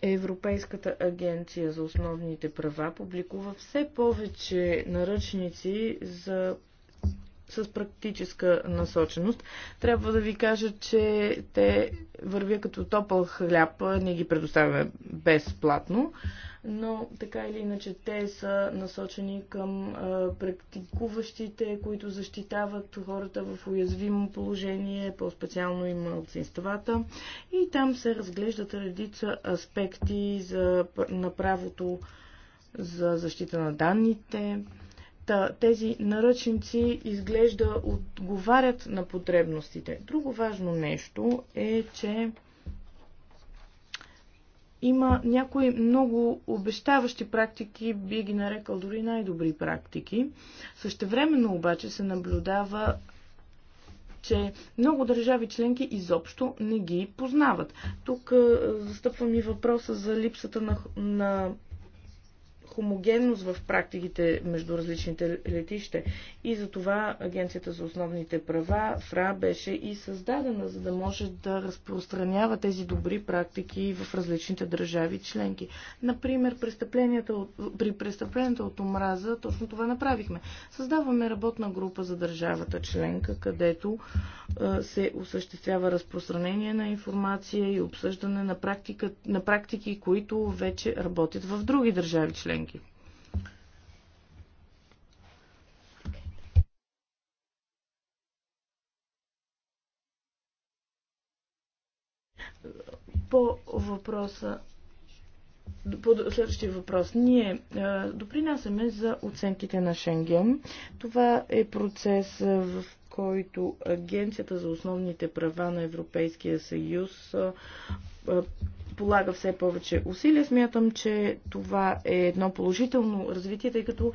Европейската агенция за основните права публикува все повече наръчници за с практическа насоченост. Трябва да ви кажа, че те вървя като топъл хляб, ние ги предоставяме безплатно, но така или иначе те са насочени към а, практикуващите, които защитават хората в уязвимо положение, по-специално и малцинствата. И там се разглеждат редица аспекти за, на правото за защита на данните, Та, тези наръчници изглежда отговарят на потребностите. Друго важно нещо е, че има някои много обещаващи практики, би ги нарекал дори най-добри практики. Същевременно обаче се наблюдава че много държави членки изобщо не ги познават. Тук застъпвам и въпроса за липсата на, на хомогенност в практиките между различните летища. И за това Агенцията за основните права, ФРА, беше и създадена, за да може да разпространява тези добри практики в различните държави членки. Например, престъпленията от, при престъпленията от омраза точно това направихме. Създаваме работна група за държавата членка, където се осъществява разпространение на информация и обсъждане на, практика, на практики, които вече работят в други държави членки you. По въпроса по следващия въпрос. Ние а, допринасяме за оценките на Шенген. Това е процес, в който Агенцията за основните права на Европейския съюз а, а, полага все повече усилия. Смятам, че това е едно положително развитие, тъй като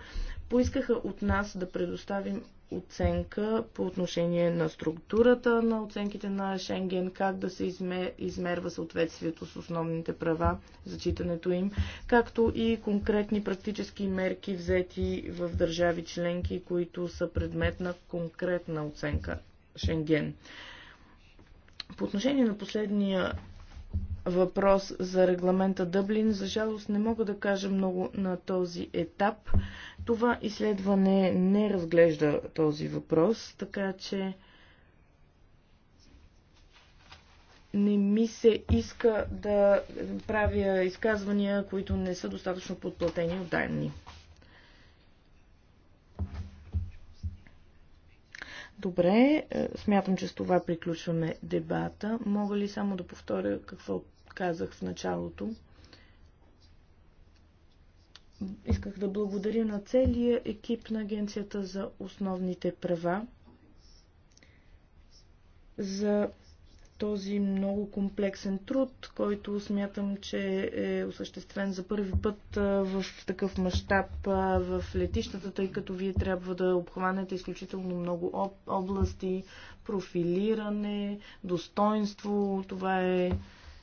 поискаха от нас да предоставим оценка по отношение на структурата на оценките на Шенген, как да се измерва съответствието с основните права, зачитането им, както и конкретни практически мерки взети в държави членки, които са предмет на конкретна оценка Шенген. По отношение на последния въпрос за регламента Дъблин. За жалост не мога да кажа много на този етап. Това изследване не разглежда този въпрос, така че не ми се иска да правя изказвания, които не са достатъчно подплатени от данни. Добре, е, смятам, че с това приключваме дебата. Мога ли само да повторя какво казах в началото. Исках да благодаря на целия екип на Агенцията за основните права за този много комплексен труд, който смятам, че е осъществен за първи път в такъв мащаб в летищата, тъй като вие трябва да обхванете изключително много области, профилиране, достоинство. Това е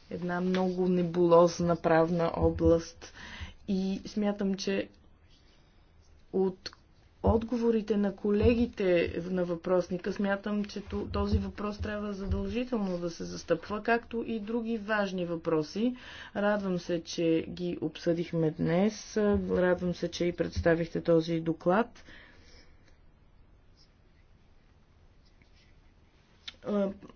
една много небулозна правна област. И смятам, че от отговорите на колегите на въпросника, смятам, че този въпрос трябва задължително да се застъпва, както и други важни въпроси. Радвам се, че ги обсъдихме днес. Радвам се, че и представихте този доклад.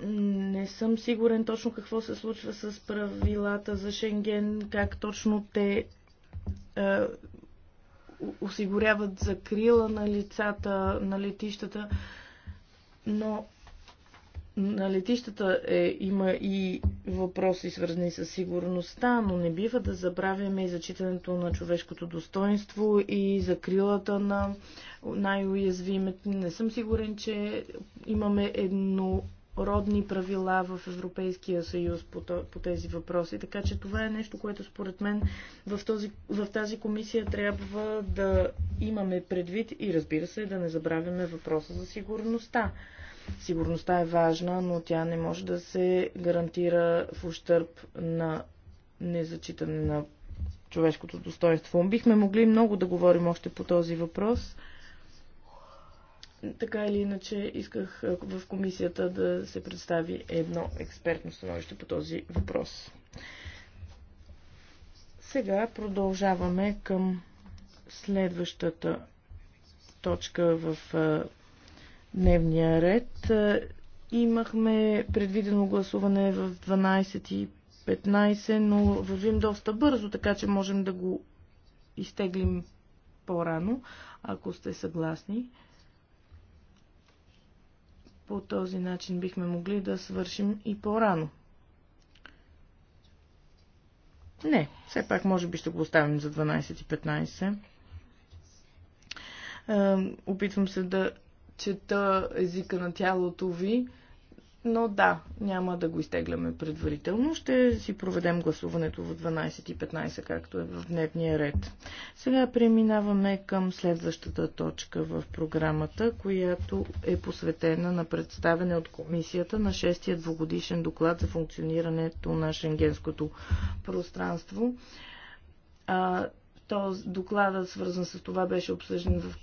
не съм сигурен точно какво се случва с правилата за Шенген, как точно те а, осигуряват закрила на лицата, на летищата, но на летищата е, има и въпроси свързани с сигурността, но не бива да забравяме и зачитането на човешкото достоинство и закрилата на най-уязвимите. Не съм сигурен, че имаме едно родни правила в Европейския съюз по, по тези въпроси. Така че това е нещо, което според мен в, този, в тази комисия трябва да имаме предвид и разбира се да не забравяме въпроса за сигурността. Сигурността е важна, но тя не може да се гарантира в ущърп на незачитане на човешкото достоинство. Бихме могли много да говорим още по този въпрос така или иначе исках е, в комисията да се представи едно експертно становище по този въпрос. Сега продължаваме към следващата точка в е, дневния ред. Е, имахме предвидено гласуване в 12.15, но вървим доста бързо, така че можем да го изтеглим по-рано, ако сте съгласни. По този начин бихме могли да свършим и по-рано. Не, все пак може би ще го оставим за 12.15. Опитвам се да чета езика на тялото ви. Но да, няма да го изтегляме предварително. Ще си проведем гласуването в 12.15, както е в дневния ред. Сега преминаваме към следващата точка в програмата, която е посветена на представене от комисията на 6-я двогодишен доклад за функционирането на шенгенското пространство този доклада, свързан с това, беше обсъждан в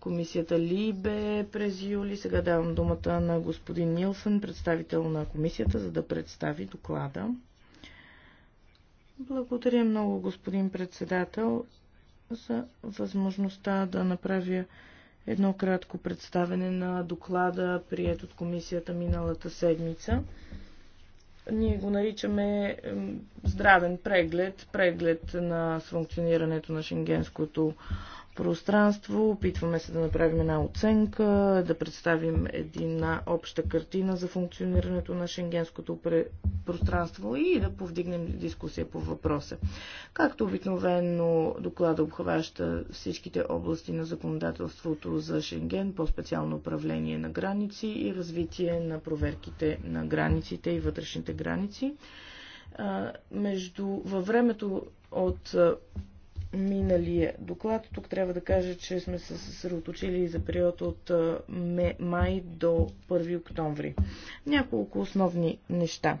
комисията Либе през юли. Сега давам думата на господин Нилсън, представител на комисията, за да представи доклада. Благодаря много, господин председател, за възможността да направя едно кратко представене на доклада, прият от комисията миналата седмица. Ние го наричаме здравен преглед, преглед на функционирането на шенгенското пространство. Опитваме се да направим една оценка, да представим една обща картина за функционирането на шенгенското пространство и да повдигнем дискусия по въпроса. Както обикновено доклада обхваща всичките области на законодателството за Шенген, по-специално управление на граници и развитие на проверките на границите и вътрешните граници. Между, във времето от миналия доклад. Тук трябва да кажа, че сме се съсредоточили за период от май до 1 октомври. Няколко основни неща.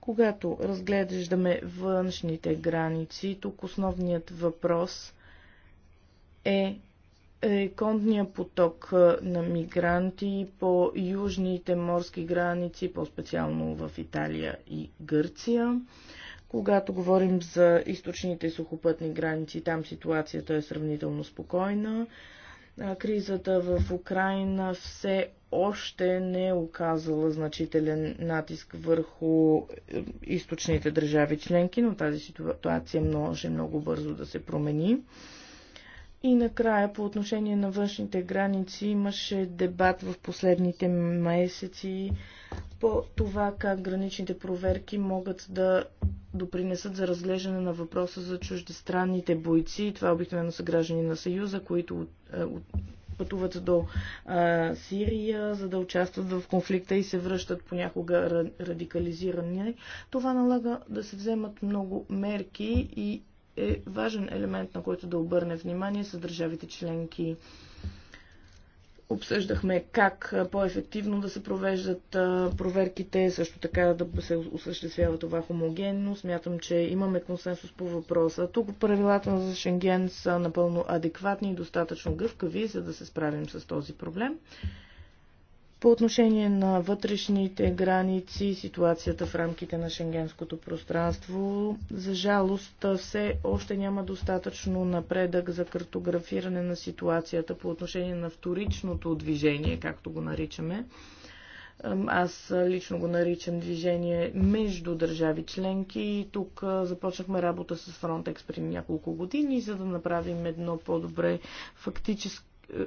Когато разглеждаме външните граници, тук основният въпрос е рекордния поток на мигранти по южните морски граници, по-специално в Италия и Гърция. Когато говорим за източните сухопътни граници, там ситуацията е сравнително спокойна. Кризата в Украина все още не е оказала значителен натиск върху е, източните държави членки, но тази ситуация може много бързо да се промени. И накрая по отношение на външните граници имаше дебат в последните месеци по това как граничните проверки могат да допринесат за разглеждане на въпроса за чуждестранните бойци. Това обикновено са граждани на Съюза, които е, пътуват до а, е, Сирия, за да участват в конфликта и се връщат понякога радикализирани. Това налага да се вземат много мерки и е важен елемент, на който да обърне внимание с държавите членки. Обсъждахме как по-ефективно да се провеждат проверките, също така да се осъществява това хомогенно. Смятам, че имаме консенсус по въпроса. Тук правилата за Шенген са напълно адекватни и достатъчно гъвкави, за да се справим с този проблем. По отношение на вътрешните граници, ситуацията в рамките на шенгенското пространство, за жалост все още няма достатъчно напредък за картографиране на ситуацията по отношение на вторичното движение, както го наричаме. Аз лично го наричам движение между държави членки и тук започнахме работа с Frontex преди няколко години, за да направим едно по-добре фактическо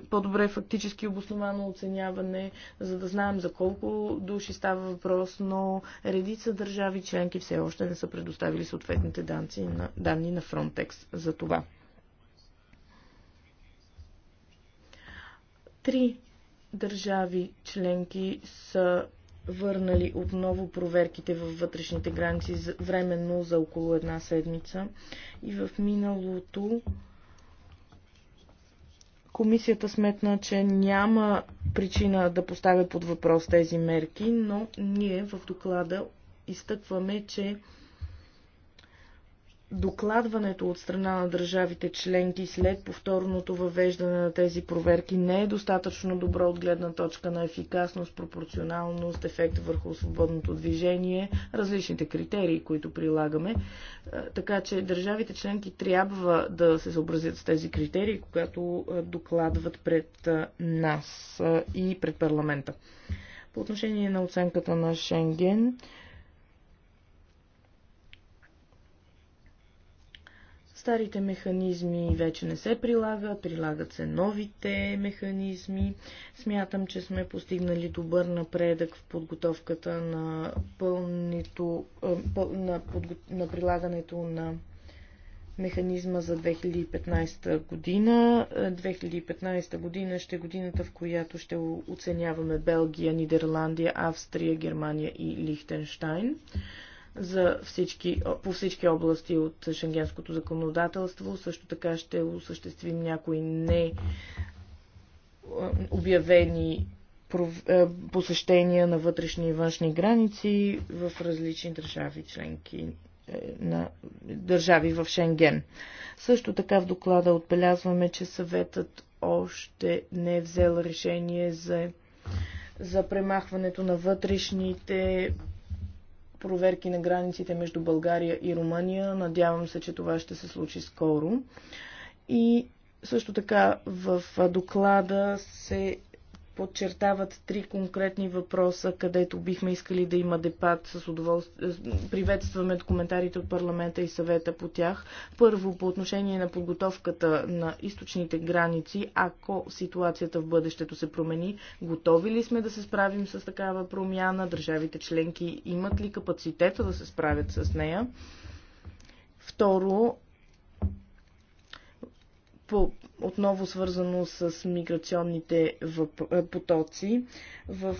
по-добре фактически обосновано оценяване, за да знаем за колко души става въпрос, но редица държави членки все още не са предоставили съответните данци на, данни на Frontex за това. Три държави членки са върнали отново проверките във вътрешните граници временно за около една седмица и в миналото Комисията сметна, че няма причина да поставя под въпрос тези мерки, но ние в доклада изтъкваме, че докладването от страна на държавите членки след повторното въвеждане на тези проверки не е достатъчно добро от гледна точка на ефикасност, пропорционалност, ефект върху свободното движение, различните критерии, които прилагаме. Е, така че държавите членки трябва да се съобразят с тези критерии, когато е, докладват пред е, нас и пред парламента. По отношение на оценката на Шенген, Старите механизми вече не се прилагат, прилагат се новите механизми. Смятам, че сме постигнали добър напредък в подготовката на, пълнито, на, подго... на прилагането на механизма за 2015 година. 2015 година ще е годината, в която ще оценяваме Белгия, Нидерландия, Австрия, Германия и Лихтенштайн за всички, по всички области от шенгенското законодателство. Също така ще осъществим някои не обявени посещения на вътрешни и външни граници в различни държави членки е, на държави в Шенген. Също така в доклада отбелязваме, че съветът още не е взел решение за, за премахването на вътрешните проверки на границите между България и Румъния. Надявам се, че това ще се случи скоро. И също така в доклада се подчертават три конкретни въпроса, където бихме искали да има депат с удоволствие. Приветстваме коментарите от парламента и съвета по тях. Първо, по отношение на подготовката на източните граници, ако ситуацията в бъдещето се промени, готови ли сме да се справим с такава промяна? Държавите членки имат ли капацитета да се справят с нея? Второ, по отново свързано с миграционните потоци. В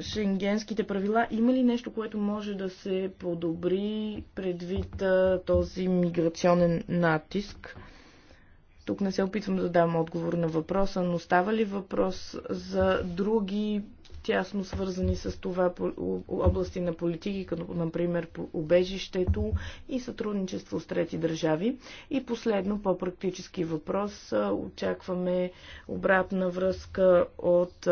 шенгенските правила има ли нещо, което може да се подобри предвид този миграционен натиск? Тук не се опитвам да дам отговор на въпроса, но става ли въпрос за други тясно свързани с това области на политики, като например по убежището и сътрудничество с трети държави. И последно, по-практически въпрос. Очакваме обратна връзка от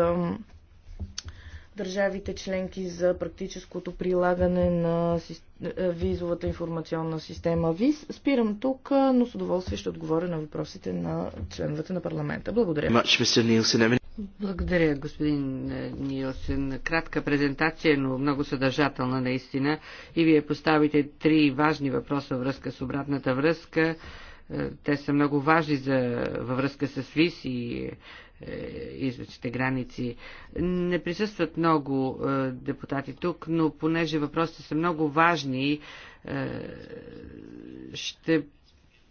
държавите членки за практическото прилагане на визовата информационна система ВИЗ. Спирам тук, но с удоволствие ще отговоря на въпросите на членовете на парламента. Благодаря. Благодаря, господин е, Нилсен. Кратка презентация, но много съдържателна наистина. И вие поставите три важни въпроса във връзка с обратната връзка. Е, те са много важни за, във връзка с ВИС и е, източните граници. Не присъстват много депутати тук, но понеже въпросите са много важни, ще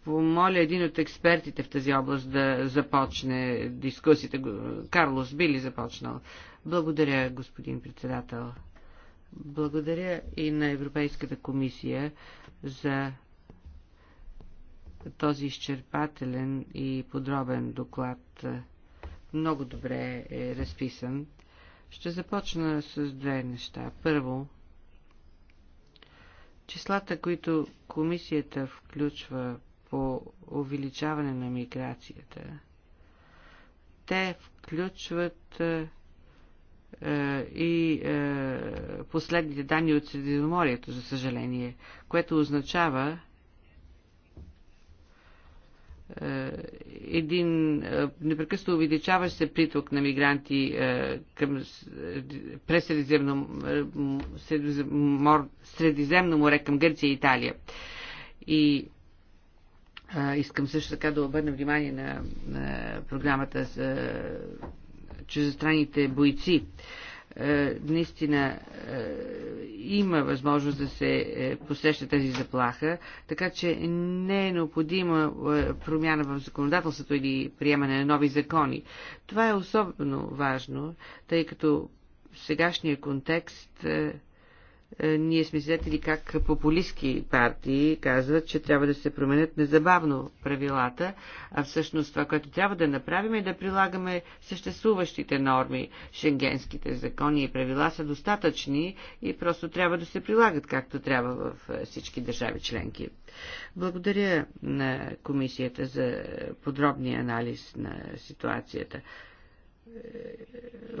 помоля един от експертите в тази област да започне дискусията. Карлос, би ли започнал? Благодаря, господин председател. Благодаря и на Европейската комисия за този изчерпателен и подробен доклад. Много добре е разписан. Ще започна с две неща. Първо, числата, които комисията включва по увеличаване на миграцията. Те включват е, е, и е, последните данни от Средиземноморието, за съжаление, което означава е, един е, непрекъснато увеличаващ се приток на мигранти е, към, през Средиземно, Средиземно море към Гърция и Италия. И Искам също така да обърна внимание на, на програмата за чуждестранните бойци наистина има възможност да се е, посреща тази заплаха, така че не е необходима е, промяна в законодателството или приемане на нови закони. Това е особено важно, тъй като сегашния контекст е, е, ние сме свидетели как популистски партии казват, че трябва да се променят незабавно правилата, а всъщност това, което трябва да направим е да прилагаме съществуващите норми. Шенгенските закони и правила са достатъчни и просто трябва да се прилагат както трябва в е, всички държави членки. Благодаря на комисията за подробния анализ на ситуацията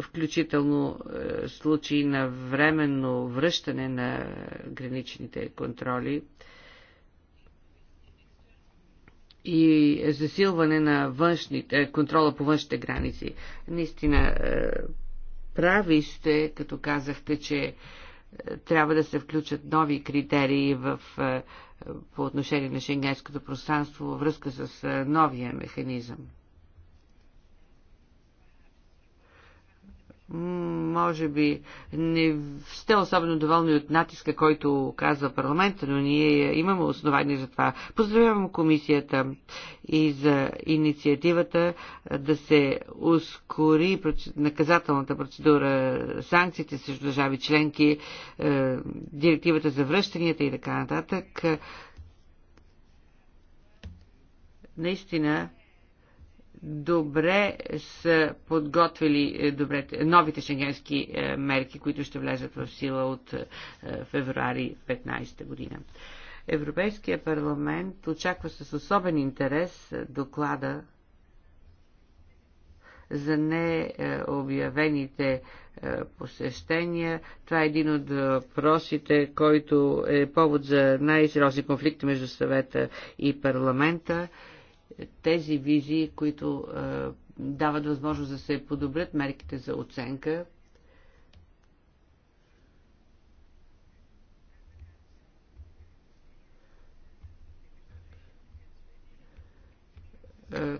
включително е, случаи на временно връщане на граничните контроли и засилване на външните, е, контрола по външните граници. Наистина, е, прави сте, като казахте, че трябва да се включат нови критерии в, по отношение на шенгенското пространство във връзка с новия механизъм. може би не сте особено доволни от натиска, който казва парламента, но ние имаме основания за това. Поздравявам комисията и за инициативата да се ускори наказателната процедура, санкциите срещу държави членки, е, директивата за връщанията и така нататък. Наистина, добре са подготвили е, добре, е, новите шенгенски е, мерки, които ще влезат в сила от февруари 15 година. Европейския парламент очаква с особен интерес доклада за необявените посещения. Това е един от въпросите, който е повод за най-сериозни конфликти между съвета и парламента тези визии, които е, дават възможност да се подобрят мерките за оценка. Е,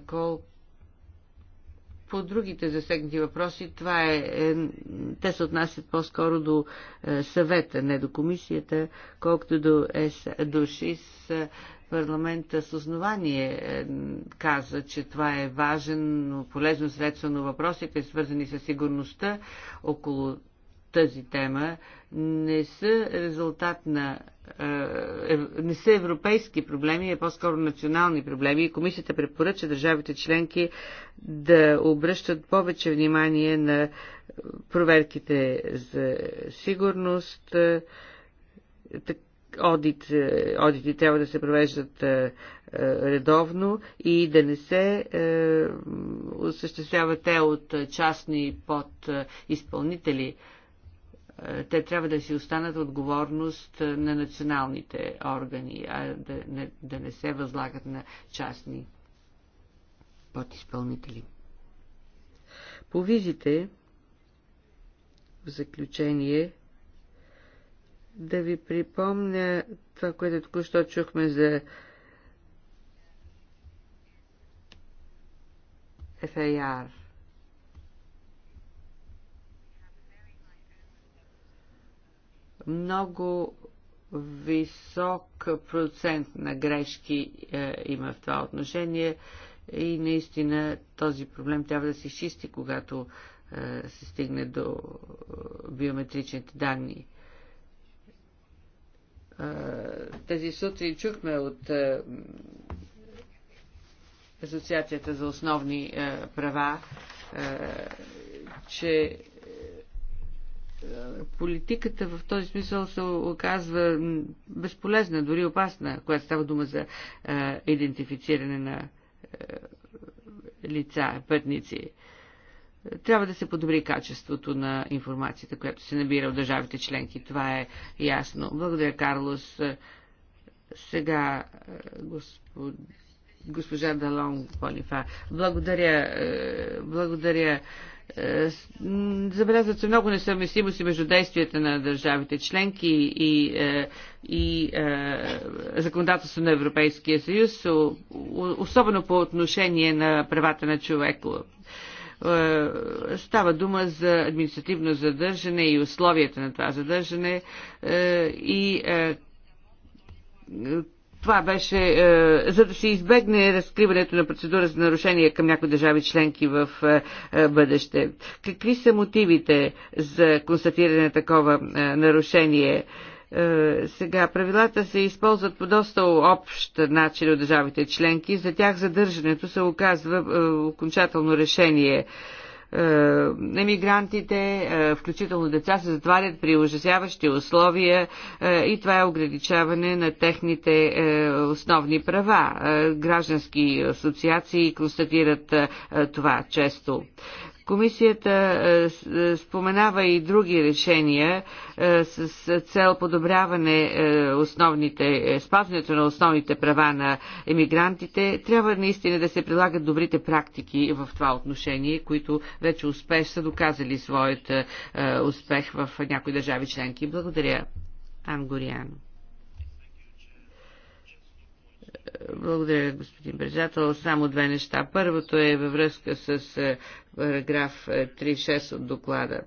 по другите засегнати въпроси, това е, е те се отнасят по-скоро до е, съвета, не до комисията, колкото до, е, до ШИС. Е, Парламента с основание е, каза, че това е важен, полезно средство на въпросите, свързани с сигурността около тази тема, не са резултат на е, е, не са европейски проблеми, а по-скоро национални проблеми и комисията препоръча държавите членки да обръщат повече внимание на проверките за сигурност, Одит, е, одити трябва да се провеждат е, е, редовно и да не се осъществяват те от частни подизпълнители. Те трябва да си останат отговорност на националните органи, а да не, да не се възлагат на частни изпълнители. По визите, в заключение, да ви припомня това, което току-що чухме за FAR. Много висок процент на грешки е, има в това отношение и наистина този проблем трябва да се изчисти, когато е, се стигне до е, биометричните данни. Тази сутрин чухме от Асоциацията за основни права, че политиката в този смисъл се оказва безполезна, дори опасна, когато става дума за идентифициране на лица, пътници трябва да се подобри качеството на информацията, която се набира от държавите членки. Това е ясно. Благодаря, Карлос. Сега е, господ... госпожа Далон Понифа. Благодаря. Е, благодаря. Е, забелязват се много несъвместимости между действията на държавите членки и, и, и законодателство на Европейския съюз, особено по отношение на правата на човека е, става дума за административно задържане и условията на това задържане е, и е, това беше, за да се избегне разкриването на процедура за нарушение към някои държави членки в бъдеще. Какви са мотивите за констатиране на такова нарушение? Е, сега, правилата се използват по доста общ начин от държавите членки. За тях задържането се оказва е, окончателно решение е, емигрантите, включително деца, се затварят при ужасяващи условия и това е ограничаване на техните основни права. Граждански асоциации констатират това често. Комисията е, е, споменава и други решения е, с цел подобряване основните, спазването на основните права на емигрантите. Трябва наистина да се прилагат добрите практики в това отношение, които вече успеш са доказали своят успех в някои държави членки. Благодаря, Ангоряно. Благодаря, господин председател. Само две неща. Първото е във връзка с е, параграф 3.6 е, от доклада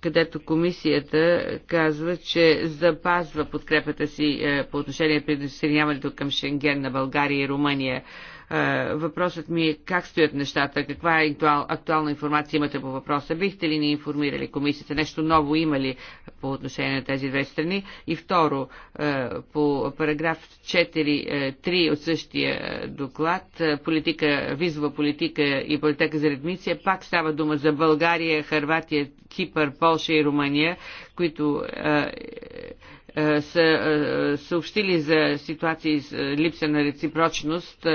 където комисията казва, че запазва подкрепата си е, по отношение присъединяването към Шенген на България и Румъния е, въпросът ми е как стоят нещата, каква е актуална информация имате по въпроса. Бихте ли ни информирали комисията? Нещо ново има ли по отношение на тези две страни? И второ, е, по параграф 4.3 е, от същия доклад, политика, визова политика и политика за редмиция, пак става дума за България, Харватия, Кипър, Полша и Румъния, които е, са е, съобщили за ситуации с е, липса на реципрочност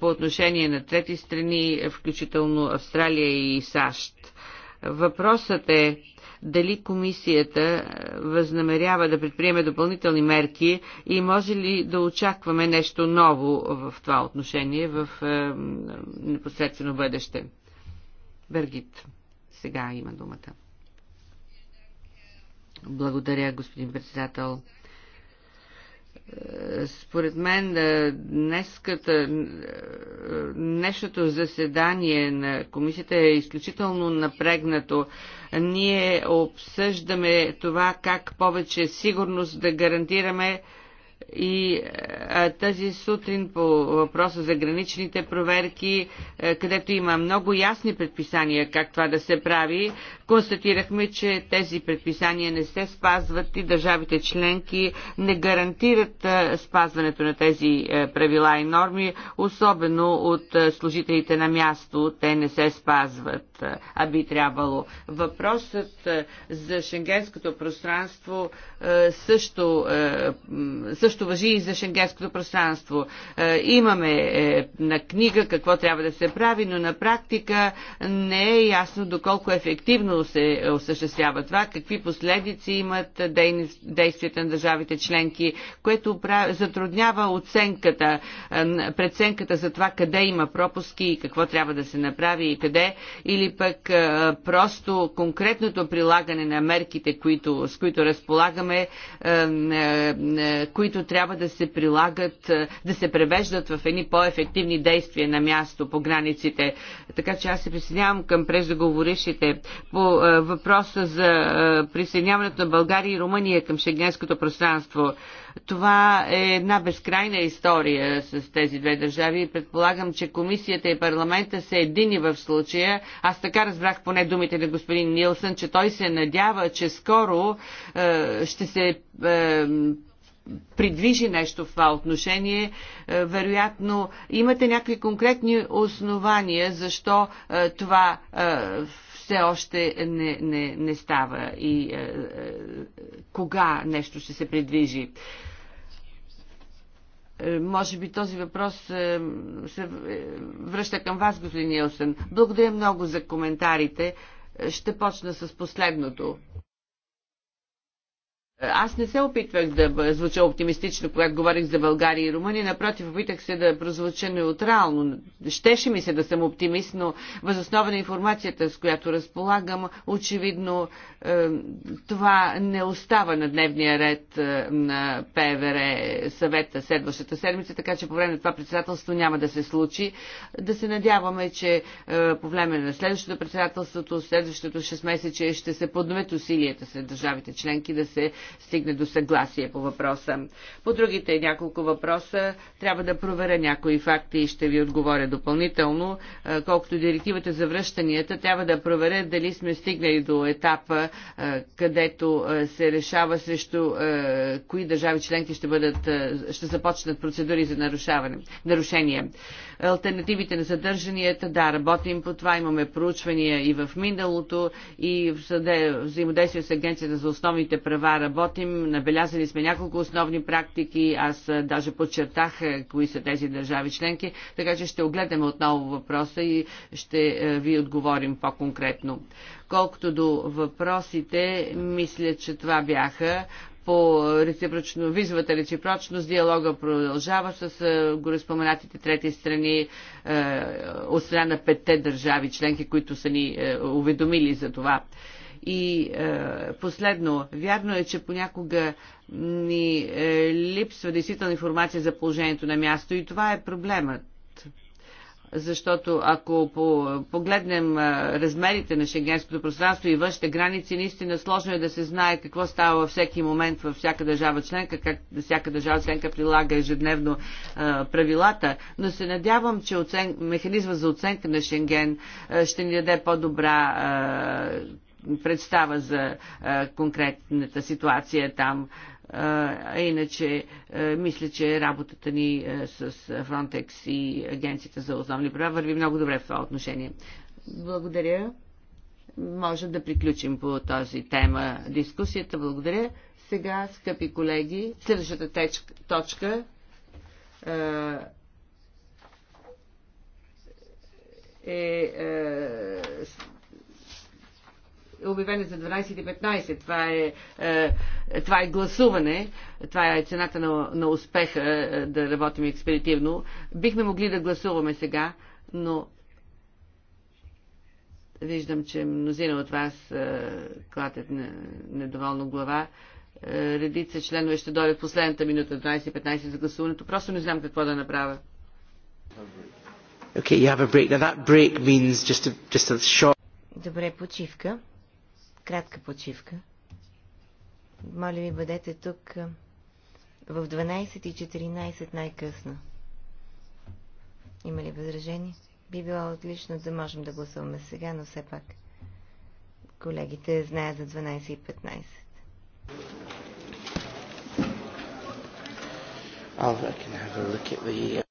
по отношение на трети страни, включително Австралия и САЩ. Въпросът е дали комисията възнамерява да предприеме допълнителни мерки и може ли да очакваме нещо ново в това отношение в непосредствено бъдеще. Бергит, сега има думата. Благодаря, господин председател. Е, според мен е, днеската, е, днешното заседание на комисията е изключително напрегнато. Ние обсъждаме това как повече сигурност да гарантираме и а, тази сутрин по въпроса за граничните проверки, а, където има много ясни предписания как това да се прави, констатирахме, че тези предписания не се спазват и държавите членки не гарантират а, спазването на тези а, правила и норми, особено от а, служителите на място. Те не се спазват, а, би трябвало. Въпросът а, за шенгенското пространство а, също, а, също Същото въжи и за шенгенското пространство. Е, имаме е, на книга какво трябва да се прави, но на практика не е ясно доколко ефективно се осъществява това, какви последици имат действията на държавите членки, което затруднява оценката, е, преценката за това къде има пропуски и какво трябва да се направи и къде, или пък просто конкретното прилагане на мерките, които, с които разполагаме, които трябва да се прилагат, е, да се превеждат в едни по-ефективни действия на място по границите. Така че аз се присъединявам към преждеговорившите по е, въпроса за е, присъединяването на България и Румъния към шенгенското пространство. Това е една безкрайна история с тези две държави. Предполагам, че комисията и парламента са едини в случая. Аз така разбрах поне думите на господин Нилсън, че той се надява, че скоро е, ще се е, придвижи нещо в това отношение. Е, вероятно, имате някакви конкретни основания защо е, това е, все още не, не, не става и кога нещо ще се придвижи може би този въпрос се връща към вас, господин Нилсен. Благодаря много за коментарите. Ще почна с последното. Аз не се опитвах да звуча оптимистично, когато говорих за България и Румъния. Напротив, опитах се да прозвуча неутрално. Щеше ми се да съм оптимист, но възоснова на информацията, с която разполагам, очевидно е, това не остава на дневния ред е, на ПВР съвета следващата седмица, така че по време на това председателство няма да се случи. Да се надяваме, че е, по време на следващото председателството, следващото 6 месече ще се подновят усилията след държавите членки да се стигне до съгласие по въпроса. По другите няколко въпроса трябва да проверя някои факти и ще ви отговоря допълнително. Колкото директивата за връщанията, трябва да проверя дали сме стигнали до етапа, където се решава срещу кои държави членки ще, бъдат, ще започнат процедури за нарушаване, нарушение альтернативите на задържанията. Да, работим по това, имаме проучвания и в миналото, и в взаимодействие с Агенцията за основните права работим. Набелязали сме няколко основни практики, аз даже подчертах кои са тези държави членки, така че ще огледаме отново въпроса и ще ви отговорим по-конкретно. Колкото до въпросите, мисля, че това бяха по реципрочно, визовата реципрочност, диалога продължава с е, гореспоменатите трети страни е, от страна на петте държави членки, които са ни е, уведомили за това. И е, последно, вярно е, че понякога ни е, липсва действителна информация за положението на място и това е проблемът защото ако погледнем размерите на шенгенското пространство и външните граници, наистина сложно е да се знае какво става във всеки момент във всяка държава членка, как всяка държава членка прилага ежедневно правилата, но се надявам, че оцен... механизма за оценка на Шенген ще ни даде по-добра представа за конкретната ситуация там. А иначе, мисля, че работата ни с Frontex и Агенцията за основни права върви много добре в това отношение. Благодаря. Може да приключим по този тема дискусията. Благодаря. Сега, скъпи колеги, следващата течка, точка е, е е обявена за 12,15. Това е, е, това е гласуване, това е цената на, на успеха е, да работим експедитивно. Бихме могли да гласуваме сега, но виждам, че мнозина от вас е, клатят недоволно глава. Е, редица членове ще дойдат последната минута, 12.15 за гласуването. Просто не знам какво да направя. Okay, you have a break. Now that break means just a, just a short... Добре, почивка кратка почивка. Моля ви, бъдете тук в 12.14 най-късно. Има ли възражение? Би било отлично да можем да гласуваме сега, но все пак колегите знаят за 12.15. I'll, I have a look at the uh,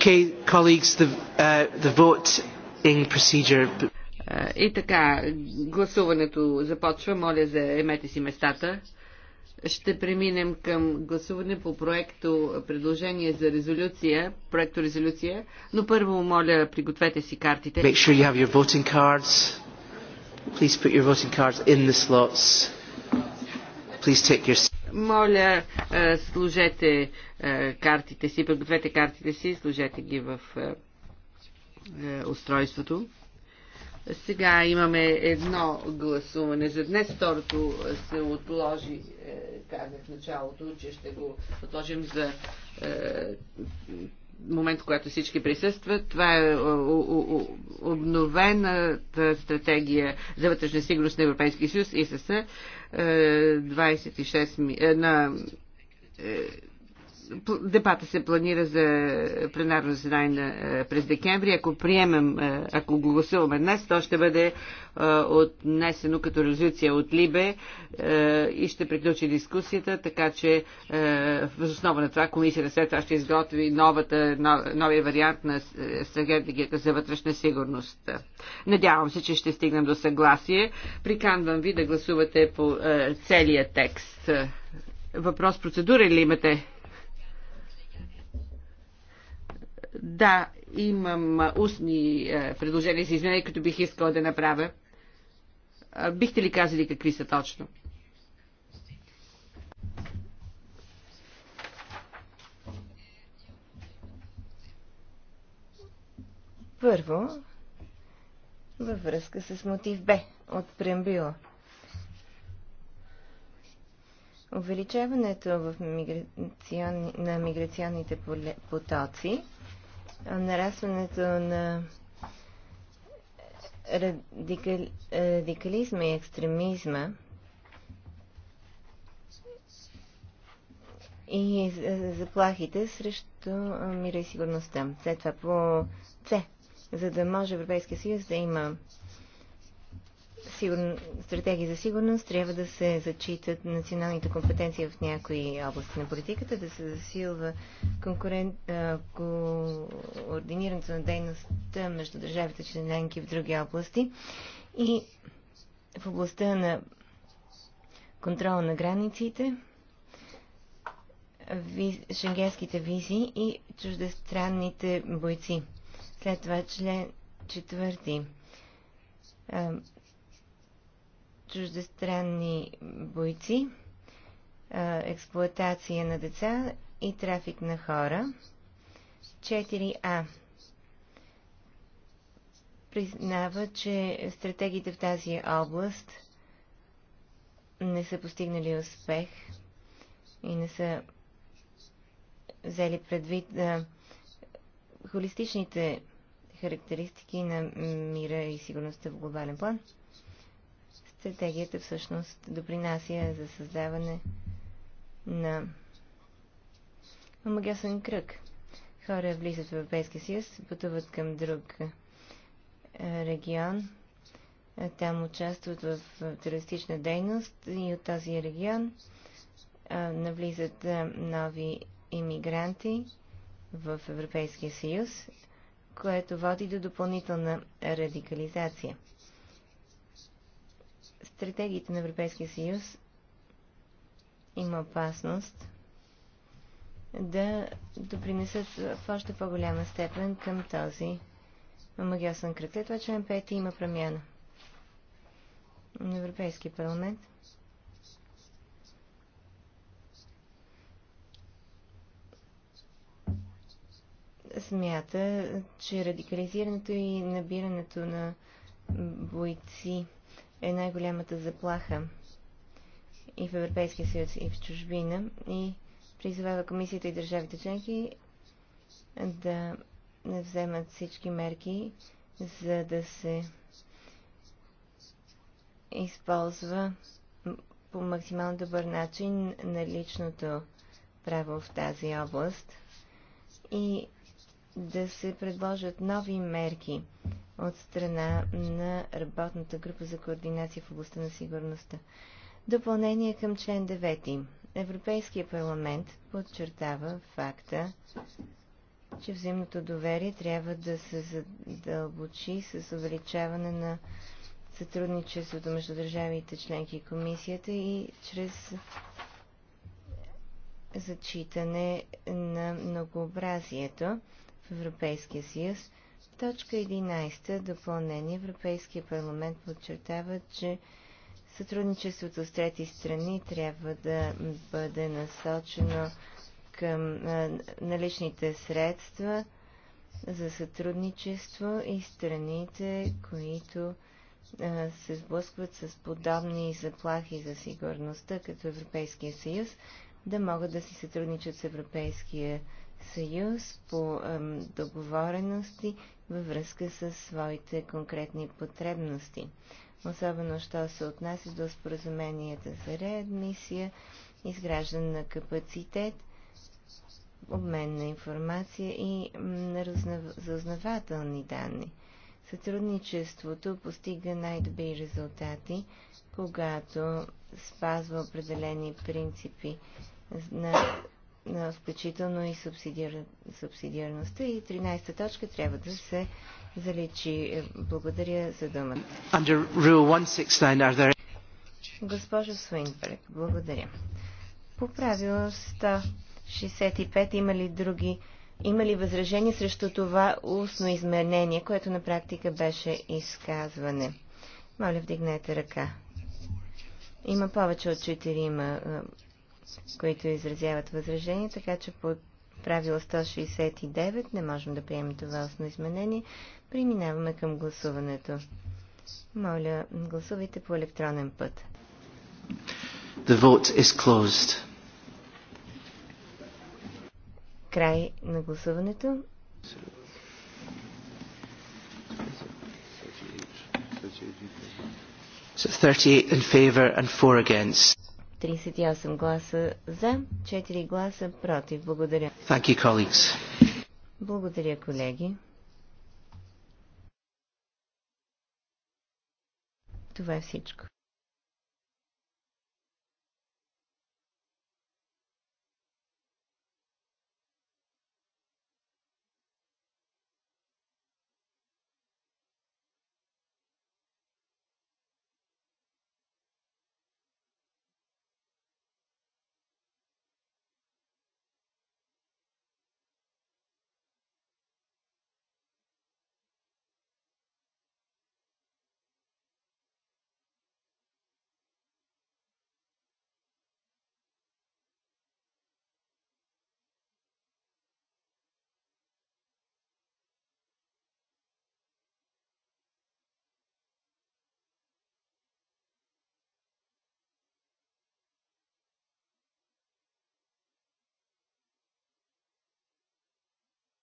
Okay, colleagues, the, uh, the voting procedure. Е, и така, гласуването започва. Моля, заемете си местата. Ще преминем към гласуване по проекто предложение за резолюция, проекто резолюция, но първо моля, пригответе си картите. Make sure you have your voting cards. Please put your voting cards in the slots. Please take your моля, е, служете е, картите си, подгответе картите си, служете ги в е, устройството. Сега имаме едно гласуване за днес. Второто се отложи, казах в началото, че ще го отложим за момент, в който всички присъстват. Това е обновената стратегия за вътрешна сигурност на Европейския съюз, и ИСС. 26, е, е, на е, дебата се планира за пленарно заседание е, през декември. Ако приемем, е, ако го гласуваме днес, то ще бъде е, отнесено като резолюция от Либе и ще приключи дискусията, така че в основа на това комисията след това ще изготви новата, новия вариант на стратегията за вътрешна сигурност. Надявам се, че ще стигнем до съгласие. Приканвам ви да гласувате по целия текст. Въпрос процедура ли имате? Да, имам устни е, предложения за изменения, които бих искала да направя. Е, бихте ли казали какви са точно? Първо, във връзка с мотив Б от преамбила. Увеличаването в миграцион... на миграционните потоци нарастването на радикализма и екстремизма и заплахите срещу мира и сигурността. След това по С, за да може Европейския съюз да има стратегии за сигурност трябва да се зачитат националните компетенции в някои области на политиката, да се засилва конкурент, координирането на дейността между държавите членки в други области и в областта на контрола на границите, виз, шенгенските визи и чуждестранните бойци. След това член четвърти чуждестранни бойци, експлоатация на деца и трафик на хора. 4А признава, че стратегиите в тази област не са постигнали успех и не са взели предвид а, холистичните характеристики на мира и сигурността в глобален план стратегията всъщност допринася за създаване на магиосен кръг. Хора влизат в Европейския съюз, пътуват към друг е, регион, е, там участват в терористична дейност и от този регион е, навлизат нови иммигранти в Европейския съюз, което води до допълнителна радикализация стратегиите на Европейския съюз има опасност да допринесат в още по-голяма степен към този магиосен кръг. След това член 5 има промяна на Европейския парламент. Смята, че радикализирането и набирането на бойци е най-голямата заплаха и в Европейския съюз, и в чужбина, и призовава комисията и държавите членки да вземат всички мерки, за да се използва по максимално добър начин наличното право в тази област и да се предложат нови мерки от страна на работната група за координация в областта на сигурността. Допълнение към член 9. Европейския парламент подчертава факта, че взаимното доверие трябва да се задълбочи с увеличаване на сътрудничеството между държавите членки и комисията и чрез зачитане на многообразието в Европейския съюз – точка 11 допълнение Европейския парламент подчертава, че сътрудничеството с трети страни трябва да бъде насочено към наличните средства за сътрудничество и страните, които се сблъскват с подобни заплахи за сигурността, като Европейския съюз, да могат да си сътрудничат с Европейския съюз по договорености във връзка с своите конкретни потребности. Особено, що се отнася до споразуменията за реадмисия, изграждане на капацитет, обмен на информация и разузнавателни данни. Сътрудничеството постига най-добри резултати, когато спазва определени принципи на включително и субсидиар... субсидиарността. И 13-та точка трябва да се заличи. Е, благодаря за думата. There... Госпожо Суинберг, благодаря. По правило 165 има ли други има ли възражение срещу това устно изменение, което на практика беше изказване? Моля, вдигнете ръка. Има повече от четирима които изразяват възражение, така че по правило 169 не можем да приемем това основно изменение. Преминаваме към гласуването. Моля, гласувайте по електронен път. The vote is closed. Край на гласуването. So 38 in favor and 4 against. 38 гласа за, 4 гласа против. Благодаря. Thank you, colleagues. Благодаря, колеги. Това е всичко.